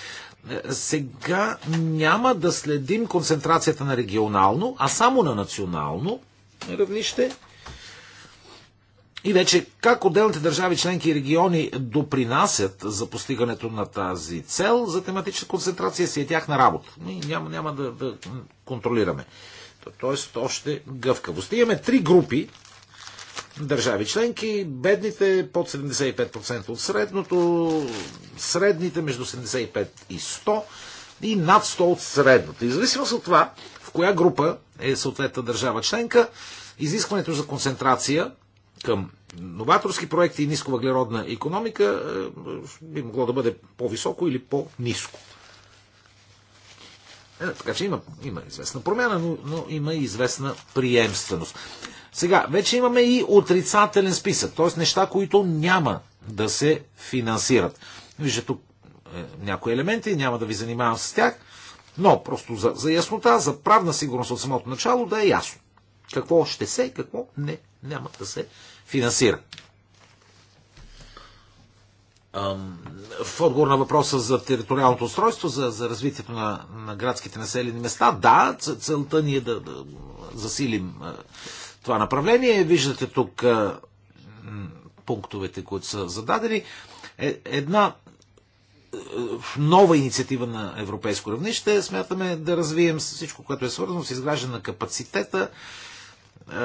е, сега няма да следим концентрацията на регионално, а само на национално равнище и вече как отделните държави, членки и региони допринасят за постигането на тази цел, за тематична концентрация си е тяхна работа. няма, няма да, да контролираме. Тоест още гъвкавост. имаме три групи държави членки. Бедните под 75% от средното, средните между 75 и 100 и над 100 от средното. И зависимост от това, в коя група е съответната държава членка, изискването за концентрация към новаторски проекти и нисковъглеродна економика е, би могло да бъде по-високо или по-ниско. Е, така че има, има известна промяна, но, но има и известна приемственост. Сега, вече имаме и отрицателен списък, т.е. неща, които няма да се финансират. Вижте тук е, някои елементи, няма да ви занимавам с тях, но просто за, за яснота, за правна сигурност от самото начало да е ясно. Какво ще се, какво не, няма да се финансира. В отговор на въпроса за териториалното устройство, за, за развитието на, на градските населени места, да, целта ни е да, да засилим това направление. Виждате тук пунктовете, които са зададени. Е, една е, нова инициатива на европейско равнище смятаме да развием всичко, което е свързано с изграждане на капацитета е,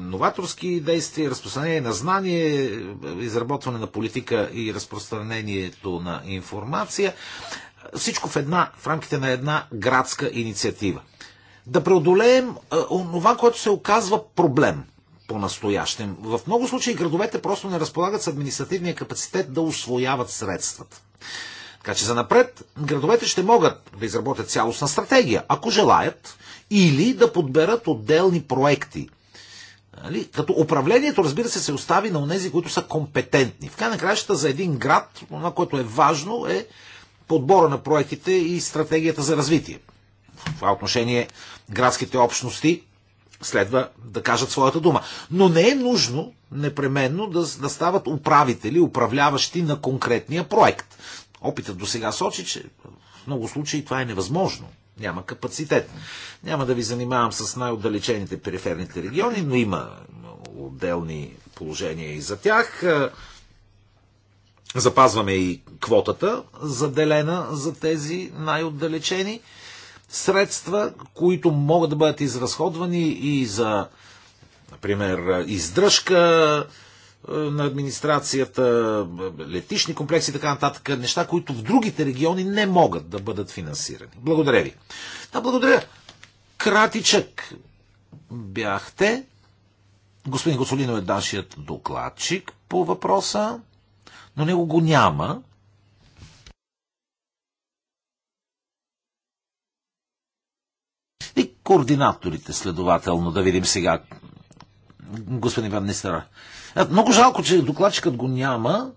новаторски действия, разпространение на знание, изработване на политика и разпространението на информация. Всичко в една, в рамките на една градска инициатива. Да преодолеем това, е, което се оказва проблем по-настоящем. В много случаи градовете просто не разполагат с административния капацитет да освояват средствата. Така че за напред градовете ще могат да изработят цялостна стратегия, ако желаят, или да подберат отделни проекти Нали? Като управлението, разбира се, се остави на тези, които са компетентни. В край на за един град, това, което е важно, е подбора на проектите и стратегията за развитие. В това отношение градските общности следва да кажат своята дума. Но не е нужно непременно да, да стават управители, управляващи на конкретния проект. Опитът до сега сочи, че в много случаи това е невъзможно няма капацитет. Няма да ви занимавам с най-отдалечените периферните региони, но има отделни положения и за тях. Е, запазваме и квотата, заделена за тези най-отдалечени средства, които могат да бъдат изразходвани и за, например, издръжка, е, на администрацията, е, летишни комплекси и така нататък, неща, които в другите региони не могат да бъдат финансирани. Благодаря ви. Да, благодаря. Кратичък бяхте. Господин Госолинов е нашият докладчик по въпроса, но него го няма. И координаторите, следователно, да видим сега господин Иван Нестера. Е, много жалко, че докладчикът го няма.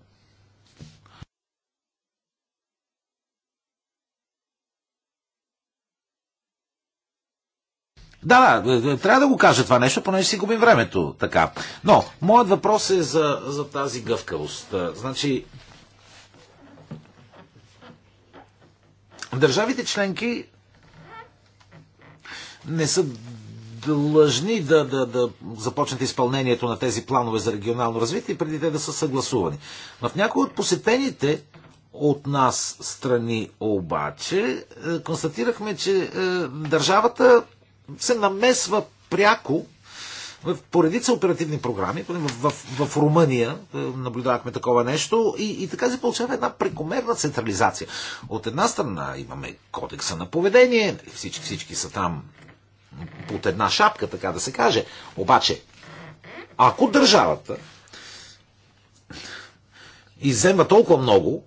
Да, да, е, е, трябва да го кажа това нещо, понеже си губим времето. Така. Но, моят въпрос е за, за тази гъвкавост. Значи, държавите членки не са длъжни да, да, да започнат изпълнението на тези планове за регионално развитие, преди те да са съгласувани. В някои от посетените от нас страни обаче е, констатирахме, че е, държавата се намесва пряко в поредица оперативни програми, в, в, в Румъния е, наблюдавахме такова нещо и, и така се получава една прекомерна централизация. От една страна имаме кодекса на поведение, нали, всички, всички са там под една шапка, така да се каже. Обаче, ако държавата иззема толкова много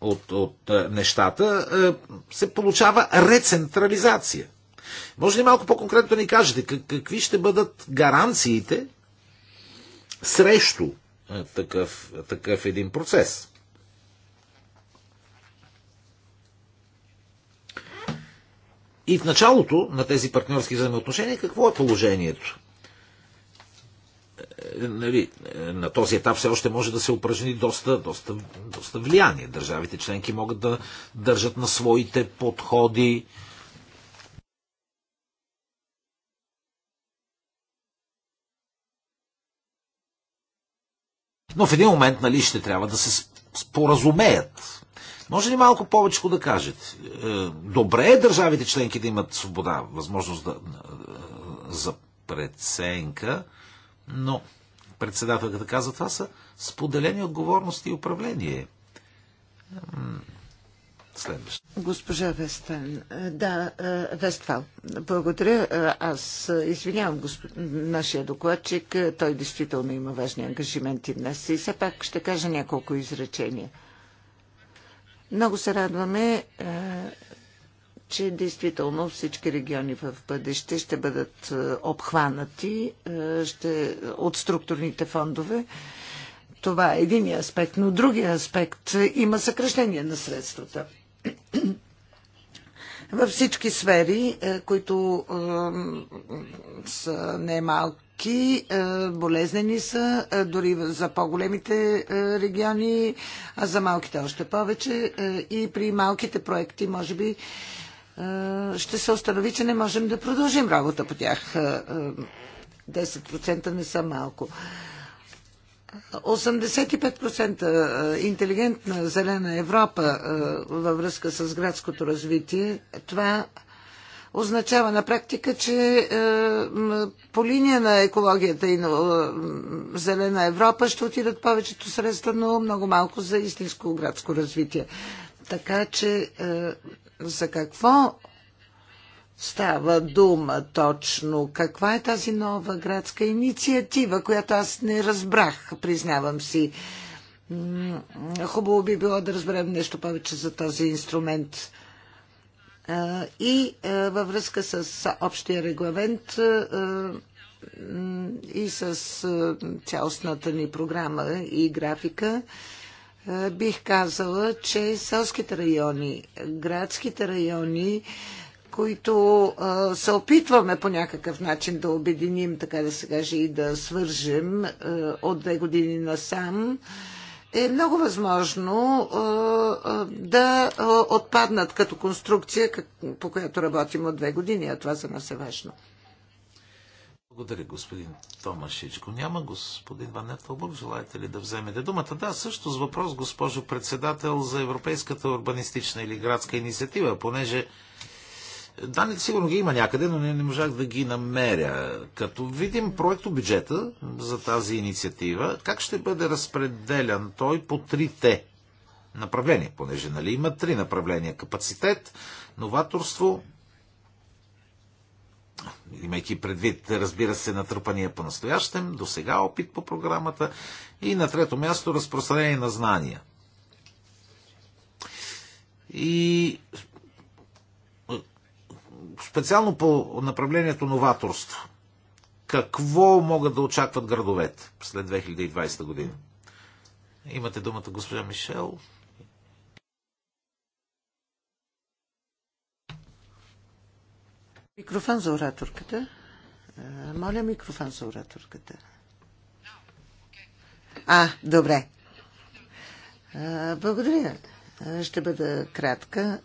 от, от е, нещата, е, се получава рецентрализация. Може ли малко по-конкретно да ни кажете какви ще бъдат гаранциите срещу е, такъв, такъв един процес? И в началото на тези партньорски взаимоотношения какво е положението? Е, нали, е, на този етап все още може да се упражни доста, доста, доста влияние. Държавите членки могат да държат на своите подходи. Но в един момент нали, ще трябва да се споразумеят може ли малко повече да кажете? Е, добре е държавите членки да имат свобода, възможност да, е, за преценка, но председателката каза, това са споделени отговорности и управление. Следващо. Госпожа Вестен, е, да, Вестфал, благодаря. Аз извинявам госп... нашия докладчик. Той действително има важни ангажименти днес и все пак ще кажа няколко изречения. Много се радваме, е, че действително всички региони в бъдеще ще бъдат е, обхванати е, ще, от структурните фондове. Това е един аспект, но другия аспект има съкръщение на средствата. Във всички сфери, които са немалко малки, е, болезнени са, е, дори за по-големите е, региони, а за малките още повече. И при малките проекти, може би, ще се установи, че не можем да продължим работа по тях. 10% не са малко. 85% интелигентна зелена Европа във връзка с градското развитие, това е означава на практика, че е, по линия на екологията и на е, Зелена Европа ще отидат повечето средства, но много малко за истинско градско развитие. Така че е, за какво става дума точно? Каква е тази нова градска инициатива, която аз не разбрах, признавам си. Хубаво би било да разберем нещо повече за този инструмент и във връзка с общия регламент и с цялостната ни програма и графика, бих казала, че селските райони, градските райони, които се опитваме по някакъв начин да обединим, така да се каже, и да свържем от две години насам, сам, е много възможно да отпаднат като конструкция, по която работим от две години, а това за нас е важно. Благодаря, господин Томашичко. Няма господин Ванетълбург. Желаете ли да вземете думата? Да, също с въпрос, госпожо председател, за Европейската урбанистична или градска инициатива, понеже Данните сигурно ги има някъде, но не, не можах да ги намеря. Като видим проекто бюджета за тази инициатива, как ще бъде разпределян той по трите направления, понеже нали, има три направления. Капацитет, новаторство, имайки предвид, разбира се, натрупания по-настоящем, до сега опит по програмата и на трето място разпространение на знания. И специално по направлението новаторство, какво могат да очакват градовете след 2020 година? Имате думата, госпожа Мишел. Микрофон за ораторката. Моля микрофон за ораторката. А, добре. Благодаря. Ще бъда кратка.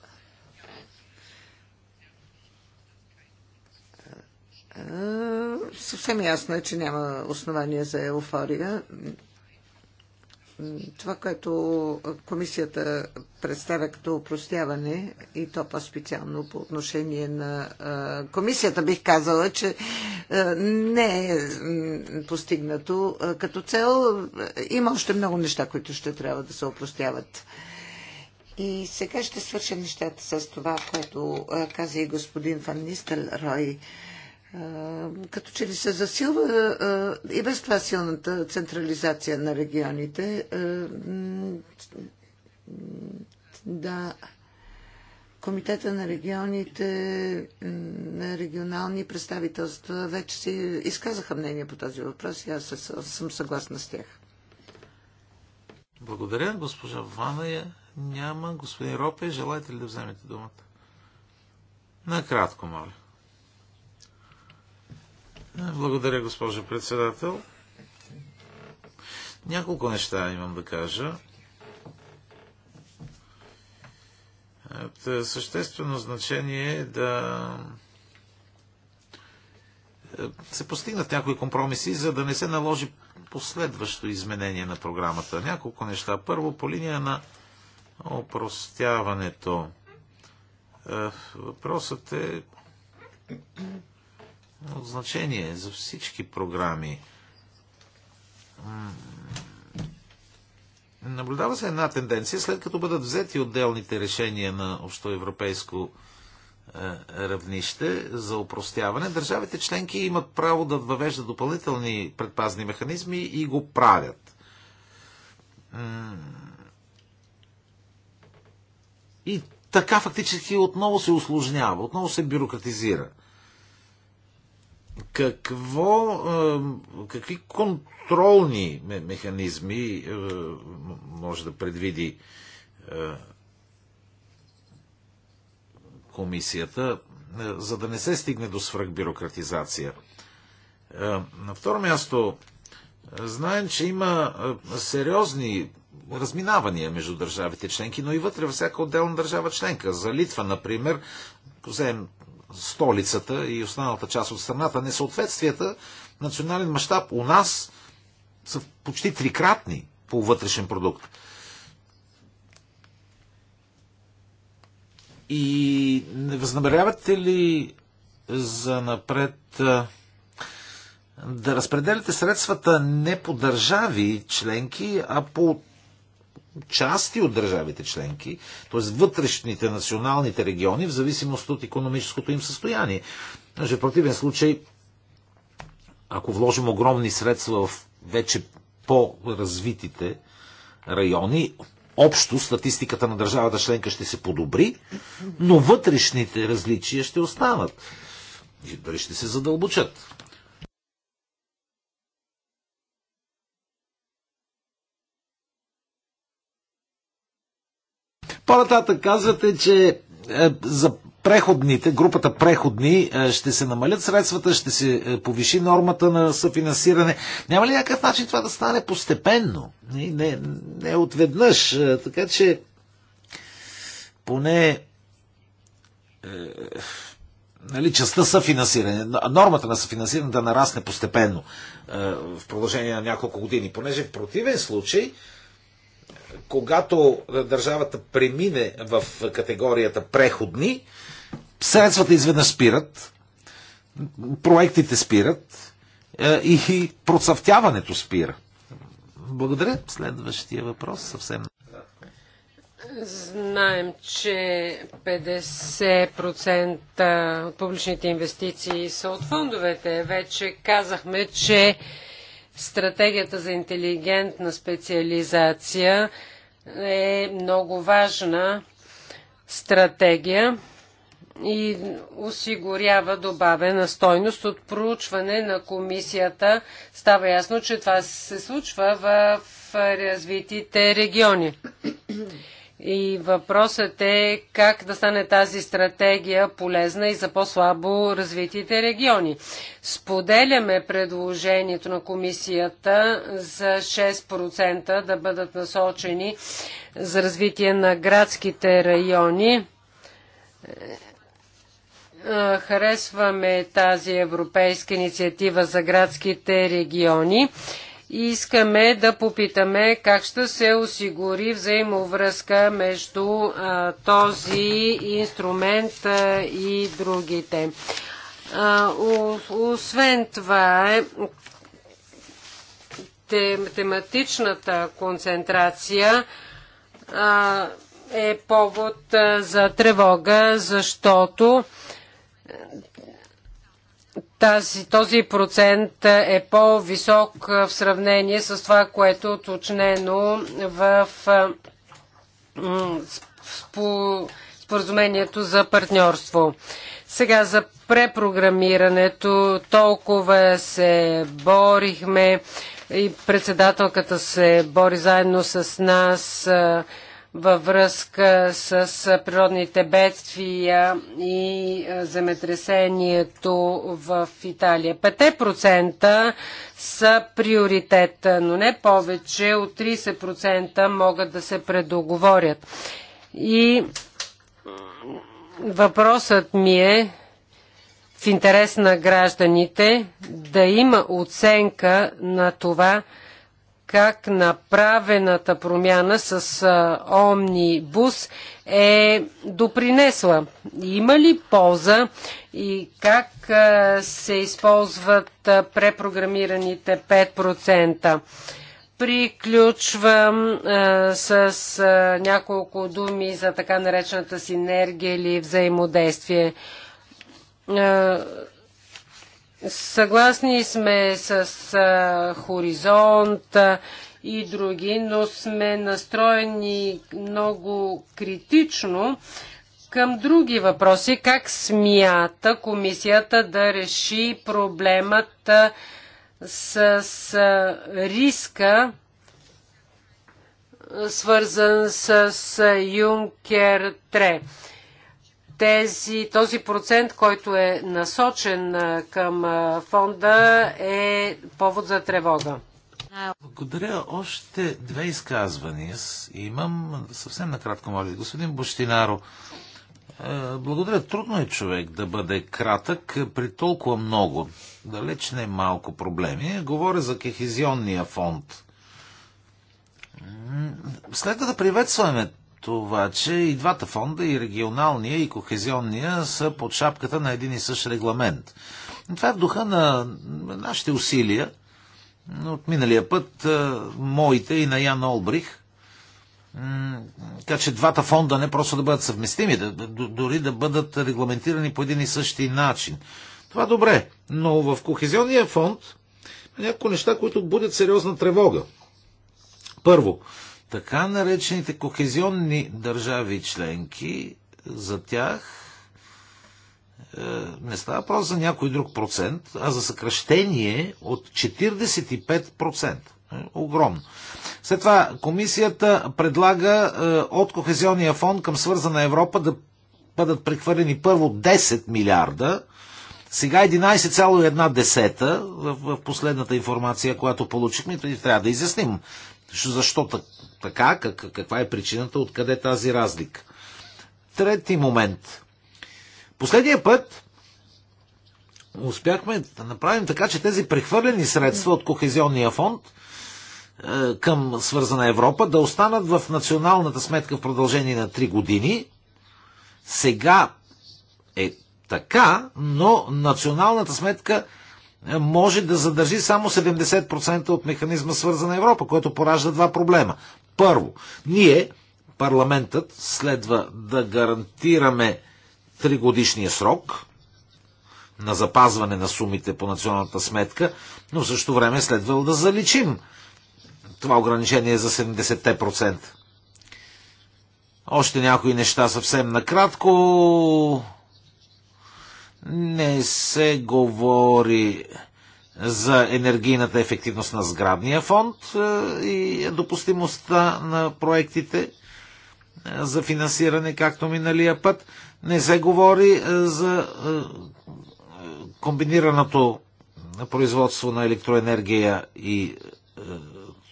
Съвсем ясно е, че няма основания за еуфория. Това, което комисията представя като упростяване, и то по-специално по отношение на комисията, бих казала, че не е постигнато като цел. Има още много неща, които ще трябва да се упростяват. И сега ще свърша нещата с това, което каза и господин Фан Нистел Рой като че ли се засилва и без това силната централизация на регионите. Да, Комитета на регионите, на регионални представителства вече си изказаха мнение по този въпрос и аз съм съгласна с тях. Благодаря. Госпожа Ваная няма. Господин Ропе, желаете ли да вземете думата? Накратко, моля. Благодаря, госпожо председател. Няколко неща имам да кажа. От е, съществено значение е да е, се постигнат някои компромиси, за да не се наложи последващо изменение на програмата. Няколко неща. Първо, по линия на опростяването. Е, въпросът е от значение за всички програми. Наблюдава се една тенденция, след като бъдат взети отделните решения на общоевропейско е, равнище за упростяване, държавите членки имат право да въвеждат допълнителни предпазни механизми и го правят. И така фактически отново се усложнява, отново се бюрократизира какво, какви контролни механизми е, може да предвиди е, комисията, е, за да не се стигне до свръхбюрократизация? На второ място, знаем, че има сериозни разминавания между държавите членки, но и вътре във всяка отделна държава членка. За Литва, например, вземем столицата и останалата част от страната. Несъответствията национален мащаб у нас са почти трикратни по вътрешен продукт. И не възнамерявате ли за напред да разпределяте средствата не по държави членки, а по части от държавите членки, т.е. вътрешните националните региони, в зависимост от економическото им състояние. Значи, в противен случай, ако вложим огромни средства в вече по-развитите райони, общо статистиката на държавата членка ще се подобри, но вътрешните различия ще останат. И дали ще се задълбочат. По-нататък казвате, че е, за преходните, групата преходни е, ще се намалят средствата, ще се е, повиши нормата на съфинансиране. Няма ли някакъв начин това да стане постепенно? Не, не, не отведнъж. Така че поне е, нали, частта съфинансиране, нормата на съфинансиране да нарасне постепенно е, в продължение на няколко години, понеже в противен случай е, когато е, държавата премине в категорията преходни, средствата изведнъж спират, проектите спират е, и процъфтяването спира. Благодаря. Следващия въпрос съвсем. Знаем, че 50% от публичните инвестиции са от фондовете. Вече казахме, че стратегията за интелигентна специализация е много важна стратегия и осигурява добавена стойност. От проучване на комисията става ясно, че това се случва в развитите региони. И въпросът е как да стане тази стратегия полезна и за по-слабо развитите региони. Споделяме предложението на комисията за 6% да бъдат насочени за развитие на градските райони. Е, е, харесваме тази европейска инициатива за градските региони и искаме да попитаме как ще се осигури взаимовръзка между а, този инструмент а, и другите. А, у, освен това, тем, тематичната концентрация е повод за тревога, защото тази, този процент е по-висок в сравнение с това, което е уточнено в споразумението за партньорство. Сега за препрограмирането толкова се борихме и председателката се бори заедно с нас във връзка с природните бедствия и земетресението в Италия. 5% са приоритет, но не повече от 30% могат да се предоговорят. И въпросът ми е в интерес на гражданите да има оценка на това, как направената промяна с Омнибус е допринесла. Има ли полза и как се използват препрограмираните 5%? Приключвам а, с а, няколко думи за така наречената синергия или взаимодействие. А, Съгласни сме с а, Хоризонт а, и други, но сме настроени много критично към други въпроси. Как смята комисията да реши проблемът с, а, риска, свързан с Юнкер 3? тези, този процент, който е насочен към фонда, е повод за тревога. Благодаря. Още две изказвания имам. Съвсем накратко, моля. Господин Бощинаро, благодаря. Трудно е човек да бъде кратък при толкова много, далеч не е малко проблеми. Говоря за кехизионния фонд. Следва да приветстваме това, че и двата фонда, и регионалния, и кохезионния, са под шапката на един и същ регламент. Това е в духа на нашите усилия. От миналия път моите и на Ян Олбрих. Така че двата фонда не просто да бъдат съвместими, да, дори да бъдат регламентирани по един и същи начин. Това е добре, но в Кохезионния фонд някои неща, които будят сериозна тревога. Първо, така наречените кохезионни държави членки, за тях е, не става въпрос за някой друг процент, а за съкръщение от 45%. Е, огромно. След това комисията предлага е, от Кохезионния фонд към свързана Европа да бъдат прехвърлени първо 10 милиарда, сега 11,1 в последната информация, която получихме, трябва да изясним защо така? Как, каква е причината? Откъде е тази разлика? Трети момент. Последния път успяхме да направим така, че тези прехвърлени средства от Кохезионния фонд е, към свързана Европа да останат в националната сметка в продължение на 3 години. Сега е така, но националната сметка е, може да задържи само 70% от механизма свързана Европа, който поражда два проблема. Първо, ние, парламентът, следва да гарантираме тригодишния срок на запазване на сумите по националната сметка, но в същото време следва да заличим това ограничение за 70%. Още някои неща съвсем накратко. Не се говори за енергийната ефективност на сградния фонд е, и допустимостта на проектите е, за финансиране, както миналия път. Не се говори е, за комбинираното производство на електроенергия и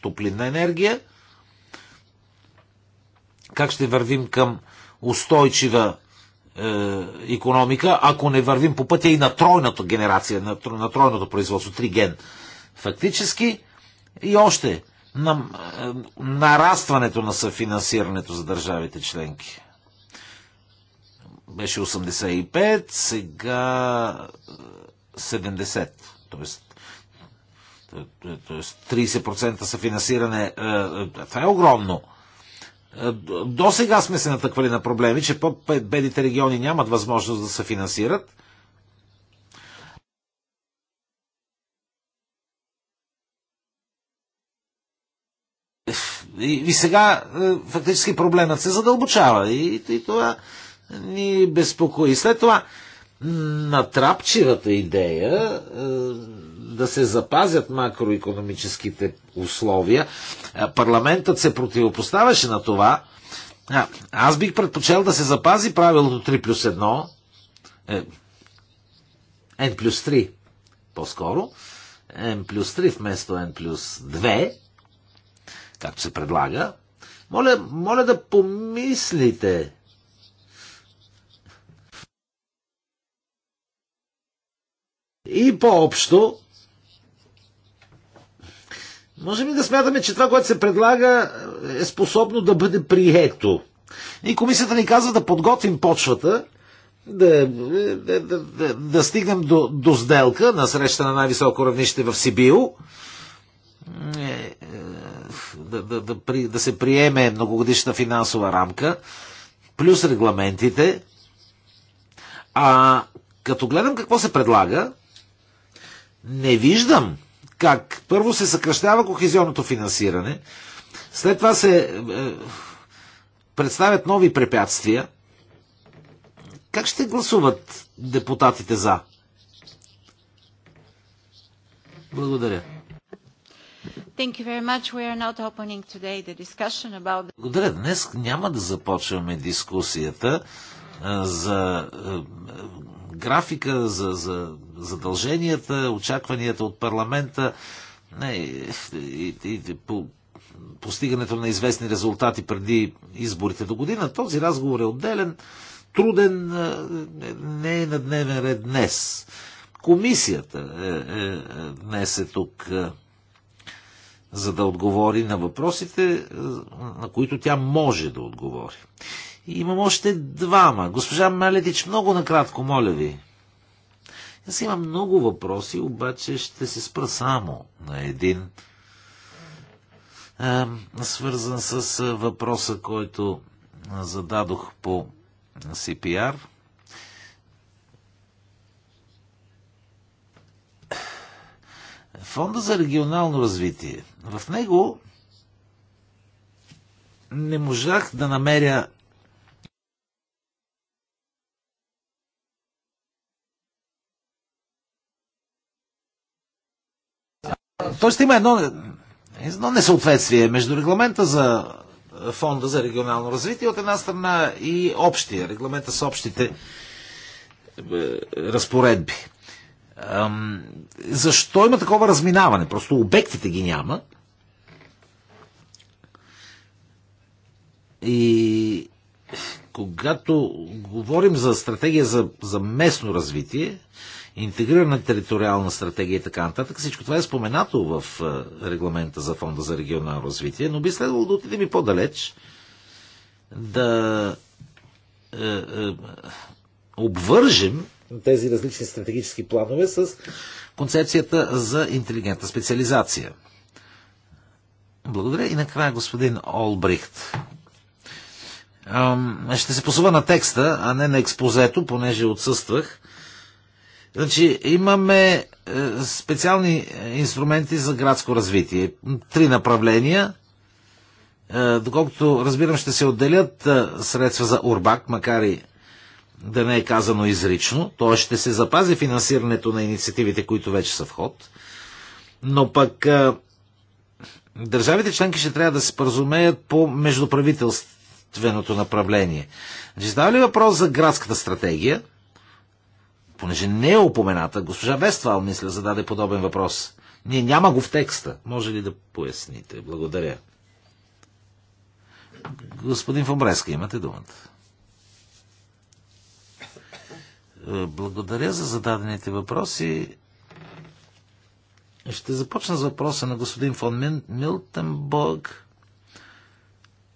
топлинна енергия. Как ще вървим към устойчива економика, ако не вървим по пътя и на тройната генерация, на, на тройното производство, триген. Фактически и още на, е, нарастването на съфинансирането за държавите членки. Беше 85, сега 70. Е, тоест, е, тоест 30% съфинансиране. Това е огромно е, до сега сме се натъквали на проблеми, че по-бедните региони нямат възможност да се финансират. И, и сега е, фактически проблемът се задълбочава и, и това ни безпокои. След това натрапчивата идея е, да се запазят макроекономическите условия. Парламентът се противопоставяше на това. А, аз бих предпочел да се запази правилото 3 плюс 1, е, N плюс 3 по-скоро, N плюс 3 вместо N плюс 2, както се предлага. Моля, моля да помислите И по-общо, Можем ли да смятаме, че това, което се предлага, е способно да бъде прието? И комисията ни казва да подготвим почвата, да, да, да, да стигнем до, до сделка на среща на най-високо равнище в Сибил, е, е, да, да, да, да се приеме многогодишна финансова рамка, плюс регламентите. А като гледам какво се предлага, не виждам как първо се съкръщава кохезионното финансиране, след това се е, представят нови препятствия. Как ще гласуват депутатите за? Благодаря. About... Благодаря. Днес няма да започваме дискусията е, за е, графика, за, за задълженията, очакванията от парламента не, и, и, и по, постигането на известни резултати преди изборите до година. Този разговор е отделен, труден, е, не е на дневен ред днес. Комисията е, е, днес е тук е, за да отговори на въпросите, е, на които тя може да отговори. И имам още двама. Госпожа Малетич, много накратко, моля ви. Аз имам много въпроси, обаче ще се спра само на един, свързан с въпроса, който зададох по CPR. Фонда за регионално развитие. В него не можах да намеря Тоест има едно, едно несъответствие между регламента за фонда за регионално развитие от една страна и общия, регламента с общите е, разпоредби. Защо има такова разминаване? Просто обектите ги няма. И когато говорим за стратегия за, за местно развитие, интегрирана териториална стратегия и така нататък. Всичко това е споменато в е, регламента за Фонда за регионално развитие, но би следвало да отидем и по-далеч, да е, е, обвържем тези различни стратегически планове с концепцията за интелигентна специализация. Благодаря. И накрая господин Олбрихт. Ще се посува на текста, а не на експозето, понеже отсъствах. Значи, имаме е, специални е, инструменти за градско развитие. Три направления. Е, доколкото разбирам, ще се отделят средства за Урбак, макар и да не е казано изрично. Т.е. ще се запази финансирането на инициативите, които вече са в ход. Но пък държавите членки ще трябва да се споразумеят по междуправителственото направление. Значи, става ли въпрос за градската стратегия – понеже не е упомената, госпожа Вествал, мисля, зададе подобен въпрос. Ние няма го в текста. Може ли да поясните? Благодаря. Господин Фомбреска, имате думата. Е, благодаря за зададените въпроси. Ще започна с въпроса на господин фон Милтенбург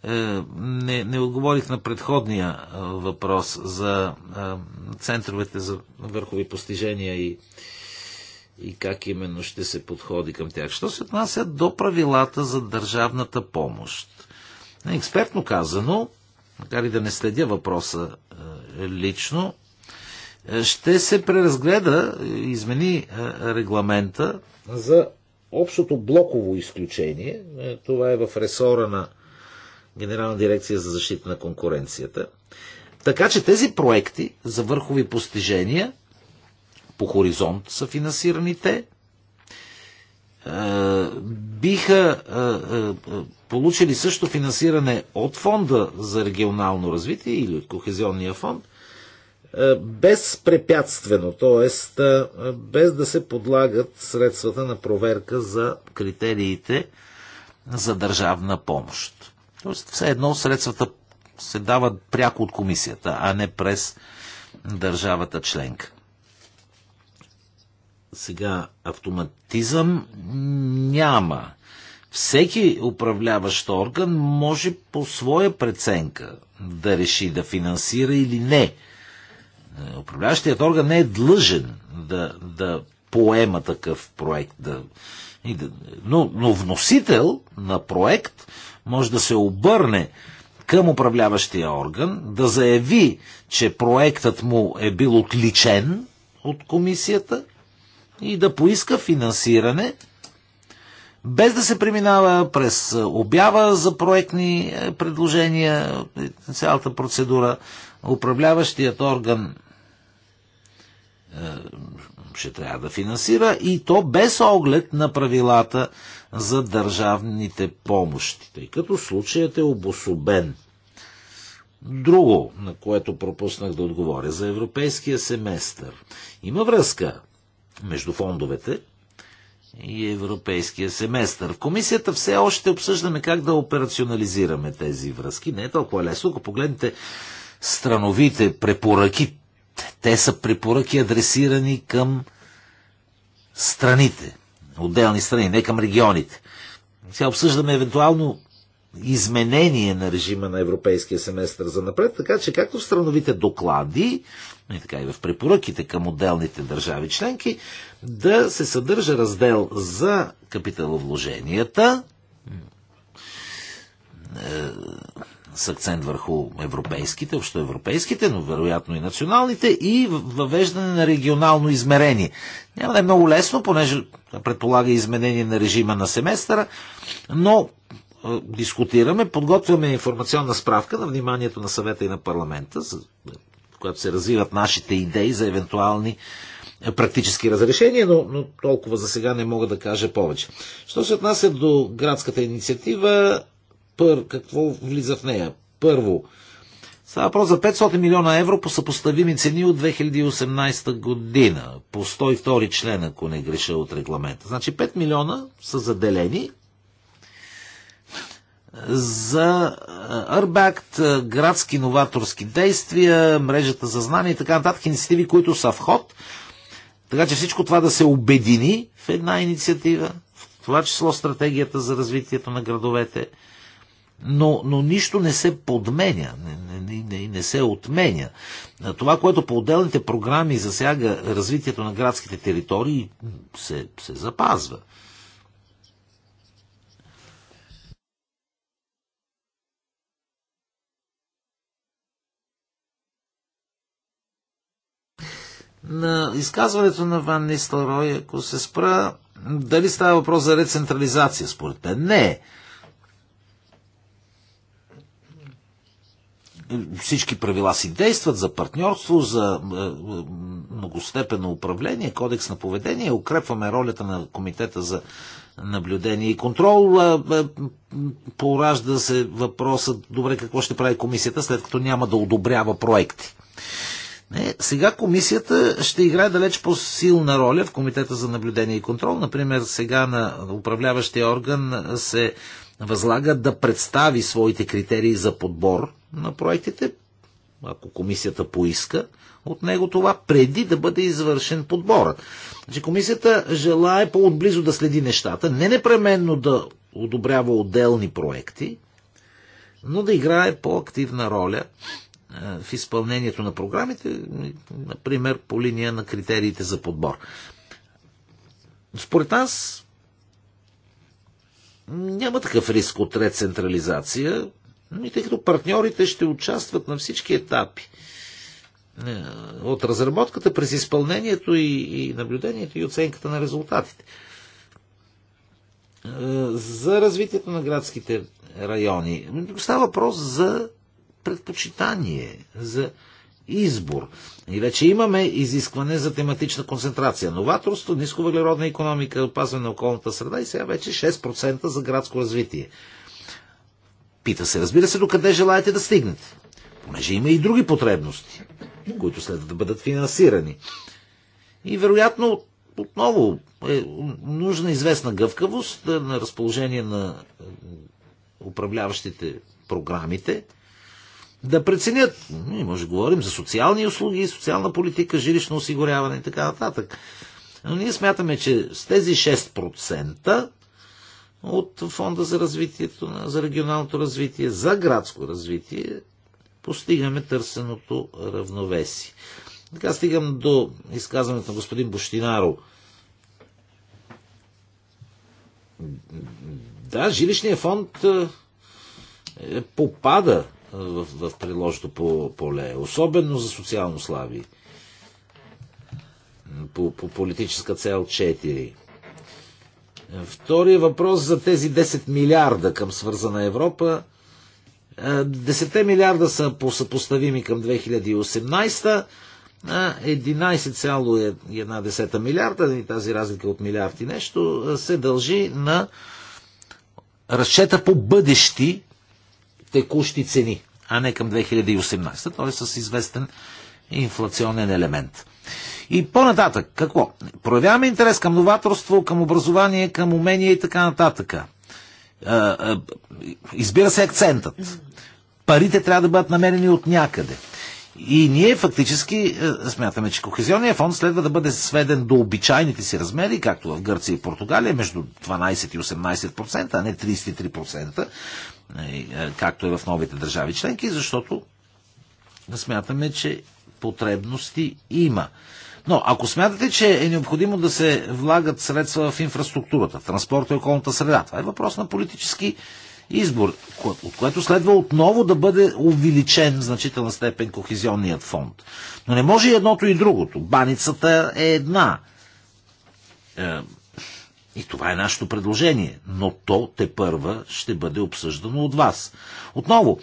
е, не, не отговорих на предходния е, въпрос за е, центровете за върхови постижения и, и как именно ще се подходи към тях. Що се отнася до правилата за държавната помощ? Експертно казано, макар и да не следя въпроса лично, ще се преразгледа, измени регламента за общото блоково изключение. Това е в ресора на Генерална дирекция за защита на конкуренцията. Така че тези проекти за върхови постижения по хоризонт са финансираните, е, биха е, е, получили също финансиране от фонда за регионално развитие или от Кохезионния фонд, безпрепятствено, т.е. без да се подлагат средствата на проверка за критериите за държавна помощ. Тоест, все едно средствата се дават пряко от комисията, а не през държавата членка. Сега автоматизъм няма. Всеки управляващ орган може по своя преценка да реши да финансира или не. Управляващият орган не е длъжен да, да поема такъв проект. Да, да, но, но вносител на проект може да се обърне към управляващия орган, да заяви, че проектът му е бил отличен от комисията и да поиска финансиране, без да се преминава през обява за проектни е, предложения, е, цялата процедура, управляващият орган е, ще трябва да финансира и то без оглед на правилата за държавните помощи, тъй като случаят е обособен. Друго, на което пропуснах да отговоря, за европейския семестър. Има връзка между фондовете и европейския семестър. В комисията все още обсъждаме как да операционализираме тези връзки. Не е толкова лесно. Ако погледнете страновите препоръки, те са препоръки адресирани към страните отделни страни, не към регионите. Сега обсъждаме евентуално изменение на режима на европейския семестър за напред, така че както в страновите доклади, и така и в препоръките към отделните държави членки, да се съдържа раздел за капиталовложенията, с акцент върху европейските, общоевропейските, но вероятно и националните, и въвеждане на регионално измерение. Няма да е много лесно, понеже предполага изменение на режима на семестъра, но е, дискутираме, подготвяме информационна справка на вниманието на съвета и на парламента, за, в която се развиват нашите идеи за евентуални е, практически разрешения, но, но толкова за сега не мога да кажа повече. Що се отнася до градската инициатива, пър, какво влиза в нея? Първо, става въпрос за 500 милиона евро по съпоставими цени от 2018 година, по 102 член, ако не греша от регламента. Значи 5 милиона са заделени за Арбакт, градски новаторски действия, мрежата за знания и така нататък, инициативи, които са в ход. Така че всичко това да се обедини в една инициатива, в това число стратегията за развитието на градовете, но, но нищо не се подменя, не, не, не, не се отменя. Това, което по отделните програми засяга развитието на градските територии, се, се запазва. на изказването на Ван Нистелрой, ако се спра, дали става въпрос за рецентрализация? Според мен не. всички правила си действат за партньорство, за е, е, многостепенно управление, кодекс на поведение, укрепваме ролята на комитета за наблюдение и контрол. Е, поражда се въпросът, добре, какво ще прави комисията, след като няма да одобрява проекти. Не, сега комисията ще играе далеч по-силна роля в Комитета за наблюдение и контрол. Например, сега на управляващия орган се възлага да представи своите критерии за подбор на проектите, ако комисията поиска от него това, преди да бъде извършен подборът. Значи комисията желае по-отблизо да следи нещата, не непременно да одобрява отделни проекти, но да играе по-активна роля е, в изпълнението на програмите, например по линия на критериите за подбор. Според нас няма такъв риск от рецентрализация, и тъй като партньорите ще участват на всички етапи. Е, от разработката през изпълнението и, и наблюдението и оценката на резултатите. Е, за развитието на градските райони. Става въпрос за предпочитание, за избор. И вече имаме изискване за тематична концентрация. Новаторство, нисковъглеродна економика, опазване на околната среда и сега вече 6% за градско развитие. Пита се, разбира се, докъде желаете да стигнете. Понеже има и други потребности, които следва да бъдат финансирани. И вероятно отново е нужна известна гъвкавост е, на разположение на е, управляващите програмите, да преценят, и може да говорим за социални услуги, социална политика, жилищно осигуряване и така нататък. Но ние смятаме, че с тези 6% от Фонда за, развитието, за регионалното развитие, за градско развитие, постигаме търсеното равновесие. Така стигам до изказването на господин Бощинаро. Да, жилищният фонд е, е, попада в, в приложното поле, особено за социално слаби. По, по политическа цел 4. Втория въпрос за тези 10 милиарда към свързана Европа. 10 милиарда са по съпоставими към 2018, 11,1 милиарда, тази разлика от милиард и нещо, се дължи на разчета по бъдещи текущи цени, а не към 2018, е с известен инфлационен елемент. И по-нататък, какво? Проявяваме интерес към новаторство, към образование, към умения и така нататък. Избира се акцентът. Парите трябва да бъдат намерени от някъде. И ние фактически смятаме, че Кохезионния фонд следва да бъде сведен до обичайните си размери, както в Гърция и Португалия, между 12 и 18%, а не 33%, както е в новите държави членки, защото смятаме, че потребности има. Но ако смятате, че е необходимо да се влагат средства в инфраструктурата, в транспорта и околната среда, това е въпрос на политически избор, от което следва отново да бъде увеличен в значителна степен кохезионният фонд. Но не може и едното и другото. Баницата е една. Е, и това е нашето предложение. Но то те първа ще бъде обсъждано от вас. Отново,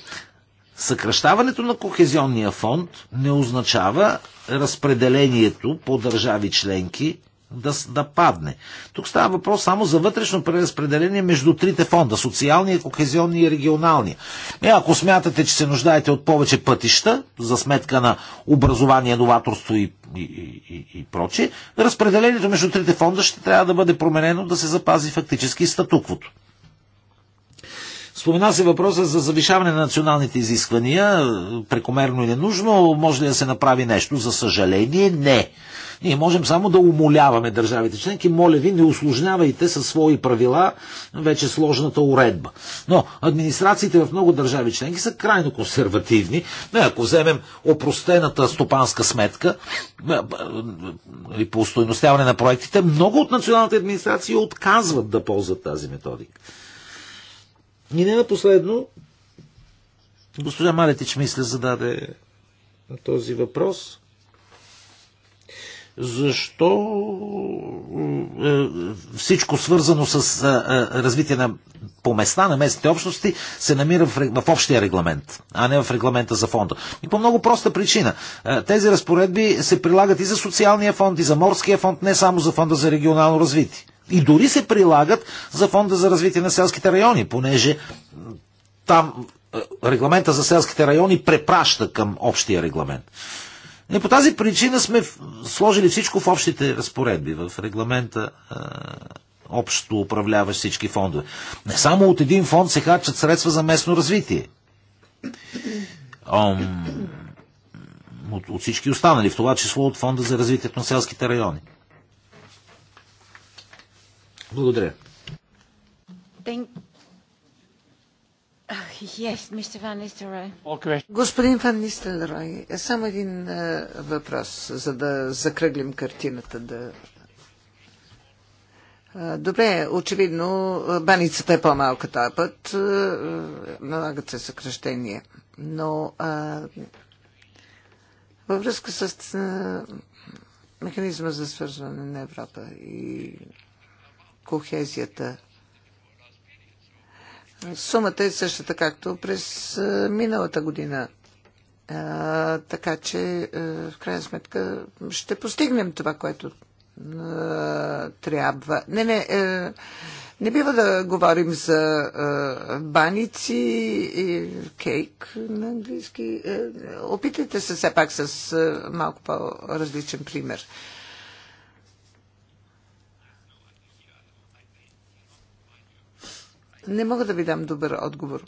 Съкръщаването на кохезионния фонд не означава разпределението по държави членки да, да падне. Тук става въпрос само за вътрешно преразпределение между трите фонда социалния, кохезионния и регионалния. Е, ако смятате, че се нуждаете от повече пътища за сметка на образование, новаторство и, и, и, и прочее, разпределението между трите фонда ще трябва да бъде променено да се запази фактически статуквото. Спомена се въпроса за завишаване на националните изисквания, прекомерно или нужно, може ли да се направи нещо? За съжаление, не. Ние можем само да умоляваме държавите членки, моля ви, не усложнявайте със свои правила вече сложната уредба. Но администрациите в много държави членки са крайно консервативни. Не, ако вземем опростената стопанска сметка или е, е, е, по устойностяване на проектите, много от националните администрации отказват да ползват тази методика. И не на последно, госпожа Малетич, мисля, зададе този въпрос. Защо е, всичко свързано с е, е, развитие на по места на местните общности се намира в, в общия регламент, а не в регламента за фонда. И по много проста причина. Тези разпоредби се прилагат и за социалния фонд, и за морския фонд, не само за фонда за регионално развитие и дори се прилагат за Фонда за развитие на селските райони, понеже там е, регламента за селските райони препраща към общия регламент. И по тази причина сме сложили всичко в общите разпоредби, в регламента е, общо управлява всички фондове. Не само от един фонд се харчат средства за местно развитие. Ом, от, от всички останали, в това число от фонда за развитието на селските райони. Благодаря. Ah, Господин Ван Нистелрой, само един е, въпрос, за да закръглим картината. Да... добре, очевидно баницата е по-малка този път, е, налагат се съкръщения. Но във връзка с е, механизма за свързване на Европа и кохезията. Сумата е същата както през миналата година. А, така че, в крайна сметка, ще постигнем това, което а, трябва. Не, не, а, не бива да говорим за а, баници и кейк на английски. А, опитайте се все пак с а, малко по-различен пример. А, Не мога да ви дам добър отговор.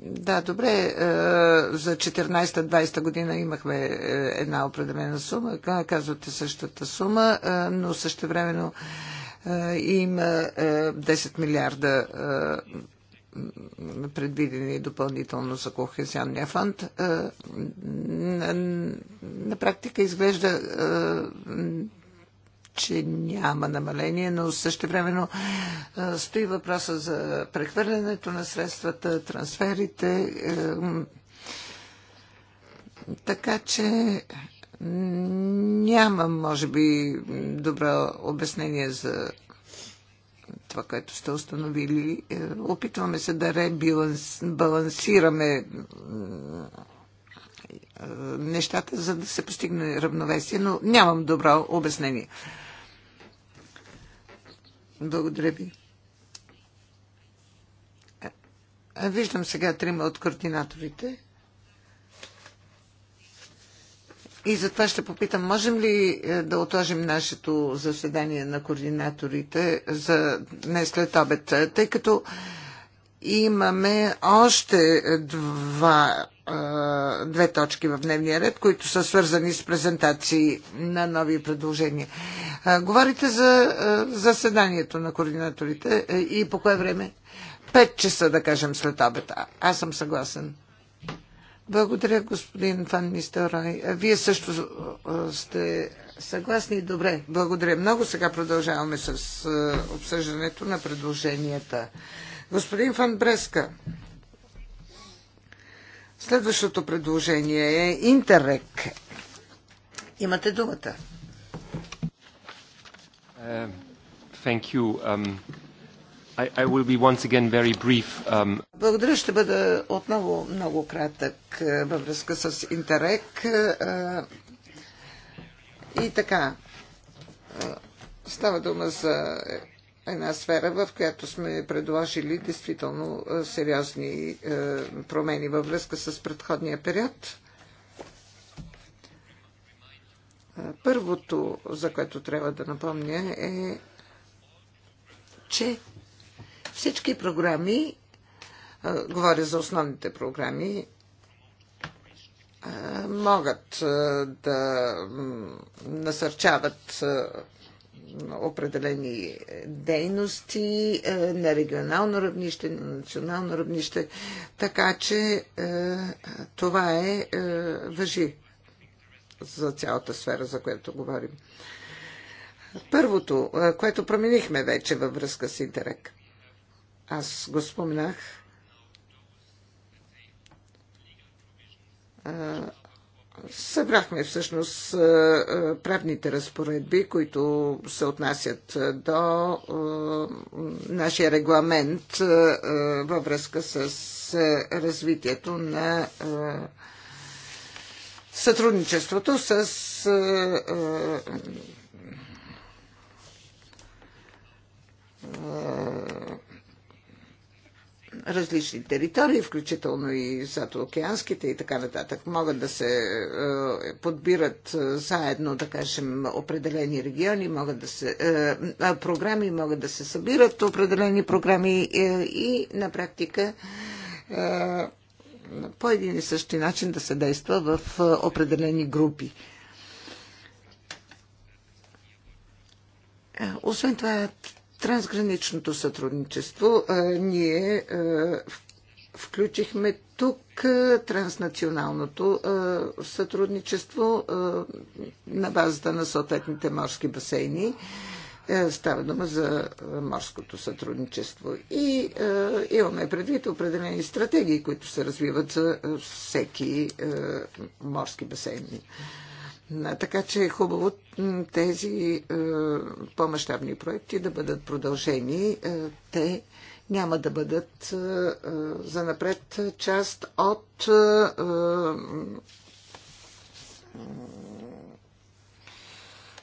да, добре. За 14-20 година имахме е, една определена сума, казвате същата сума, но същевременно има 10 е, милиарда предвидени допълнително за Кохезионния фонд, е, на практика изглежда, е, че няма намаление, но същевременно е, стои въпроса за прехвърлянето на средствата, трансферите. Така че нямам, може би, добро обяснение за това, което сте установили. Е, опитваме се да ребалансираме е, нещата, за да се постигне равновесие, но нямам добро обяснение. Благодаря ви. Е, виждам сега трима от координаторите. И затова ще попитам, можем ли е, да отложим нашето заседание на координаторите за днес след обед, е, тъй като имаме още два, е, две точки в дневния ред, които са свързани с презентации на нови предложения. Говорите за заседанието на координаторите и по кое време? Пет часа, да кажем, след обед. Аз съм съгласен. Благодаря, господин Фан Нистерой. Вие също сте съгласни? Добре, благодаря много. Сега продължаваме с обсъждането на предложенията. Господин Фан Бреска, следващото предложение е Интеррек. Имате думата. Uh, thank you. Um... I, will be once again very brief. Um... Благодаря, ще бъда отново много кратък е, във връзка с Интерек. Е, е, и така, става дума за една сфера, в която сме предложили действително сериозни промени във връзка с предходния период. Първото, за което трябва да напомня, е, че всички програми, говоря за основните програми, могат да насърчават определени дейности на регионално равнище, на национално равнище. Така че това е въжи за цялата сфера, за която говорим. Първото, което променихме вече във връзка с Интерек. Аз го споменах. Събрахме всъщност правните разпоредби, които се отнасят до нашия регламент във връзка с развитието на сътрудничеството с различни територии, включително и Сатоокеанските и така нататък. Могат да се е, подбират е, заедно, да кажем, определени региони, могат да се, е, програми, могат да се събират определени програми е, и на практика е, по един и същи начин да се действа в е, определени групи. Освен това, трансграничното сътрудничество. Ние включихме тук транснационалното сътрудничество на базата на съответните морски басейни. Става дума за морското сътрудничество. И е, имаме предвид определени стратегии, които се развиват за всеки е, морски басейн. Така че е хубаво тези е, по-масштабни проекти да бъдат продължени. Е, те няма да бъдат е, е занапред част от е, е,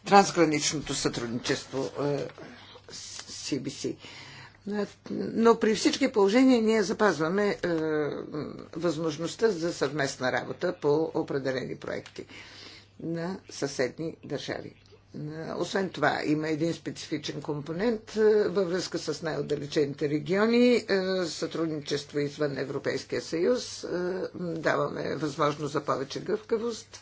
трансграничното сътрудничество е, CBC. Но при всички положения ние запазваме е, възможността за съвместна работа по определени проекти на съседни държави. Освен това, има един специфичен компонент във връзка с най-отдалечените региони, сътрудничество извън Европейския съюз. Даваме възможност за повече гъвкавост.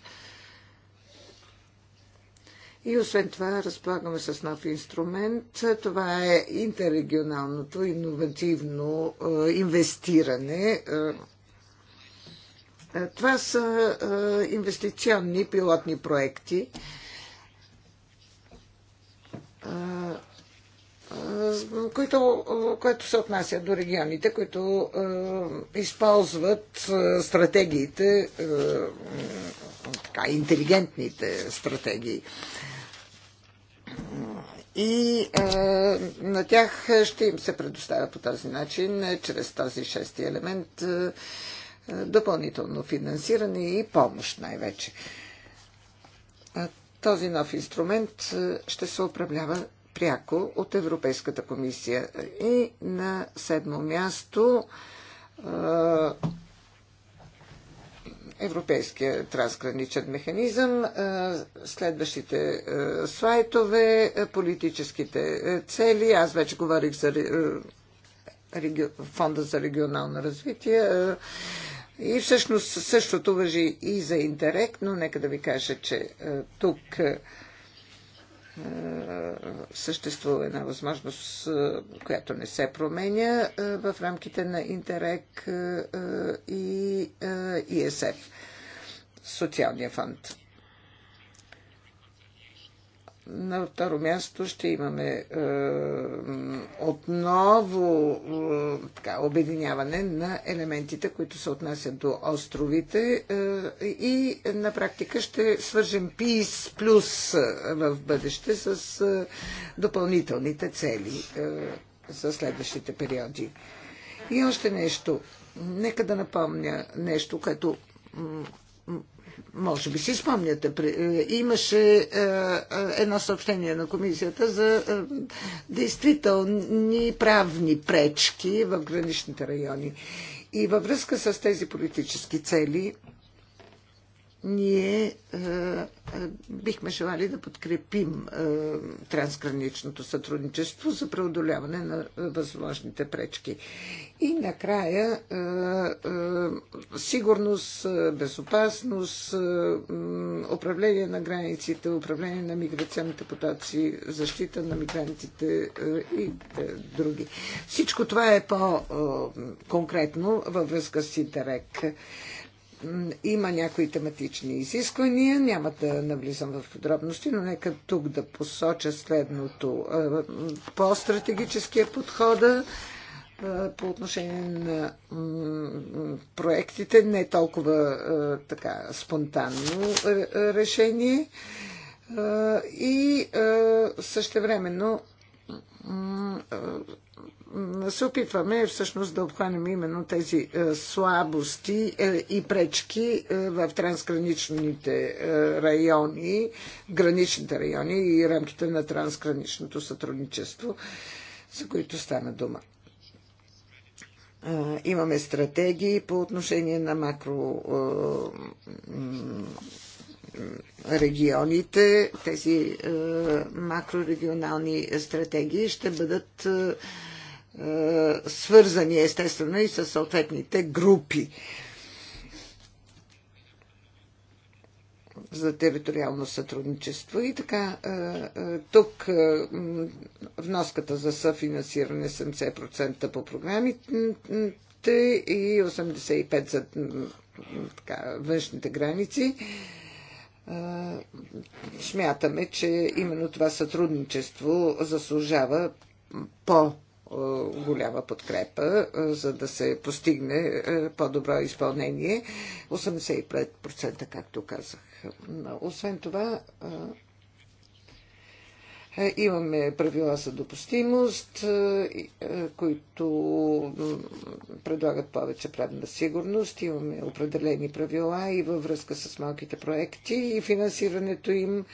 И освен това разполагаме с нов инструмент. Това е интеррегионалното иновативно инвестиране е, това са е, инвестиционни пилотни проекти. Е, които, се отнасят до регионите, които е, използват стратегиите, е, така, интелигентните стратегии. И е, на тях ще им се предоставя по този начин, чрез този шести елемент. Е, е, допълнително финансиране и помощ най-вече. Този нов инструмент е, ще се управлява пряко от Европейската комисия. И на седмо място е, Европейския трансграничен механизъм, следващите слайтове, политическите цели. Аз вече говорих за Фонда за регионално развитие. И всъщност същото въжи и за Интерект, но нека да ви кажа, че е, тук е, е, съществува една възможност, която не се променя в рамките на Интерект и ИСФ, социалния фонд. На второ място ще имаме е, отново е, така, обединяване на елементите, които се отнасят до островите е, и на практика ще свържем ПИС плюс е, в бъдеще с е, допълнителните цели е, за следващите периоди. И още нещо. Нека да напомня нещо, което може би си спомняте, е, имаше е, е, едно съобщение на комисията за действителни правни пречки в граничните райони. И във връзка с тези политически цели ние е, е, бихме желали да подкрепим е, трансграничното сътрудничество за преодоляване на е, възможните пречки. И накрая е, е, сигурност, е, безопасност, е, управление на границите, управление на миграционните потоци, защита на мигрантите е, и е, други. Всичко това е по-конкретно във връзка с Интерек има някои тематични изисквания, няма да навлизам в подробности, но нека тук да посоча следното. Е, по стратегическия подхода е, по отношение на проектите, не толкова е, така спонтанно решение и същевременно се опитваме всъщност да обхванем именно тези е, слабости е, и пречки е, в трансграничните райони, граничните райони и рамките на трансграничното сътрудничество, за които стана дума. Имаме стратегии по отношение на макро регионите, тези макрорегионални стратегии ще бъдат е, свързани естествено и с съответните групи за териториално сътрудничество. И така, е, е, тук вноската за съфинансиране 70% по програмите и 85% за така, външните граници смятаме, че именно това сътрудничество заслужава по голяма подкрепа, за да се постигне по-добро изпълнение. 85%, както казах. Освен това, Имаме правила за допустимост, които предлагат повече правна сигурност. Имаме определени правила и във връзка с малките проекти и финансирането им.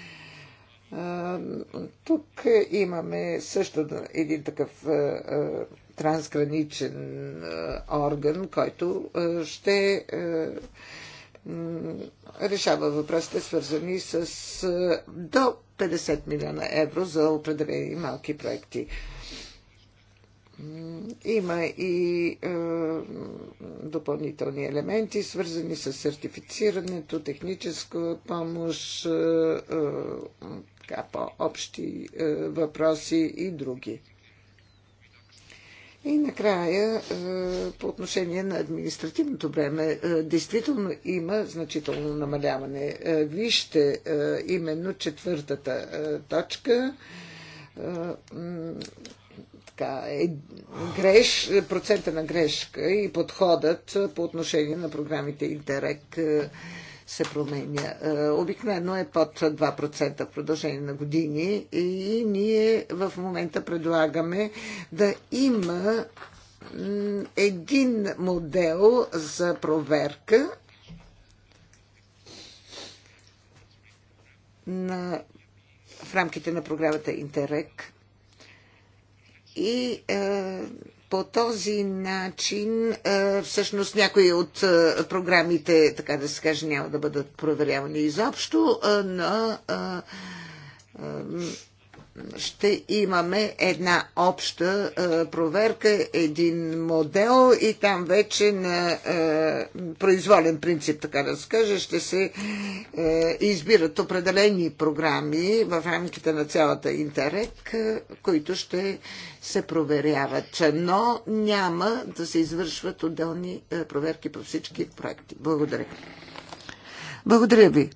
Тук имаме също един такъв трансграничен орган, който ще решава въпросите, свързани с до 50 милиона евро за определени малки проекти. Има и е, допълнителни елементи, свързани с сертифицирането, техническа помощ, е, така по-общи е, въпроси и други. И накрая, е, по отношение на административното време, е, действително има значително намаляване. Е, вижте именно четвъртата точка. Така, е греш, процента на грешка и подходът по отношение на програмите Интерек. Интерект се променя. Е, обикновено е под 2% в продължение на години и ние в момента предлагаме да има един модел за проверка на, в рамките на програмата Интерек и е, по този начин, е, всъщност, някои от е, програмите, така да се каже, няма да бъдат проверявани изобщо, е, но ще имаме една обща е, проверка, един модел и там вече на е, произволен принцип, така да скажа, ще се е, избират определени програми в рамките на цялата Интерек, които ще се проверяват, но няма да се извършват отделни проверки по всички проекти. Благодаря. Благодаря ви.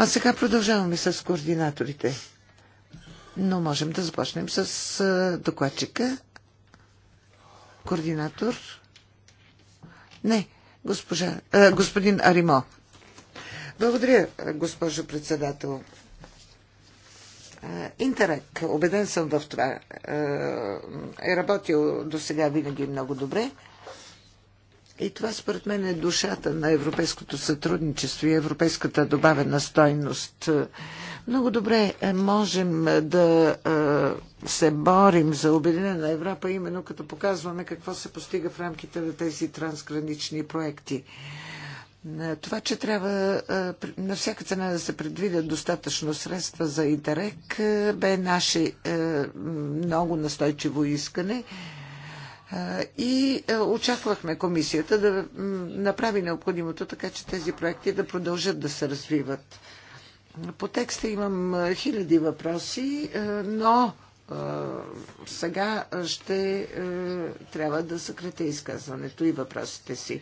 А сега продължаваме с координаторите. Но можем да започнем с докладчика. Координатор. Не, госпожа, а, господин Аримо. Благодаря, госпожо председател. Интерек, убеден съм в това, е работил до сега винаги много добре. И това според мен е душата на европейското сътрудничество и европейската добавена стойност. Много добре можем да е, се борим за Обединена Европа, именно като показваме какво се постига в рамките на тези трансгранични проекти. Това, че трябва е, на всяка цена да се предвидят достатъчно средства за Интерек, е, бе наше много настойчиво искане и е, очаквахме комисията да направи необходимото, така че тези проекти да продължат да се развиват. По текста имам е, хиляди въпроси, е, но сега ще трябва да съкрате изказването и въпросите си.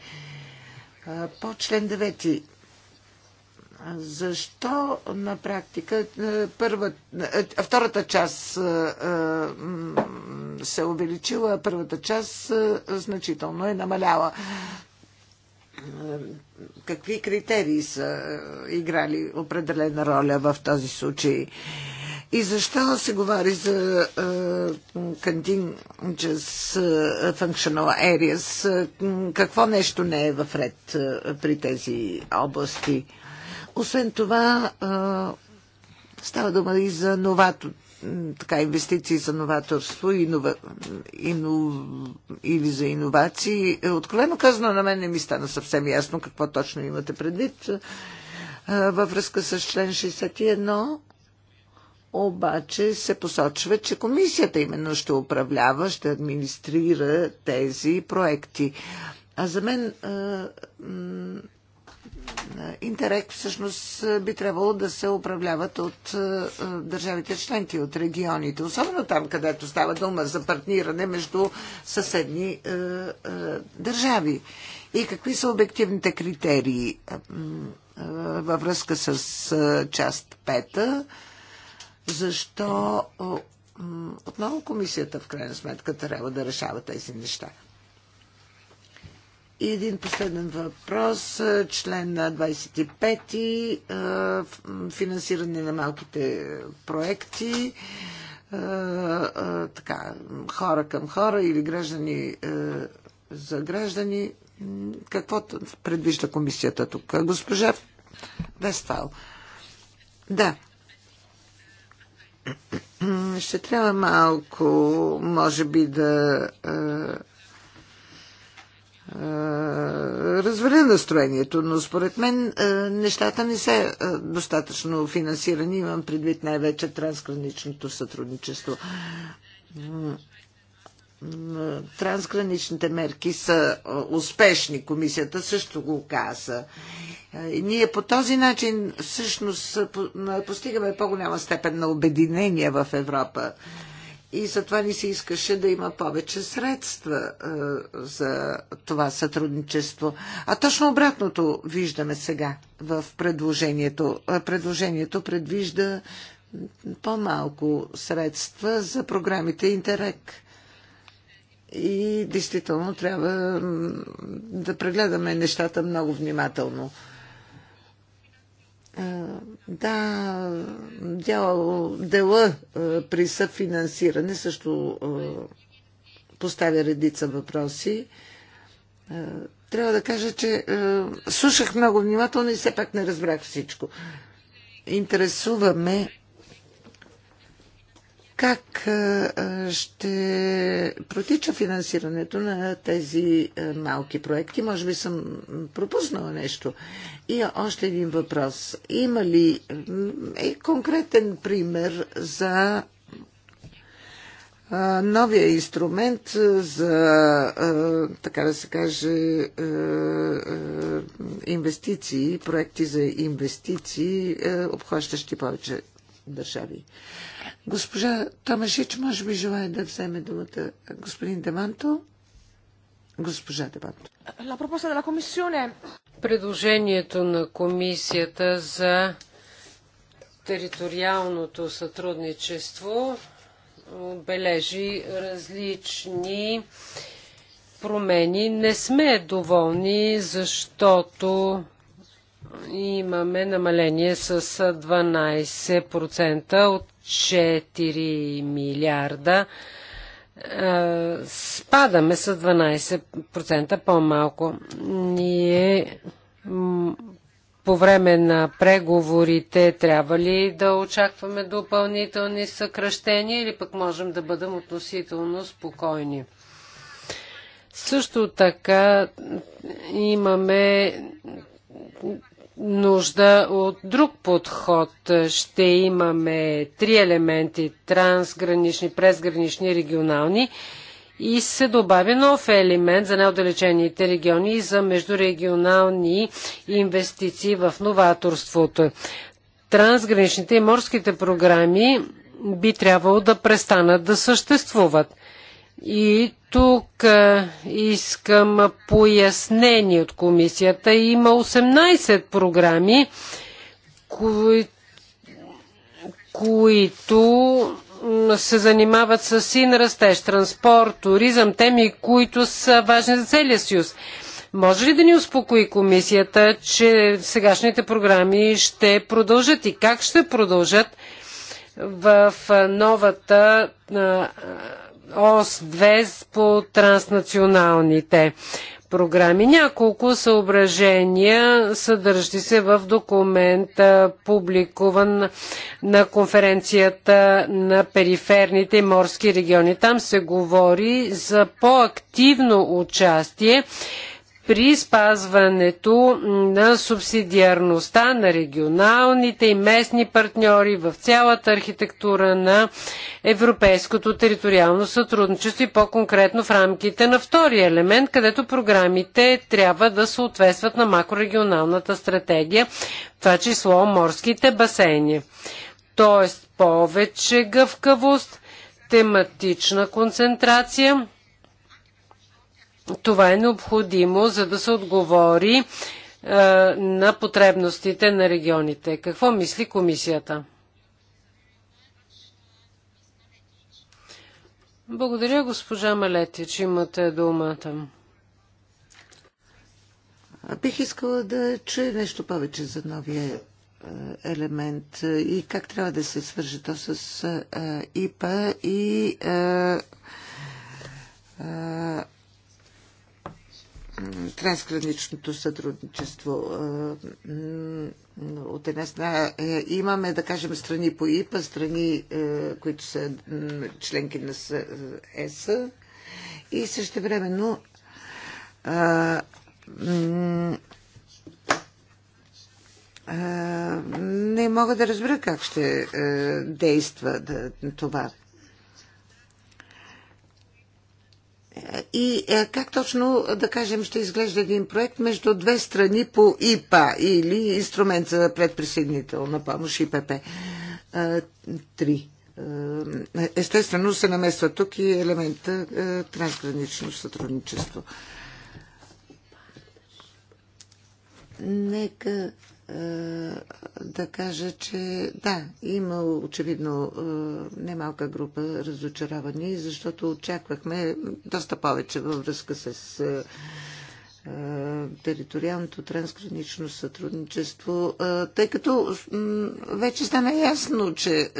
По член 9 защо на практика е, първа, е, е, втората част се увеличила, а първата част значително е намаляла? Какви критерии са играли определена роля в този случай? И защо се говори за Contingent Functional Areas? Какво нещо не е в ред при тези области? Освен това, става дума и за новато, така, инвестиции за новаторство инова, ино, или за иновации. Откровено казано, на мен не ми стана съвсем ясно какво точно имате предвид във връзка с член 61 обаче се посочва, че комисията именно ще управлява, ще администрира тези проекти. А за мен Интерект всъщност би трябвало да се управляват от държавите членки, от регионите, особено там, където става дума за партниране между съседни държави. И какви са обективните критерии във връзка с част пета? Защо отново комисията в крайна сметка трябва да решава тези неща? И един последен въпрос. Е, Член на 25 е, финансиране на малките проекти. Е, така, хора към хора или граждани за граждани. Какво предвижда комисията тук? Госпожа Вестфал. Да. Ще трябва малко, може би, да е, разваля настроението, но според мен е, нещата не са е, достатъчно финансирани, имам предвид най-вече трансграничното сътрудничество. Трансграничните мерки са успешни, комисията също го каза. Ние по този начин всъщност постигаме по-голяма степен на обединение в Европа и затова ни се искаше да има повече средства е, за това сътрудничество. А точно обратното виждаме сега в предложението. Е, предложението предвижда по-малко средства за програмите Интерек. И действително трябва да прегледаме нещата много внимателно. Да, дял, дела при съфинансиране също поставя редица въпроси. Трябва да кажа, че слушах много внимателно и все пак не разбрах всичко. Интересуваме как ще протича финансирането на тези малки проекти? Може би съм пропуснала нещо. И още един въпрос. Има ли е конкретен пример за новия инструмент за, така да се каже, инвестиции, проекти за инвестиции, обхващащи повече държави. Госпожа Томашич, може би желая да вземе думата господин Деманто. Госпожа Деманто. La proposta della Commissione. Предложението на комисията за териториалното сътрудничество бележи различни промени. Не сме доволни, защото имаме намаление с 12% от 4 милиарда. Спадаме с 12% по-малко. Ние по време на преговорите трябва ли да очакваме допълнителни съкръщения или пък можем да бъдем относително спокойни? Също така имаме нужда от друг подход. Ще имаме три елементи трансгранични, презгранични, регионални и се добави нов елемент за неотдалечените региони и за междурегионални инвестиции в новаторството. Трансграничните и морските програми би трябвало да престанат да съществуват. И тук е, искам пояснение от комисията. Има 18 програми, кои... които се занимават с син растеж, транспорт, туризъм, теми, които са важни за целия съюз. Може ли да ни успокои комисията, че сегашните програми ще продължат и как ще продължат в новата ОС-2 по транснационалните програми. Няколко съображения съдържащи се в документа, публикуван на конференцията на периферните морски региони. Там се говори за по-активно участие при спазването на субсидиарността на регионалните и местни партньори в цялата архитектура на европейското териториално сътрудничество и по-конкретно в рамките на втория елемент, където програмите трябва да съответстват на макрорегионалната стратегия, това число морските басейни. Тоест повече гъвкавост, тематична концентрация, това е необходимо, за да се отговори е, на потребностите на регионите. Какво мисли комисията? Благодаря, госпожа Малетич. Имате думата. Бих искала да чуя нещо повече за новия е, елемент и как трябва да се свържи то с е, е, ИПА и трансграничното сътрудничество. От една страна е, имаме, да кажем, страни по ИПА, страни, е, които са членки на е, ЕС и също времено не мога да разбера как ще действа това и е, как точно, да кажем, ще изглежда един проект между две страни по ИПА или инструмент за предприсъединителна помощ ИПП? Е, три. Е, естествено се намества тук и елемента трансгранично сътрудничество. Нека е, да кажа, че да, има очевидно е, немалка група разочаровани, защото очаквахме доста повече във връзка с е, териториалното трансгранично сътрудничество, тъй като вече стана ясно, че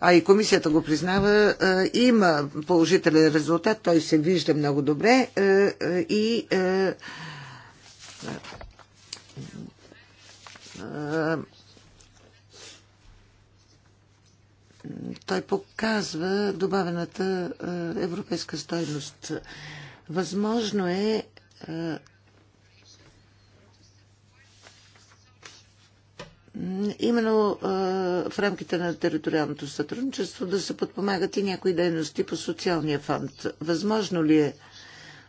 а и комисията го признава, има положителен резултат, той се вижда много добре и той показва добавената европейска стойност. Възможно е именно в рамките на териториалното сътрудничество да се подпомагат и някои дейности по социалния фонд. Възможно ли е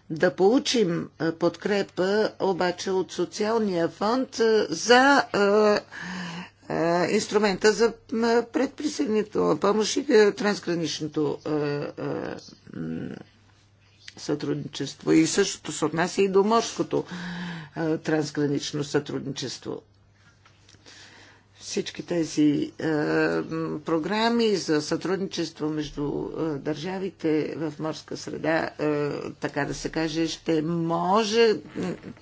да получим подкрепа обаче от социалния фонд за инструмента за предприсъединителна помощ и трансграничното сътрудничество. И същото се отнася и до морското трансгранично сътрудничество всички тези е, програми за сътрудничество между е, държавите в морска среда, е, така да се каже, ще може,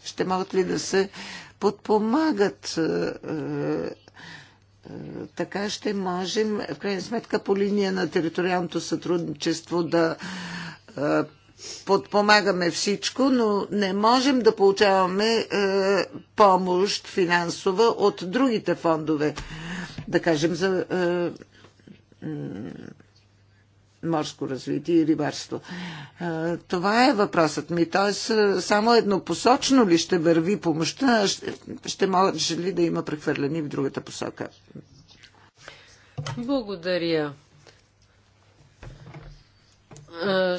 ще могат ли да се подпомагат. Е, е, така ще можем, в крайна сметка, по линия на териториалното сътрудничество да е, подпомагаме всичко, но не можем да получаваме е, помощ финансова от другите фондове. Да кажем за е, морско развитие и рибарство. Е, това е въпросът ми. Тоест, е, само еднопосочно ли ще върви помощта, ще, ще може ли да има прехвърляни в другата посока? Благодаря.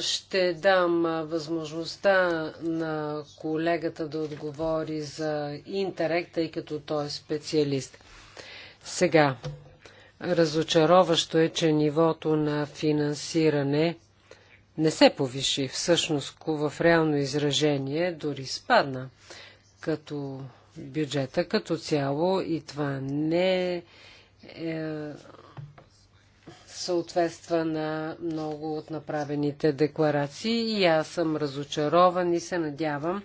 Ще дам възможността на колегата да отговори за Интерект, тъй като той е специалист. Сега, разочароващо е, че нивото на финансиране не се повиши, всъщност в реално изражение дори спадна като бюджета като цяло и това не е съответства на много от направените декларации и аз съм разочарован и се надявам,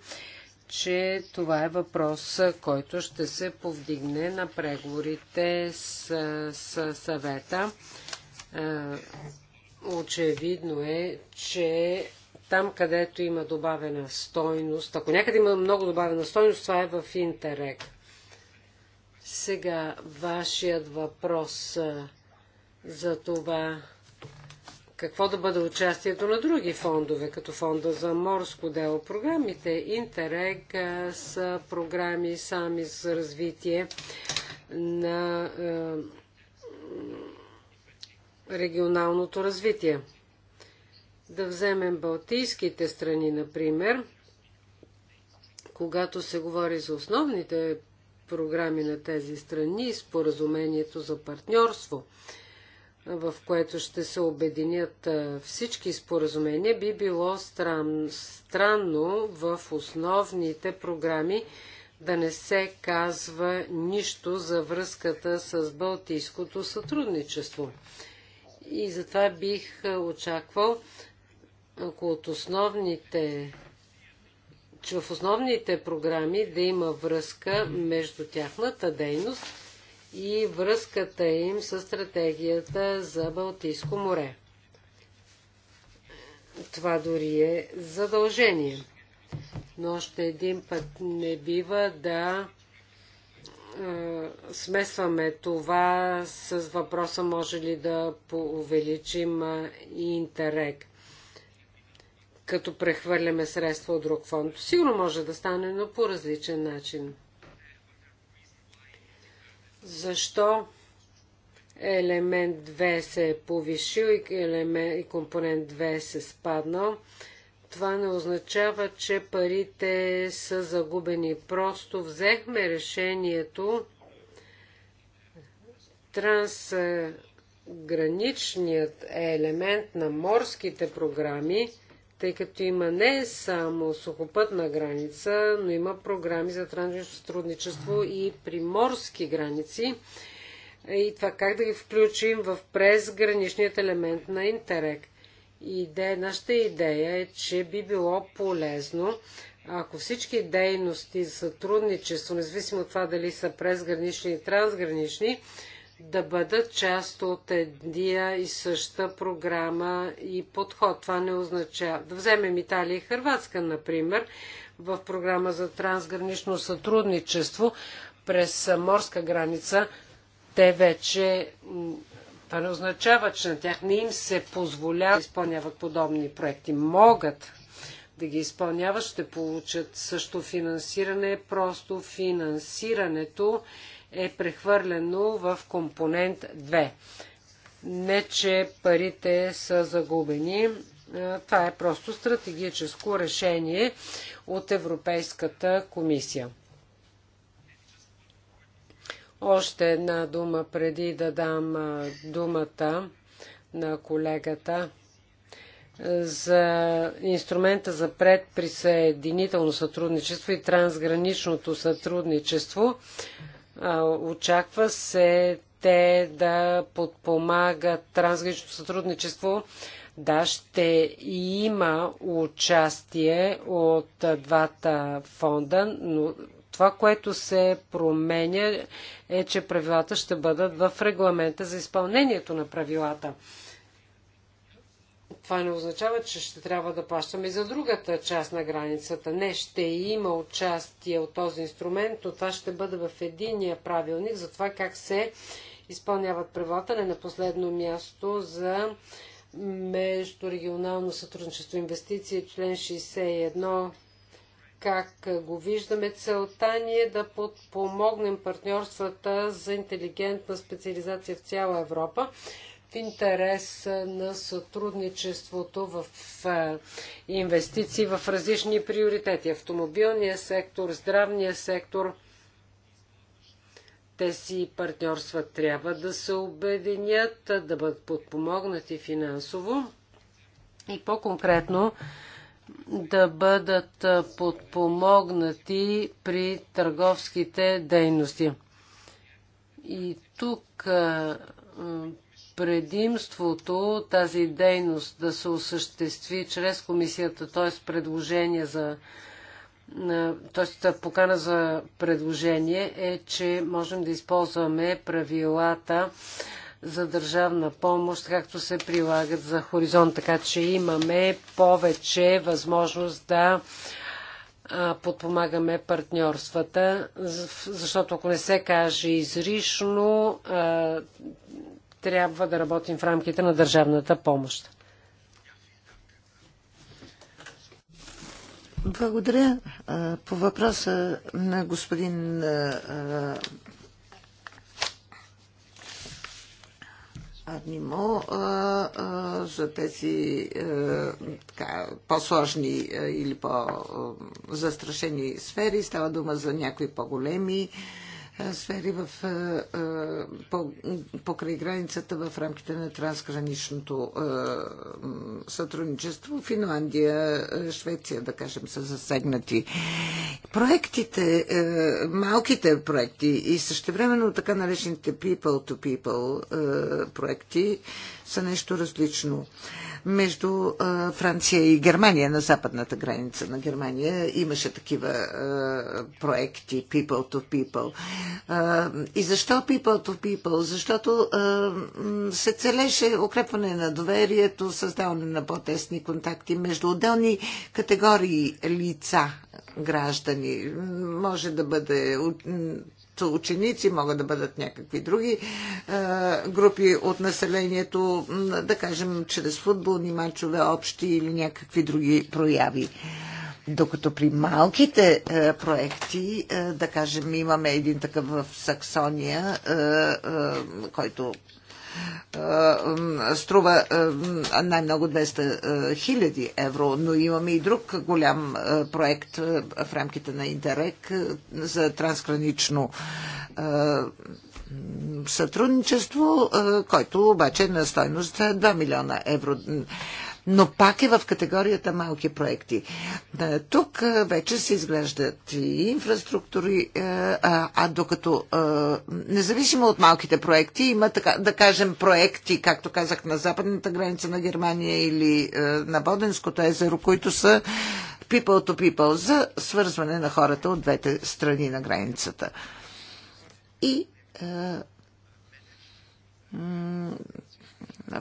че това е въпрос, който ще се повдигне на преговорите с, с съвета. Очевидно е, че там, където има добавена стойност, ако някъде има много добавена стойност, това е в Интерек. Сега, вашият въпрос за това какво да бъде участието на други фондове, като фонда за морско дело. Програмите Интерег са програми сами за развитие на е, регионалното развитие. Да вземем Балтийските страни, например, когато се говори за основните програми на тези страни, споразумението за партньорство – в което ще се обединят всички споразумения, би било стран, странно в основните програми да не се казва нищо за връзката с Балтийското сътрудничество. И затова бих очаквал, ако от основните че в основните програми да има връзка между тяхната дейност и връзката им с стратегията за Балтийско море. Това дори е задължение. Но още един път не бива да смесваме това с въпроса може ли да увеличим интерек, като прехвърляме средства от друг фонд. Сигурно може да стане, но по различен начин. Защо елемент 2 се е повишил и, елемент, и компонент 2 се е спаднал? Това не означава, че парите са загубени. Просто взехме решението трансграничният елемент на морските програми – тъй като има не само сухопътна граница, но има програми за транзитно сътрудничество и приморски граници. И това как да ги включим в презграничният елемент на Интерек. Идея, нашата идея е, че би било полезно, ако всички дейности за сътрудничество, независимо от това дали са презгранични и трансгранични, да бъдат част от едния и съща програма и подход. Това не означава. Да вземем Италия и Хрватска, например, в програма за трансгранично сътрудничество през морска граница, те вече. Това не означава, че на тях не им се позволява да изпълняват подобни проекти. Могат да ги изпълняват, ще получат също финансиране, просто финансирането е прехвърлено в компонент 2. Не, че парите са загубени. Това е просто стратегическо решение от Европейската комисия. Още една дума преди да дам думата на колегата за инструмента за предприсъединително сътрудничество и трансграничното сътрудничество. Очаква се те да подпомагат трансгранично сътрудничество. Да, ще има участие от двата фонда, но това, което се променя е, че правилата ще бъдат в регламента за изпълнението на правилата. Това не означава, че ще трябва да плащаме и за другата част на границата. Не, ще има участие от този инструмент, но това ще бъде в единия правилник за това как се изпълняват правилата. Не на последно място за междурегионално сътрудничество инвестиции, член 61 как го виждаме. Целта ни е да подпомогнем партньорствата за интелигентна специализация в цяла Европа в интерес на сътрудничеството в е, инвестиции в различни приоритети. Автомобилния сектор, здравния сектор. Тези партньорства трябва да се обединят, да бъдат подпомогнати финансово и по-конкретно да бъдат подпомогнати при търговските дейности. И тук е, предимството тази дейност да се осъществи чрез комисията, т.е. предложение за т.е. покана за предложение е, че можем да използваме правилата за държавна помощ, както се прилагат за хоризонт, така че имаме повече възможност да подпомагаме партньорствата, защото ако не се каже изрично, трябва да работим в рамките на държавната помощ. Благодаря. По въпроса на господин Адмимо за тези по-сложни или по-застрашени сфери. Става дума за някои по-големи е, сфери в, е, е, по, покрай границата в рамките на трансграничното сътрудничество. Финландия, Швеция, да кажем, са засегнати. Проектите, малките проекти и същевременно така наречените people-to-people -people проекти са нещо различно. А, между Франция и Германия, на западната граница на Германия. Имаше такива проекти People to People. И защо People to People? Защото се целеше укрепване на доверието, създаване на по-тесни контакти между отделни категории лица, граждани. Може да бъде ученици, могат да бъдат някакви други е, групи от населението, да кажем, чрез футболни матчове, общи или някакви други прояви. Докато при малките е, проекти, е, да кажем, имаме един такъв в Саксония, който струва най-много 200 хиляди евро, но имаме и друг голям проект в рамките на Интерек за трансгранично сътрудничество, който обаче е на стойност 2 милиона евро но пак е в категорията малки проекти. Е, тук е, вече се изглеждат и инфраструктури, е, а докато независимо от малките проекти, има да кажем проекти, както казах, на западната граница на Германия или на Боденското езеро, които са people to people за свързване на хората от двете страни на границата. И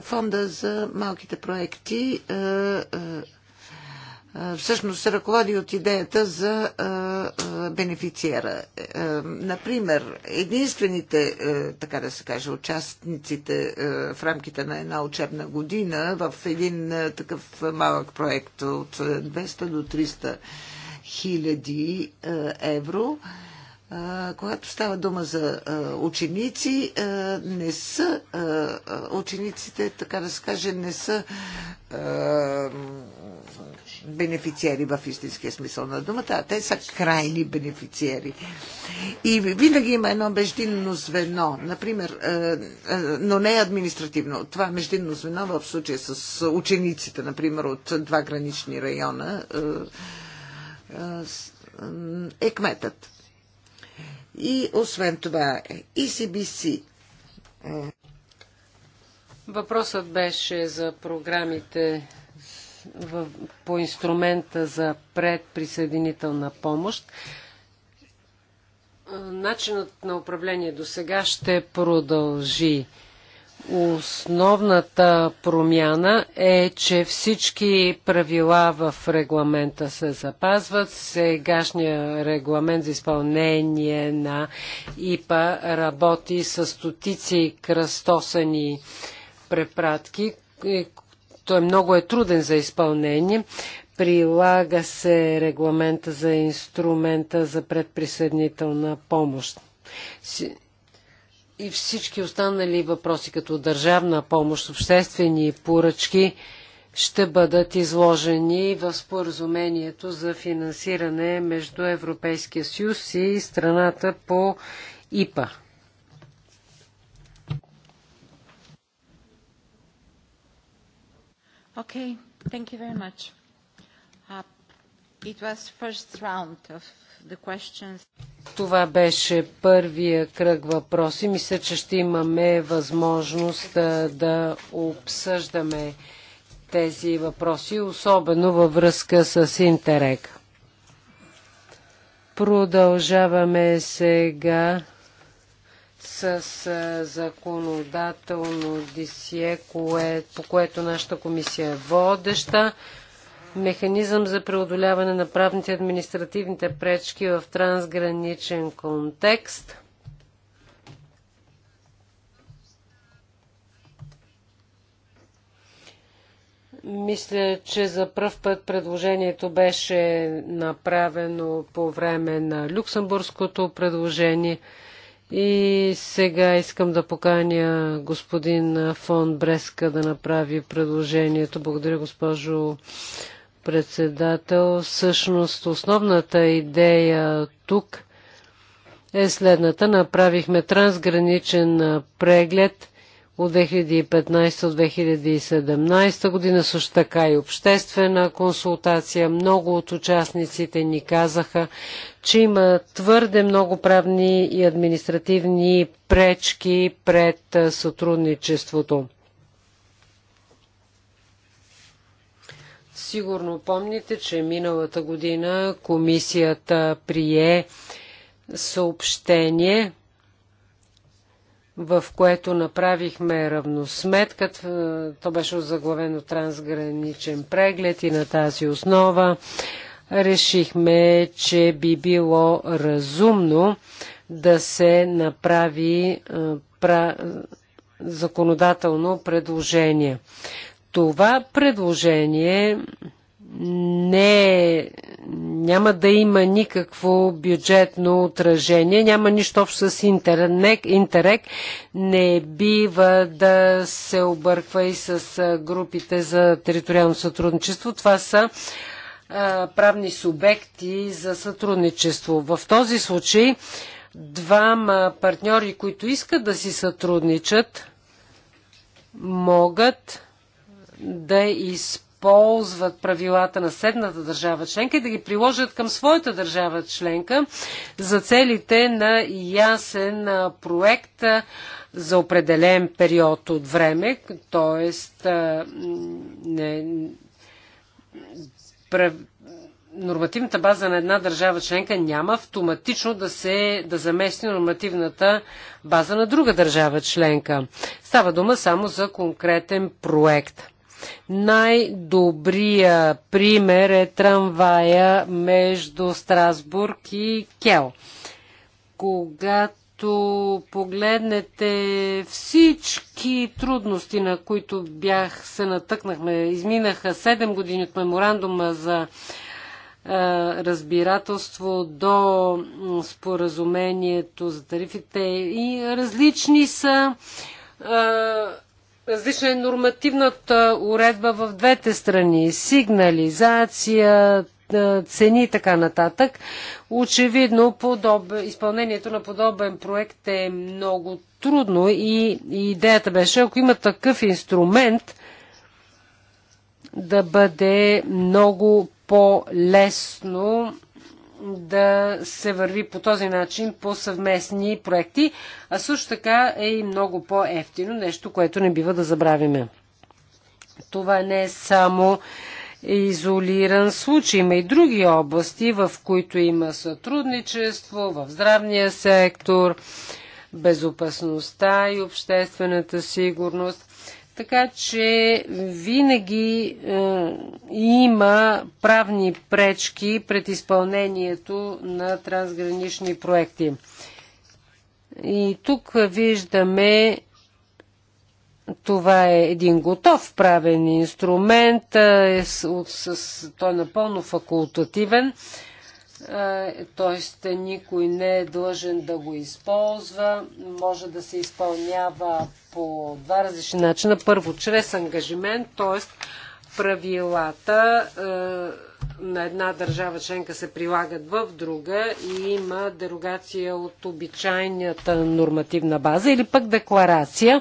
фонда за малките проекти е, е, е, всъщност се ръководи от идеята за бенефициера. Например, единствените, така да се каже, участниците в рамките на една учебна година в един такъв малък проект от 200 до 300 хиляди евро – когато става дума за ученици, не са учениците, така да се каже, не са бенефициери в истинския смисъл на думата, а те са крайни бенефициери. И винаги има едно междинно звено, например, но не административно. Това междинно звено в случая с учениците, например, от два гранични района е кметът. И освен това ECBC. Въпросът беше за програмите в, по инструмента за предприсъединителна помощ. Начинът на управление до сега ще продължи Основната промяна е, че всички правила в регламента се запазват. Сегашния регламент за изпълнение на ИПА работи с стотици кръстосани препратки. Е, той много е труден за изпълнение. Прилага се регламента за инструмента за предприсъединителна помощ и всички останали въпроси, като държавна помощ, обществени поръчки, ще бъдат изложени в споразумението за финансиране между Европейския съюз и страната по ИПА. Okay, thank you very much. Uh, it was first round of това беше първия кръг въпроси. Мисля, че ще имаме възможност да обсъждаме тези въпроси, особено във връзка с Интерек. Продължаваме сега с законодателно дисие, кое, по което нашата комисия е водеща механизъм за преодоляване на правните и административните пречки в трансграничен контекст. Мисля, че за пръв път предложението беше направено по време на люксембургското предложение. И сега искам да поканя господин фон Бреска да направи предложението. Благодаря, госпожо председател. Всъщност основната идея тук е следната. Направихме трансграничен преглед от 2015-2017 година, също така и обществена консултация. Много от участниците ни казаха, че има твърде много правни и административни пречки пред сътрудничеството. Сигурно помните, че миналата година комисията прие съобщение, в което направихме равносметка. То беше заглавено трансграничен преглед и на тази основа решихме, че би било разумно да се направи законодателно предложение това предложение не, е, няма да има никакво бюджетно отражение, няма нищо общо с интернет, интерек, не бива да се обърква и с групите за териториално сътрудничество. Това са а, правни субекти за сътрудничество. В този случай двама партньори, които искат да си сътрудничат, могат да използват правилата на седната държава членка и да ги приложат към своята държава членка за целите на ясен проект за определен период от време, т.е. нормативната база на една държава членка няма автоматично да, се, да замести нормативната база на друга държава членка. Става дума само за конкретен проект. Най-добрия пример е трамвая между Страсбург и Кел. Когато погледнете всички трудности, на които бях се натъкнахме, изминаха 7 години от меморандума за разбирателство до споразумението за тарифите и различни са различна е нормативната уредба в двете страни. Сигнализация, цени и така нататък. Очевидно, подоб... изпълнението на подобен проект е много трудно и, и идеята беше, ако има такъв инструмент, да бъде много по-лесно да се върви по този начин по съвместни проекти, а също така е и много по-ефтино, нещо, което не бива да забравиме. Това не е само изолиран случай. Има и други области, в които има сътрудничество, в здравния сектор, безопасността и обществената сигурност. Така че винаги е, има правни пречки пред изпълнението на трансгранични проекти. И тук виждаме, това е един готов правен инструмент, е, с, с, той е напълно факултативен. Е, т.е. никой не е длъжен да го използва. Може да се изпълнява по два различни начина. Първо, чрез ангажимент, т.е. правилата е, на една държава членка се прилагат в друга и има дерогация от обичайната нормативна база или пък декларация.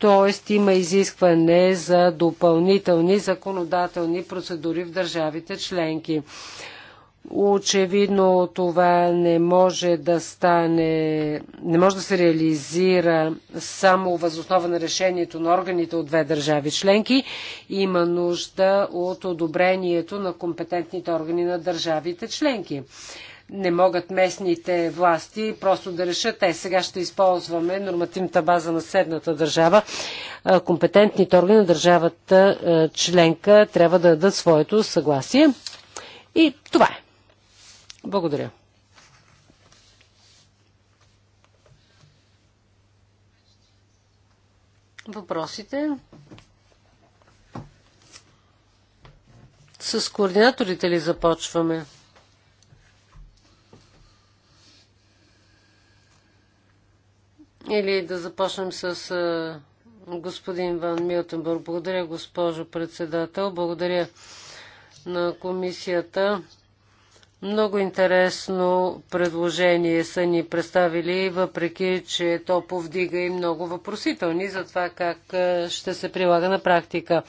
Т.е. има изискване за допълнителни законодателни процедури в държавите членки. Очевидно това не може да стане, не може да се реализира само възоснова на решението на органите от две държави членки. Има нужда от одобрението на компетентните органи на държавите членки. Не могат местните власти просто да решат, е, сега ще използваме нормативната база на седната държава. Компетентните органи на държавата членка трябва да дадат своето съгласие. И това е. Благодаря. Въпросите? С координаторите ли започваме? Или да започнем с господин Ван Милтенбург. Благодаря, госпожо председател. Благодаря на комисията много интересно предложение са ни представили, въпреки че то повдига и много въпросителни за това как ще се прилага на практика.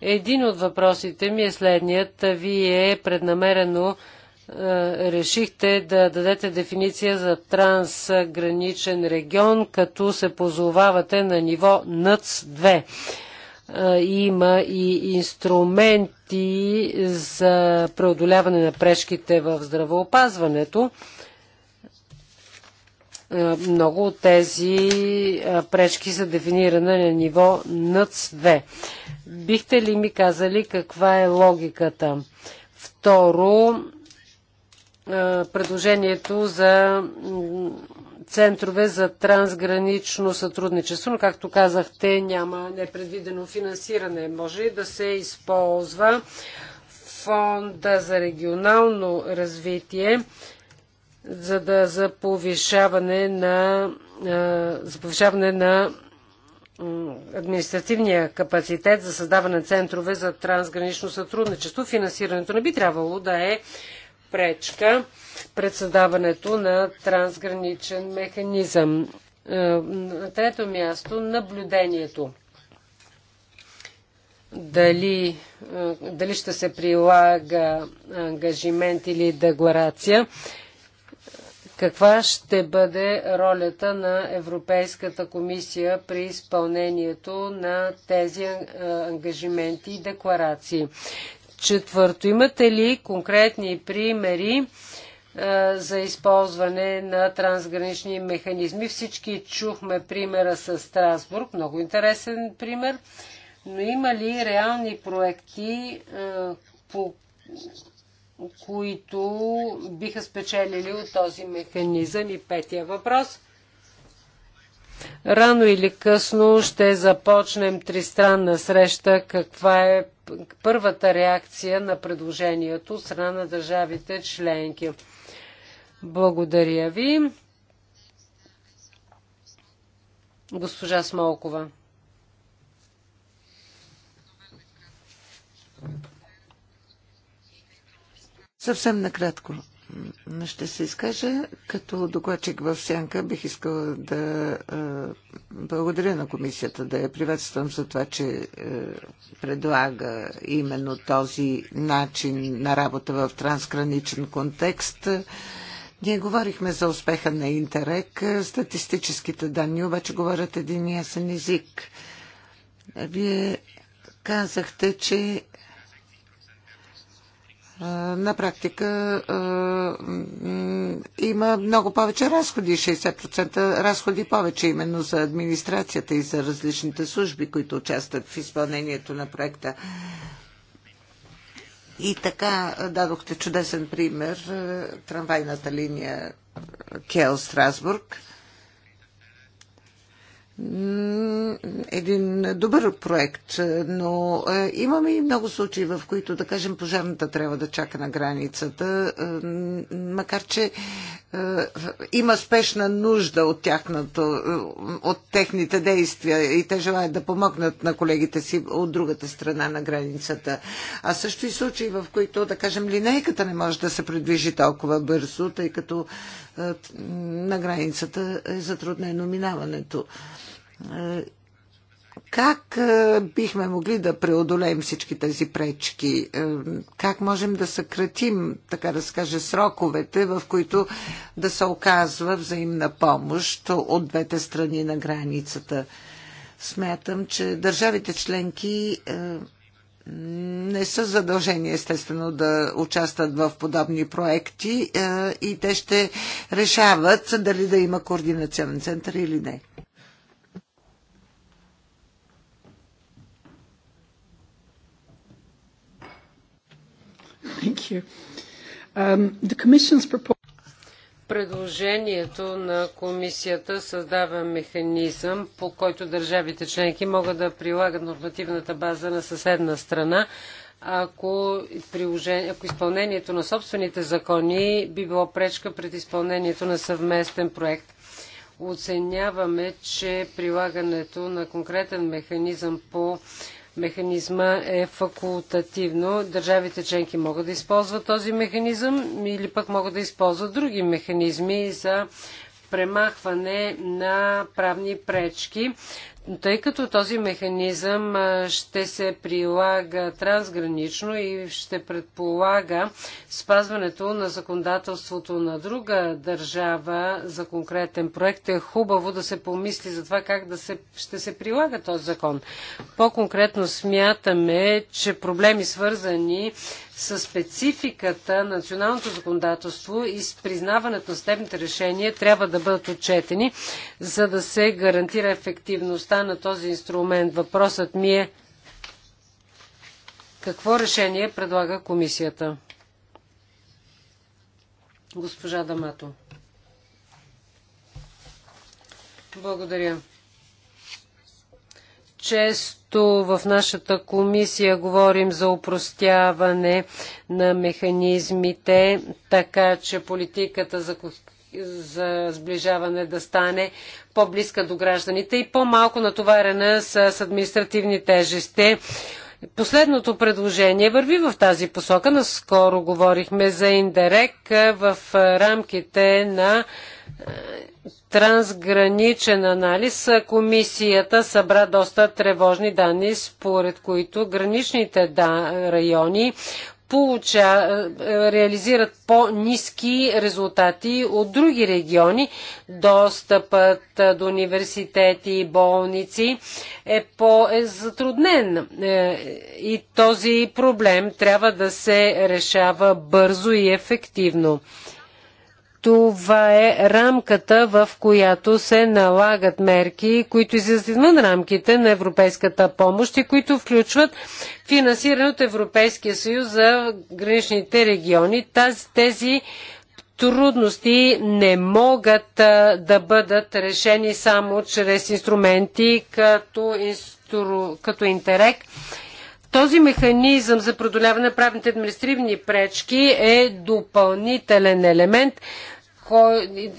Един от въпросите ми е следният. Вие преднамерено решихте да дадете дефиниция за трансграничен регион, като се позовавате на ниво НЦ-2 има и инструменти за преодоляване на прешките в здравеопазването. Много от тези пречки са дефинирани на ниво НЦ-2. Бихте ли ми казали каква е логиката? Второ, предложението за центрове за трансгранично сътрудничество, но както казахте, няма непредвидено финансиране. Може ли да се използва фонда за регионално развитие, за да за повишаване на, за повишаване на административния капацитет за създаване на центрове за трансгранично сътрудничество. Финансирането не би трябвало да е пречка пред създаването на трансграничен механизъм. Е, на трето място наблюдението. Дали, е, дали ще се прилага ангажимент или декларация каква ще бъде ролята на Европейската комисия при изпълнението на тези е, ангажименти и декларации. Четвърто, имате ли конкретни примери а, за използване на трансгранични механизми? Всички чухме примера с Страсбург, много интересен пример, но има ли реални проекти, а, по които биха спечелили от този механизъм? И петия въпрос – Рано или късно ще започнем тристранна среща. Каква е първата реакция на предложението от страна на държавите членки? Благодаря ви. Госпожа Смолкова. Съвсем накратко. Ще се изкажа като докладчик в Сянка. Бих искала да благодаря на комисията, да я приветствам за това, че е, предлага именно този начин на работа в трансграничен контекст. Ние говорихме за успеха на Интерек. Статистическите данни обаче говорят един ясен език. Вие казахте, че на практика има много повече разходи, 60% разходи повече именно за администрацията и за различните служби, които участват в изпълнението на проекта. И така дадохте чудесен пример трамвайната линия Кел Страсбург – един добър проект, но е, имаме и много случаи, в които, да кажем, пожарната трябва да чака на границата, е, макар че е, има спешна нужда от, тяхното, от техните действия и те желаят да помогнат на колегите си от другата страна на границата. А също и случаи, в които, да кажем, линейката не може да се придвижи толкова бързо, тъй като на границата е затруднено минаването. Как бихме могли да преодолеем всички тези пречки? Как можем да съкратим, така да скаже, сроковете, в които да се оказва взаимна помощ от двете страни на границата? Смятам, че държавите членки не са задължени естествено да участват в подобни проекти е, и те ще решават дали да има координационен център или не. Thank you. Um, the Commission's proposal Предложението на комисията създава механизъм, по който държавите членки могат да прилагат нормативната база на съседна страна, ако, ако изпълнението на собствените закони би било пречка пред изпълнението на съвместен проект. Оценяваме, че прилагането на конкретен механизъм по Механизма е факултативно. Държавите членки могат да използват този механизъм или пък могат да използват други механизми за премахване на правни пречки тъй като този механизъм ще се прилага трансгранично и ще предполага спазването на законодателството на друга държава за конкретен проект, е хубаво да се помисли за това как да се, ще се прилага този закон. По-конкретно смятаме, че проблеми свързани със спецификата на националното законодателство и с признаването на съдебните решения трябва да бъдат отчетени, за да се гарантира ефективността на този инструмент. Въпросът ми е какво решение предлага комисията? Госпожа Дамато. Благодаря. Често в нашата комисия говорим за упростяване на механизмите, така че политиката за, за сближаване да стане по-близка до гражданите и по-малко натоварена с административни тежести. Последното предложение върви в тази посока. Наскоро говорихме за Индерек в рамките на трансграничен анализ комисията събра доста тревожни данни, според които граничните райони получа, реализират по-низки резултати от други региони. Достъпът до университети и болници е по-затруднен е е, и този проблем трябва да се решава бързо и ефективно. Това е рамката, в която се налагат мерки, които излизат извън рамките на европейската помощ и които включват финансиране от Европейския съюз за граничните региони. Тази, тези трудности не могат да бъдат решени само чрез инструменти като, инстру... като интерект този механизъм за продоляване на правните административни пречки е допълнителен елемент, който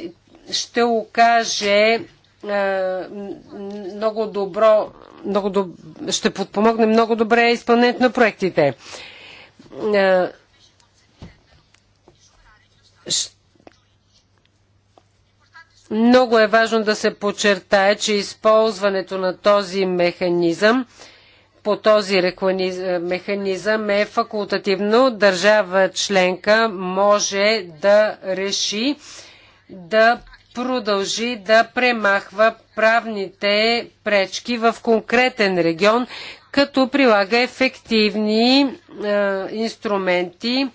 ще окаже много добро, много доб... ще подпомогне много добре изпълнението на проектите. Много е важно да се подчертае, че използването на този механизъм по този е, механизъм е факултативно. Държава членка може да реши да продължи да премахва правните пречки в конкретен регион, като прилага ефективни е, инструменти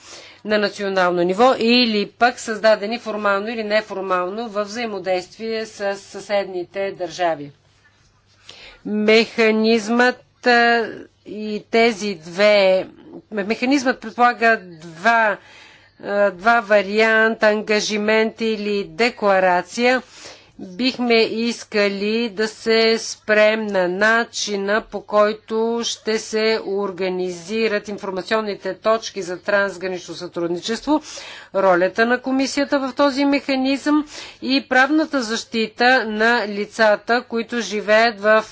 на национално ниво или пък създадени формално или неформално в взаимодействие с съседните държави. Механизмът е, и тези две. Механизмът предполага два, е, два варианта ангажимент или декларация Бихме искали да се спрем на начина по който ще се организират информационните точки за трансгранично сътрудничество, ролята на комисията в този механизъм и правната защита на лицата, които живеят в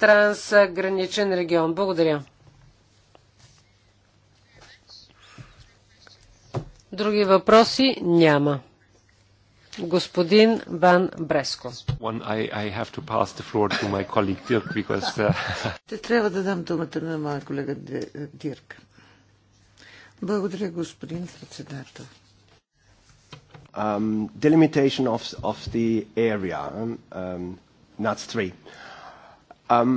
трансграничен регион. Благодаря. Други въпроси няма господин Бан Бреско. Uh, Ще трябва да дам думата на моя колега Дирк. Благодаря, господин председател. Делимитейшн um, delimitation of, of the area, um, um NUTS 3. Um,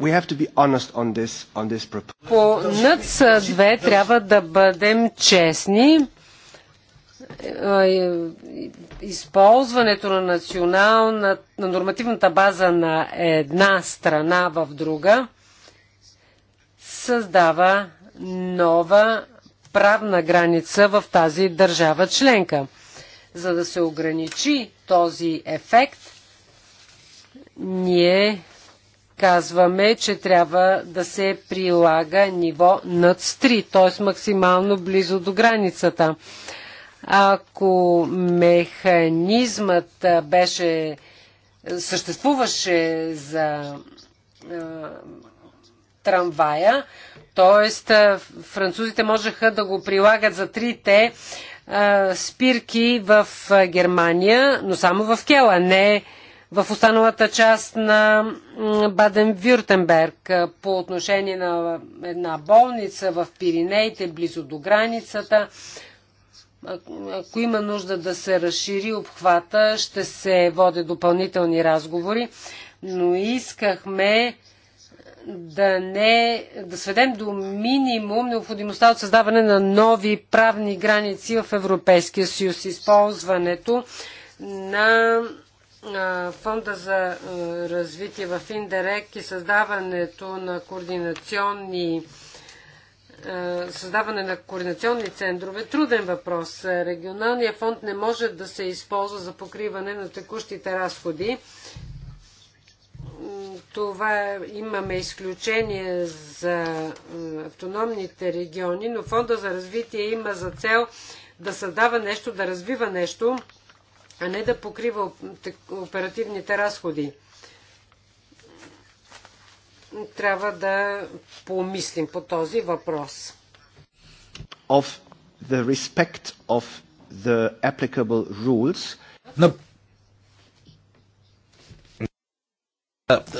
we have to be honest on this, on this proposal. По NUTS 2 трябва да бъдем честни използването на национална, на нормативната база на една страна в друга създава нова правна граница в тази държава членка. За да се ограничи този ефект, ние казваме, че трябва да се прилага ниво над 3, т.е. максимално близо до границата. Ако механизмът беше съществуваше за а, трамвая, т.е. французите можеха да го прилагат за трите а, спирки в Германия, но само в Кела, не в останалата част на Баден-Вюртенберг по отношение на една болница в Пиринеите, близо до границата ако има нужда да се разшири обхвата, ще се водят допълнителни разговори, но искахме да не да сведем до минимум необходимостта от създаване на нови правни граници в Европейския съюз. Използването на фонда за развитие в Индерек и създаването на координационни е, създаване на координационни центрове, труден въпрос. Е, регионалният фонд не може да се използва за покриване на текущите разходи. Това е, имаме изключение за автономните региони, но фонда за развитие има за цел да създава нещо, да развива нещо, а не да покрива оперативните разходи трябва да помислим по този въпрос. Of the respect of the applicable rules. На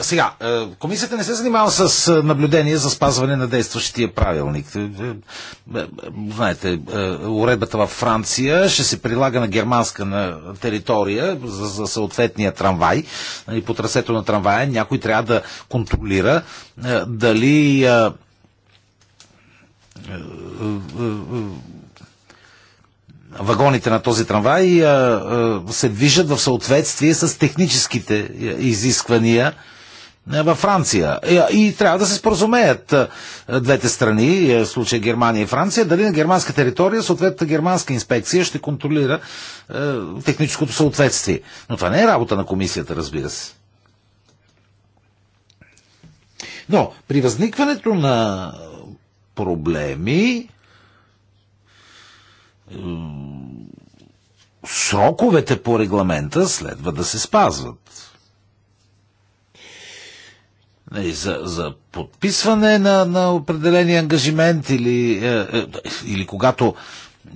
Сега, комисията не се занимава с наблюдение за спазване на действащия правилник. Е, е, е, знаете, уредбата във Франция ще се прилага на германска на територия за, за съответния трамвай. И нали, по трасето на трамвая някой трябва да контролира дали вагоните на този трамвай а, а, се движат в съответствие с техническите е, изисквания е, във Франция. И, е, и трябва да се споразумеят двете страни, в случай Германия и Франция, дали на германска територия съответната германска инспекция ще контролира е, техническото съответствие. Но това не е работа на комисията, разбира се. Но при възникването на проблеми, сроковете по регламента следва да се спазват. Нали, за, за подписване на, на определени ангажимент или, е, е, или когато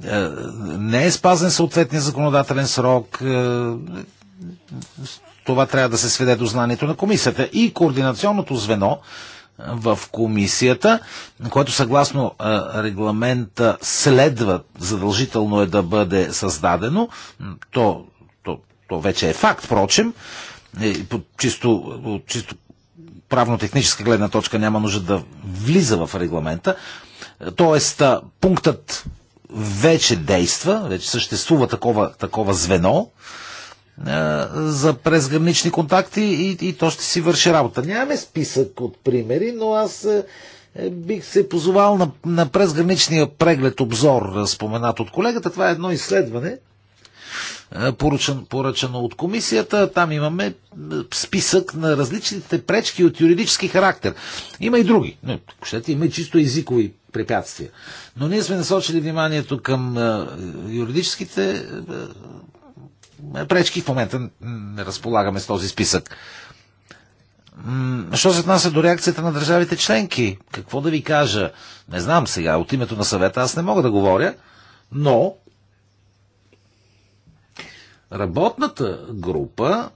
е, не е спазен съответния законодателен срок, това трябва да се сведе до знанието на комисията. И координационното звено в комисията, което съгласно регламента следва задължително е да бъде създадено. То, то, то вече е факт, впрочем. Е, по чисто, чисто правно-техническа гледна точка няма нужда да влиза в регламента. Тоест, пунктът вече действа, вече съществува такова, такова звено, е, за презгранични контакти и, и то ще си върши работа. Нямаме списък от примери, но аз е, е, бих се позовал на, на презграничния преглед, обзор, споменат от колегата. Това е едно изследване, поръчен, поръчано от комисията. Там имаме списък на различните пречки от юридически характер. Има и други. Не, има и чисто езикови препятствия. Но ние сме насочили вниманието към юридическите пречки. В момента не разполагаме с този списък. Що се отнася до реакцията на държавите членки? Какво да ви кажа? Не знам сега. От името на съвета аз не мога да говоря, но работната група,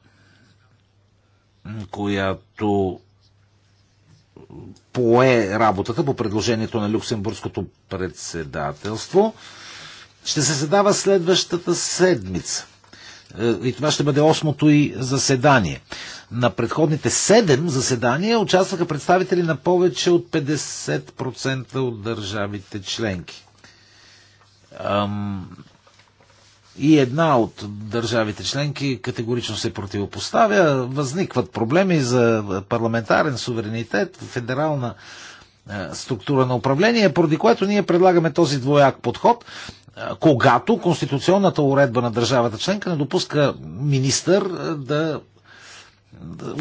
която пое работата по предложението на Люксембургското председателство, ще се задава следващата седмица. Е, и това ще бъде осмото и заседание. На предходните седем заседания участваха представители на повече от 50% от държавите членки. И една от държавите членки категорично се противопоставя. Възникват проблеми за парламентарен суверенитет, федерална е, структура на управление, поради което ние предлагаме този двояк подход, е, когато конституционната уредба на държавата членка не допуска министър е, да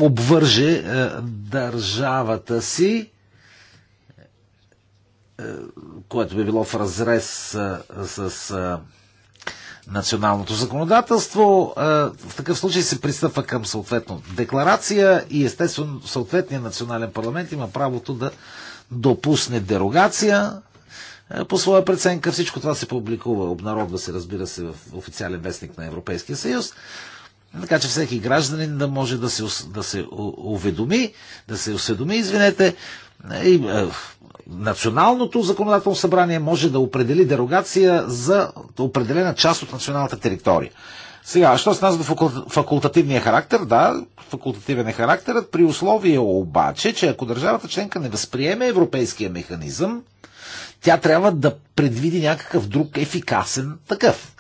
обвърже държавата си, което би било в разрез с националното законодателство. В такъв случай се пристъпва към съответно декларация и естествено съответният национален парламент има правото да допусне дерогация е, по своя преценка. Всичко това се публикува, обнародва се, разбира се, в официален вестник на Европейския съюз. Така че всеки гражданин да може да се, да се уведоми, да се осведоми, извинете, и е, националното законодателно събрание може да определи дерогация за определена част от националната територия. Сега, що се нас до факултативния характер? Да, факултативен е характерът, при условие обаче, че ако държавата членка не възприеме европейския механизъм, тя трябва да предвиди някакъв друг ефикасен такъв.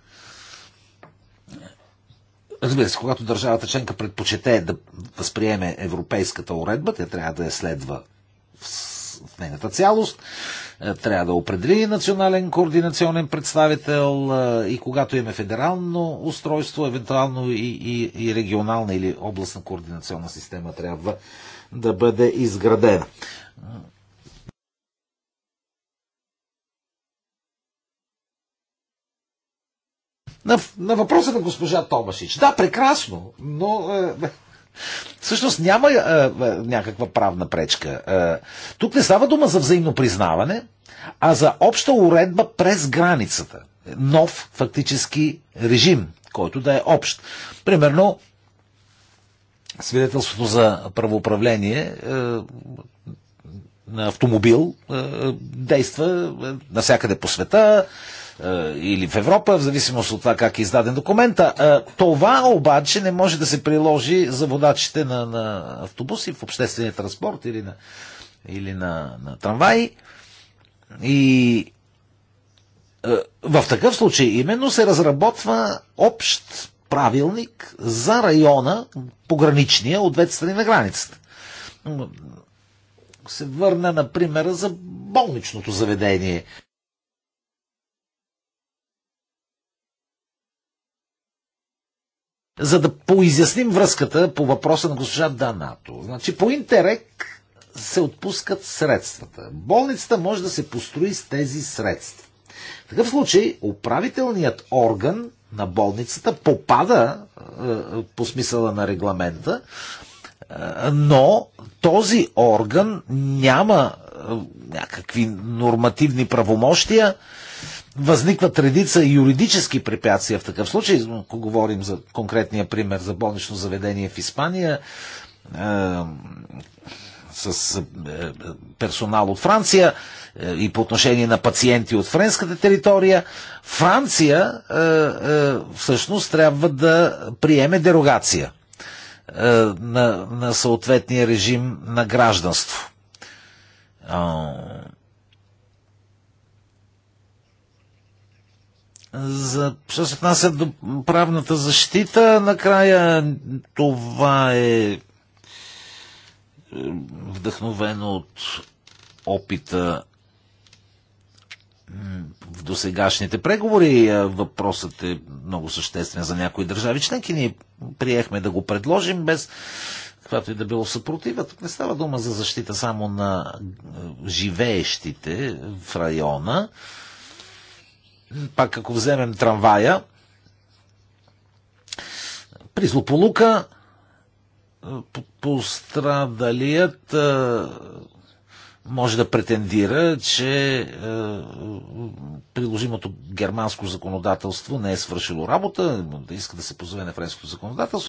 Разбира се, когато държавата членка предпочете да възприеме европейската уредба, тя трябва да я следва в нейната цялост. Е, трябва да определи национален координационен представител е, и когато имаме федерално устройство, евентуално и, и, и регионална или областна координационна система трябва да бъде изградена. На, на въпроса на госпожа Томашич. Да, прекрасно, но е, Всъщност няма а, е, е, някаква правна пречка. А, е, тук не става дума за взаимно признаване, а за обща уредба през границата. Нов фактически режим, който да е общ. Примерно, свидетелството за правоуправление на автомобил действа навсякъде по света. Е, или в Европа, в зависимост от това как е издаден документа. Е, това обаче не може да се приложи за водачите на, на автобуси в обществения транспорт или на, или на, на трамваи. И е, в такъв случай именно се разработва общ правилник за района, пограничния, от двете страни на границата. Се върна на примера за болничното заведение. за да поизясним връзката по въпроса на госпожа Данато. Значи по Интерек се отпускат средствата. Болницата може да се построи с тези средства. В такъв случай управителният орган на болницата попада е, по смисъла на регламента, е, но този орган няма е, някакви нормативни правомощия възникват редица юридически препятствия в такъв случай, ако говорим за конкретния пример за болнично заведение в Испания, е, с е, персонал от Франция е, и по отношение на пациенти от френската територия, Франция е, е, всъщност трябва да приеме дерогация е, на, на съответния режим на гражданство. За, що се отнася до правната защита, накрая това е, е вдъхновено от опита в досегашните преговори. Е, въпросът е много съществен за някои държави членки. Ние приехме да го предложим без каквато и да било съпротива. Тук не става дума за защита само на е, живеещите в района, пак ако вземем трамвая, при злополука е, пострадалият е, може да претендира, че е, приложимото германско законодателство не е свършило работа, да иска да се позове на френското законодателство.